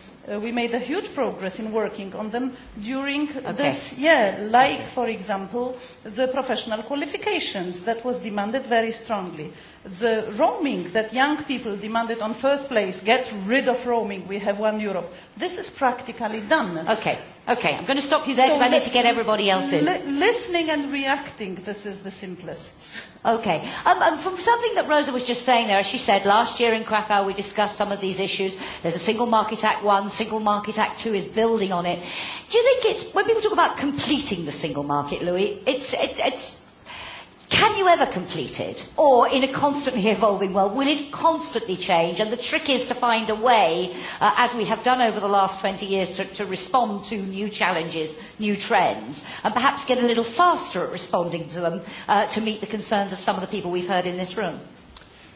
we made a huge progress in working on them during okay. this year, like, okay. for example, the professional qualifications that was demanded very strongly the roaming that young people demanded on first place, get rid of roaming, we have one Europe, this is practically done. Okay, okay, I'm going to stop you there because so I need to get everybody else in. Li- listening and reacting, this is the simplest. Okay, um, and um, from something that Rosa was just saying there, as she said, last year in Krakow we discussed some of these issues. There's a Single Market Act 1, Single Market Act 2 is building on it. Do you think it's, when people talk about completing the single market, Louis, it's, it, it's can you ever complete it? Or in a constantly evolving world, will it constantly change? And the trick is to find a way, uh, as we have done over the last 20 years, to, to respond to new challenges, new trends, and perhaps get a little faster at responding to them uh, to meet the concerns of some of the people we've heard in this room.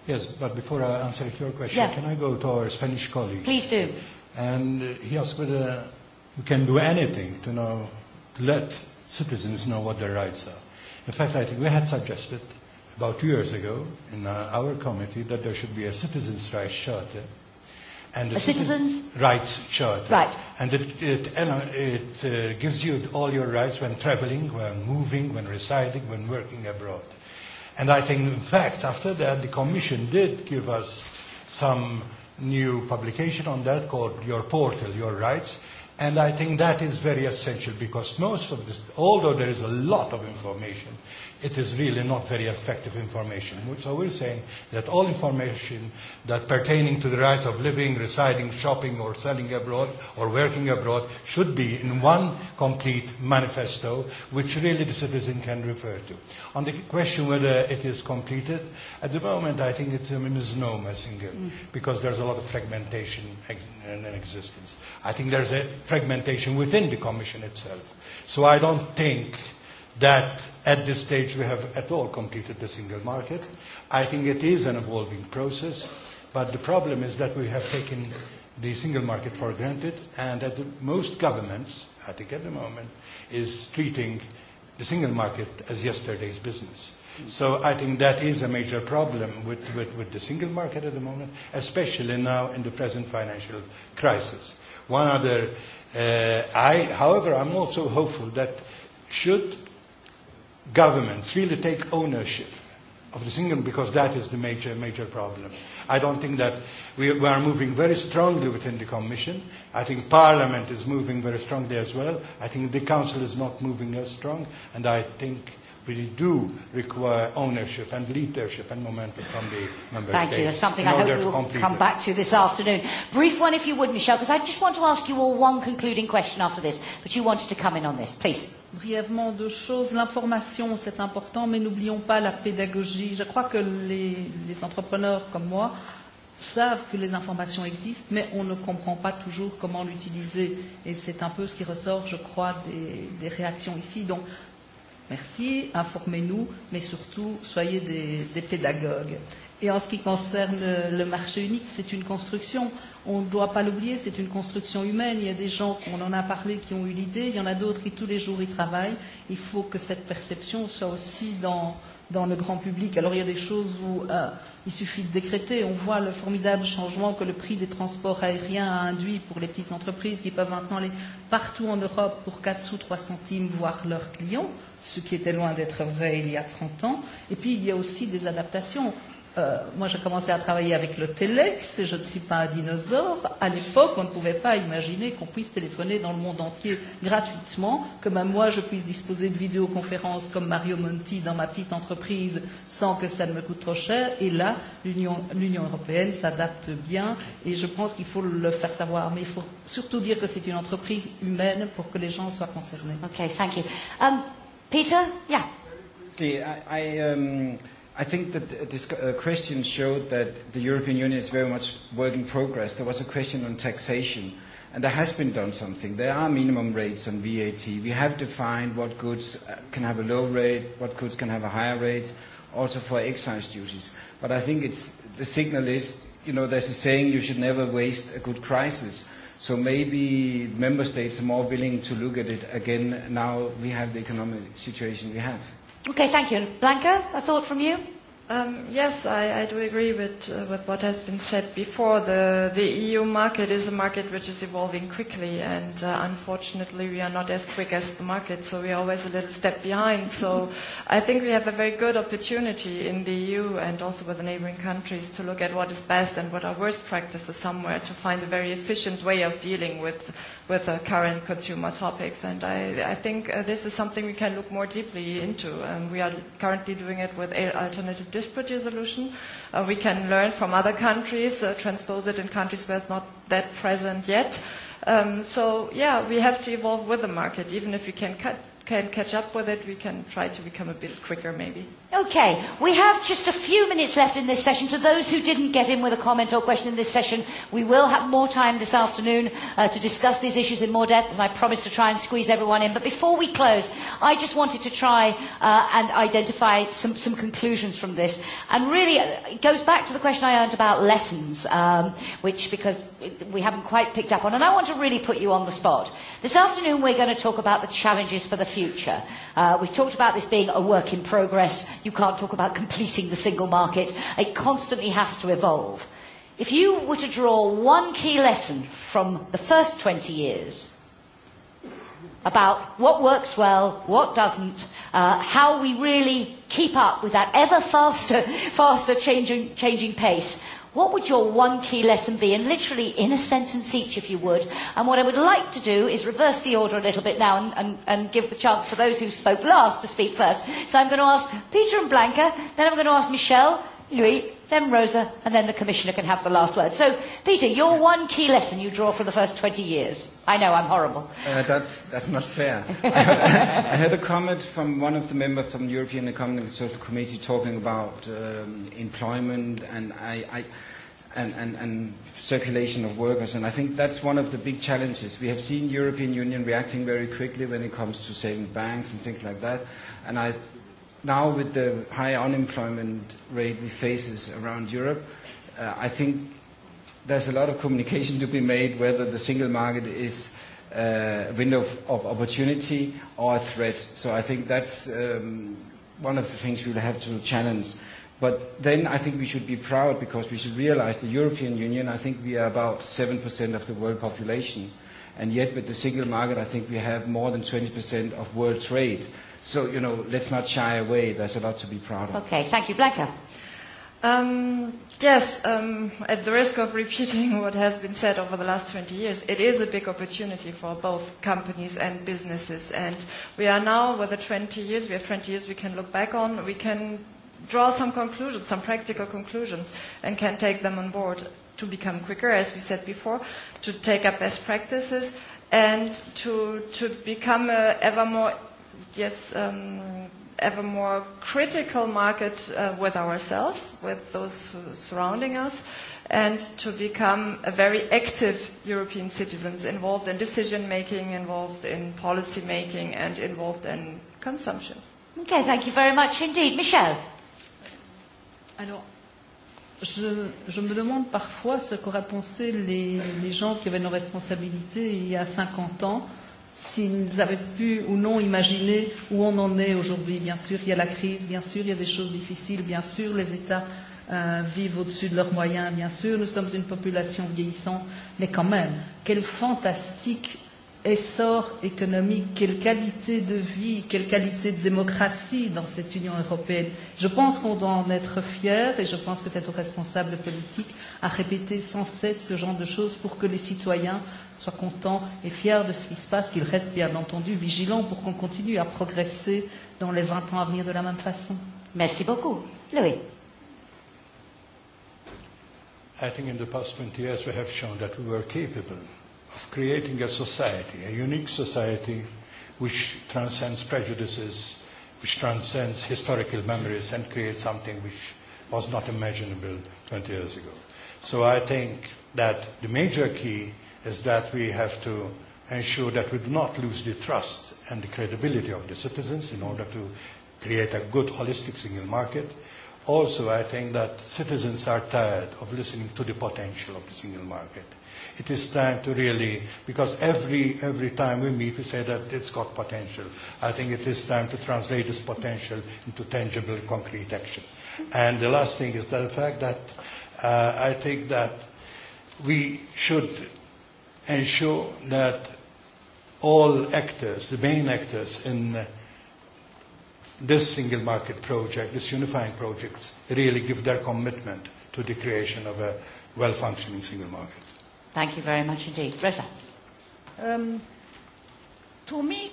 Yes, but before I answer your question, yeah. can I go to our Spanish colleague? Please do. And he asked whether we can do anything to know, to let citizens know what their rights are. In fact, I think we had suggested about two years ago in uh, our committee that there should be a citizens' rights charter. And a, a citizens, rights charter. Right. And it, it, uh, it uh, gives you all your rights when traveling, when moving, when residing, when working abroad. And I think, in fact, after that, the Commission did give us some new publication on that called Your Portal, Your Rights, And I think that is very essential because most of this, although there is a lot of information, it is really not very effective information. So we're saying that all information that pertaining to the rights of living, residing, shopping, or selling abroad, or working abroad, should be in one complete manifesto, which really the citizen can refer to. On the question whether it is completed, at the moment I think it's a misnomer, mm. because there's a lot of fragmentation in existence. I think there's a fragmentation within the Commission itself. So I don't think that at this stage we have at all completed the single market. I think it is an evolving process, but the problem is that we have taken the single market for granted and that most governments, I think at the moment, is treating the single market as yesterday's business. So I think that is a major problem with, with, with the single market at the moment, especially now in the present financial crisis. One other Uh, I, however, I'm also hopeful that should governments really take ownership of the single, because that is the major, major problem. I don't think that we, we are moving very strongly within the Commission. I think Parliament is moving very strongly as well. I think the Council is not moving as strong, and I think really do require ownership and leadership and momentum from the member Thank states. Thank you. That's something no I hope we'll come it. back to this afternoon. Brief one, if you would, Michelle, because I just want to ask you all one concluding question after this, but you wanted to come in on this, please. Brièvement, deux choses. L'information, c'est important, mais n'oublions pas la pédagogie. Je crois que les, les entrepreneurs comme moi savent que les informations existent, mais on ne comprend pas toujours comment l'utiliser. Et c'est un peu ce qui ressort, je crois, des, des réactions ici. Donc, Merci, informez-nous, mais surtout soyez des, des pédagogues. Et en ce qui concerne le marché unique, c'est une construction. On ne doit pas l'oublier, c'est une construction humaine. Il y a des gens, on en a parlé, qui ont eu l'idée. Il y en a d'autres qui tous les jours y travaillent. Il faut que cette perception soit aussi dans, dans le grand public. Alors il y a des choses où euh, il suffit de décréter. On voit le formidable changement que le prix des transports aériens a induit pour les petites entreprises qui peuvent maintenant aller partout en Europe pour 4 sous 3 centimes voir leurs clients, ce qui était loin d'être vrai il y a 30 ans. Et puis il y a aussi des adaptations euh, moi j'ai commencé à travailler avec le Telex, je ne suis pas un dinosaure. À l'époque, on ne pouvait pas imaginer qu'on puisse téléphoner dans le monde entier gratuitement, que même moi je puisse disposer de vidéoconférences comme Mario Monti dans ma petite entreprise sans que ça ne me coûte trop cher. Et là, l'Union européenne s'adapte bien et je pense qu'il faut le faire savoir. Mais il faut surtout dire que c'est une entreprise humaine pour que les gens soient concernés. OK, thank you. Um, Peter, yeah. I, I, um, I think that this uh, question showed that the European Union is very much work in progress. There was a question on taxation, and there has been done something. There are minimum rates on VAT. We have defined what goods uh, can have a low rate, what goods can have a higher rate, also for excise duties. But I think it's the signal is, you know, there's a saying you should never waste a good crisis. So maybe member states are more willing to look at it again now we have the economic situation we have. Okay, thank you. Blanca, a thought from you? Um, yes, I, I do agree with, uh, with what has been said before. The, the EU market is a market which is evolving quickly, and uh, unfortunately, we are not as quick as the market, so we are always a little step behind. So I think we have a very good opportunity in the EU and also with the neighboring countries to look at what is best and what are worst practices somewhere to find a very efficient way of dealing with with the current consumer topics. And I, I think uh, this is something we can look more deeply into. Um, we are currently doing it with alternative dispute resolution. Uh, we can learn from other countries, uh, transpose it in countries where it's not that present yet. Um, so yeah, we have to evolve with the market. Even if we can, cut, can catch up with it, we can try to become a bit quicker maybe. Okay, we have just a few minutes left in this session. To those who didn't get in with a comment or question in this session, we will have more time this afternoon uh, to discuss these issues in more depth, and I promise to try and squeeze everyone in. But before we close, I just wanted to try uh, and identify some, some conclusions from this. And really, uh, it goes back to the question I earned about lessons, um, which because we haven't quite picked up on. And I want to really put you on the spot. This afternoon, we're going to talk about the challenges for the future. Uh, we've talked about this being a work in progress You can't talk about completing the single market. It constantly has to evolve. If you were to draw one key lesson from the first 20 years about what works well, what doesn't, uh, how we really keep up with that ever faster, (laughs) faster changing, changing pace, what would your one key lesson be? And literally in a sentence each, if you would. And what I would like to do is reverse the order a little bit now and, and, and give the chance to those who spoke last to speak first. So I'm going to ask Peter and Blanca, then I'm going to ask Michelle, Louis, then Rosa, and then the Commissioner can have the last word. So, Peter, your one key lesson you draw from the first 20 years. I know, I'm horrible. Uh, that's, that's not fair. (laughs) I had a comment from one of the members from the European Economic and Social Committee talking about um, employment and I... I and, and, and circulation of workers. And I think that's one of the big challenges. We have seen European Union reacting very quickly when it comes to saving banks and things like that. And I now with the high unemployment rate we faces around Europe, uh, I think there's a lot of communication to be made whether the single market is uh, a window of, of opportunity or a threat. So I think that's um, one of the things we'll have to challenge. But then I think we should be proud because we should realize the European Union, I think we are about 7% of the world population. And yet with the single market, I think we have more than 20% of world trade. So, you know, let's not shy away. There's a lot to be proud of. Okay, thank you. Blanca. Um, yes, um, at the risk of repeating (laughs) what has been said over the last 20 years, it is a big opportunity for both companies and businesses. And we are now, with the 20 years, we have 20 years we can look back on, we can draw some conclusions, some practical conclusions, and can take them on board to become quicker, as we said before, to take up best practices, and to, to become a ever more yes, um, ever more critical market uh, with ourselves, with those who surrounding us, and to become a very active European citizens involved in decision making, involved in policy making, and involved in consumption. Okay, thank you very much indeed. Michelle. Alors, je, je me demande parfois ce qu'auraient pensé les, les gens qui avaient nos responsabilités il y a 50 ans s'ils avaient pu ou non imaginer où on en est aujourd'hui. Bien sûr, il y a la crise, bien sûr, il y a des choses difficiles, bien sûr, les États euh, vivent au-dessus de leurs moyens, bien sûr, nous sommes une population vieillissante, mais quand même, quel fantastique essor économique, quelle qualité de vie, quelle qualité de démocratie dans cette Union européenne. Je pense qu'on doit en être fier et je pense que c'est aux responsables politiques à répéter sans cesse ce genre de choses pour que les citoyens soient contents et fiers de ce qui se passe, qu'ils restent bien entendu vigilants pour qu'on continue à progresser dans les 20 ans à venir de la même façon. Merci beaucoup. Louis. I think in the past 20 years we have shown that we were capable of creating a society, a unique society which transcends prejudices, which transcends historical memories and creates something which was not imaginable 20 years ago. So I think that the major key is that we have to ensure that we do not lose the trust and the credibility of the citizens in order to create a good holistic single market. Also, I think that citizens are tired of listening to the potential of the single market it is time to really, because every, every time we meet, we say that it's got potential. I think it is time to translate this potential into tangible, concrete action. And the last thing is that the fact that uh, I think that we should ensure that all actors, the main actors in this single market project, this unifying project, really give their commitment to the creation of a well-functioning single market. Thank you very much indeed. Reza. Um, to me,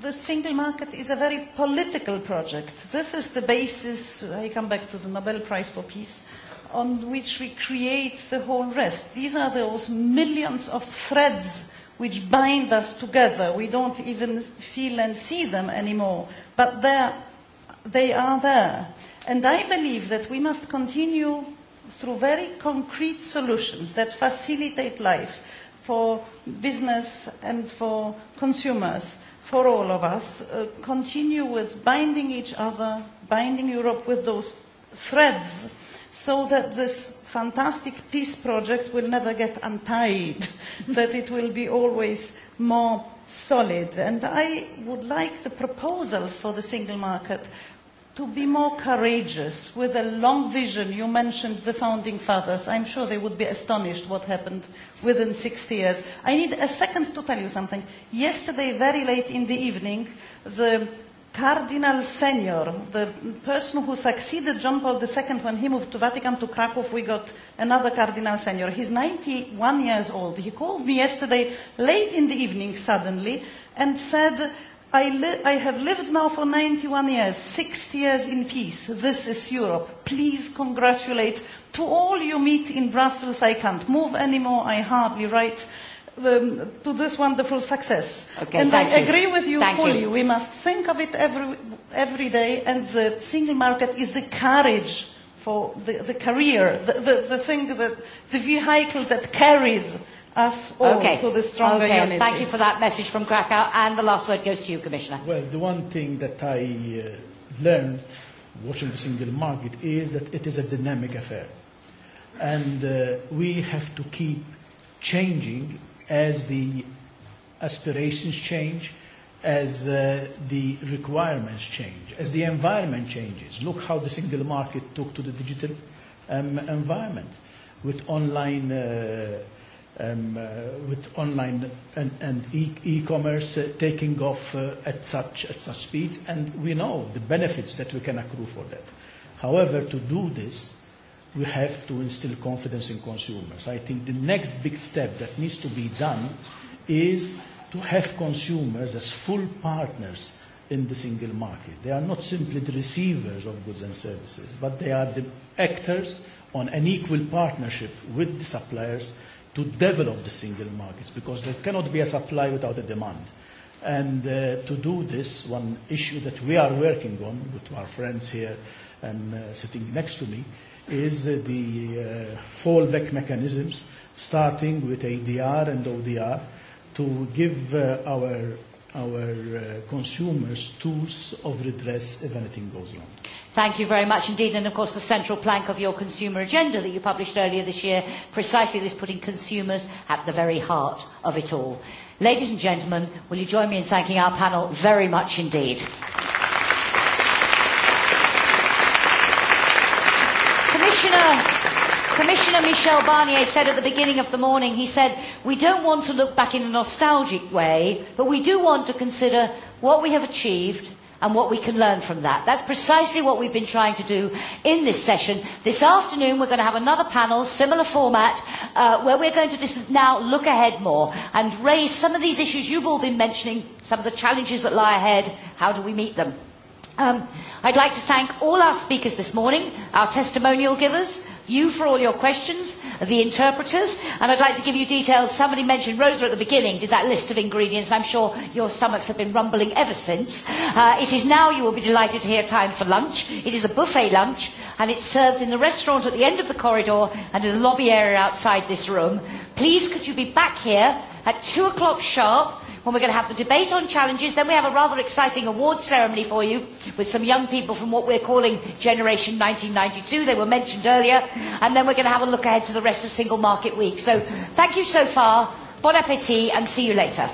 the single market is a very political project. This is the basis, I come back to the Nobel Prize for Peace, on which we create the whole rest. These are those millions of threads which bind us together. We don't even feel and see them anymore, but they are there. And I believe that we must continue through very concrete solutions that facilitate life for business and for consumers, for all of us, uh, continue with binding each other, binding Europe with those threads, so that this fantastic peace project will never get untied, (laughs) that it will be always more solid. And I would like the proposals for the single market to be more courageous with a long vision. You mentioned the founding fathers. I'm sure they would be astonished what happened within 60 years. I need a second to tell you something. Yesterday, very late in the evening, the Cardinal Senior, the person who succeeded John Paul II when he moved to Vatican to Krakow, we got another Cardinal Senior. He's 91 years old. He called me yesterday late in the evening suddenly and said, I, li- I have lived now for 91 years, 60 years in peace. This is Europe. Please congratulate to all you meet in Brussels. I can't move anymore. I hardly write. Um, to this wonderful success. Okay, and I you. agree with you thank fully. You. We must think of it every, every day, and the single market is the courage for the, the career, the, the, the thing that the vehicle that carries us all okay. to the stronger okay. unity. Thank you for that message from Krakow. And the last word goes to you, Commissioner. Well, the one thing that I uh, learned watching the single market is that it is a dynamic affair. And uh, we have to keep changing as the aspirations change, as uh, the requirements change, as the environment changes. Look how the single market took to the digital um, environment with online uh, um, uh, with online and, and e, e-commerce e uh, taking off uh, at such at such speeds, and we know the benefits that we can accrue for that. However, to do this, we have to instill confidence in consumers. I think the next big step that needs to be done is to have consumers as full partners in the single market. They are not simply the receivers of goods and services, but they are the actors on an equal partnership with the suppliers to develop the single markets because there cannot be a supply without a demand. And uh, to do this, one issue that we are working on with our friends here and uh, sitting next to me is uh, the uh, fallback mechanisms, starting with ADR and ODR, to give uh, our, our uh, consumers tools of redress if anything goes wrong. Thank you very much indeed. And of course, the central plank of your consumer agenda that you published earlier this year precisely is putting consumers at the very heart of it all. Ladies and gentlemen, will you join me in thanking our panel very much indeed? Commissioner, Commissioner Michel Barnier said at the beginning of the morning, he said, we don't want to look back in a nostalgic way, but we do want to consider what we have achieved and what we can learn from that. That's precisely what we've been trying to do in this session. This afternoon, we're going to have another panel, similar format, uh, where we're going to just now look ahead more and raise some of these issues you've all been mentioning, some of the challenges that lie ahead. How do we meet them? Um, I'd like to thank all our speakers this morning, our testimonial givers, you for all your questions, the interpreters, and I'd like to give you details. Somebody mentioned Rosa at the beginning, did that list of ingredients. I'm sure your stomachs have been rumbling ever since. Uh, it is now, you will be delighted to hear, time for lunch. It is a buffet lunch, and it's served in the restaurant at the end of the corridor and in the lobby area outside this room. Please, could you be back here at two o'clock sharp? when we're going to have the debate on challenges. Then we have a rather exciting awards ceremony for you with some young people from what we're calling Generation 1992. They were mentioned earlier. And then we're going to have a look ahead to the rest of Single Market Week. So thank you so far. Bon appetit and see you later.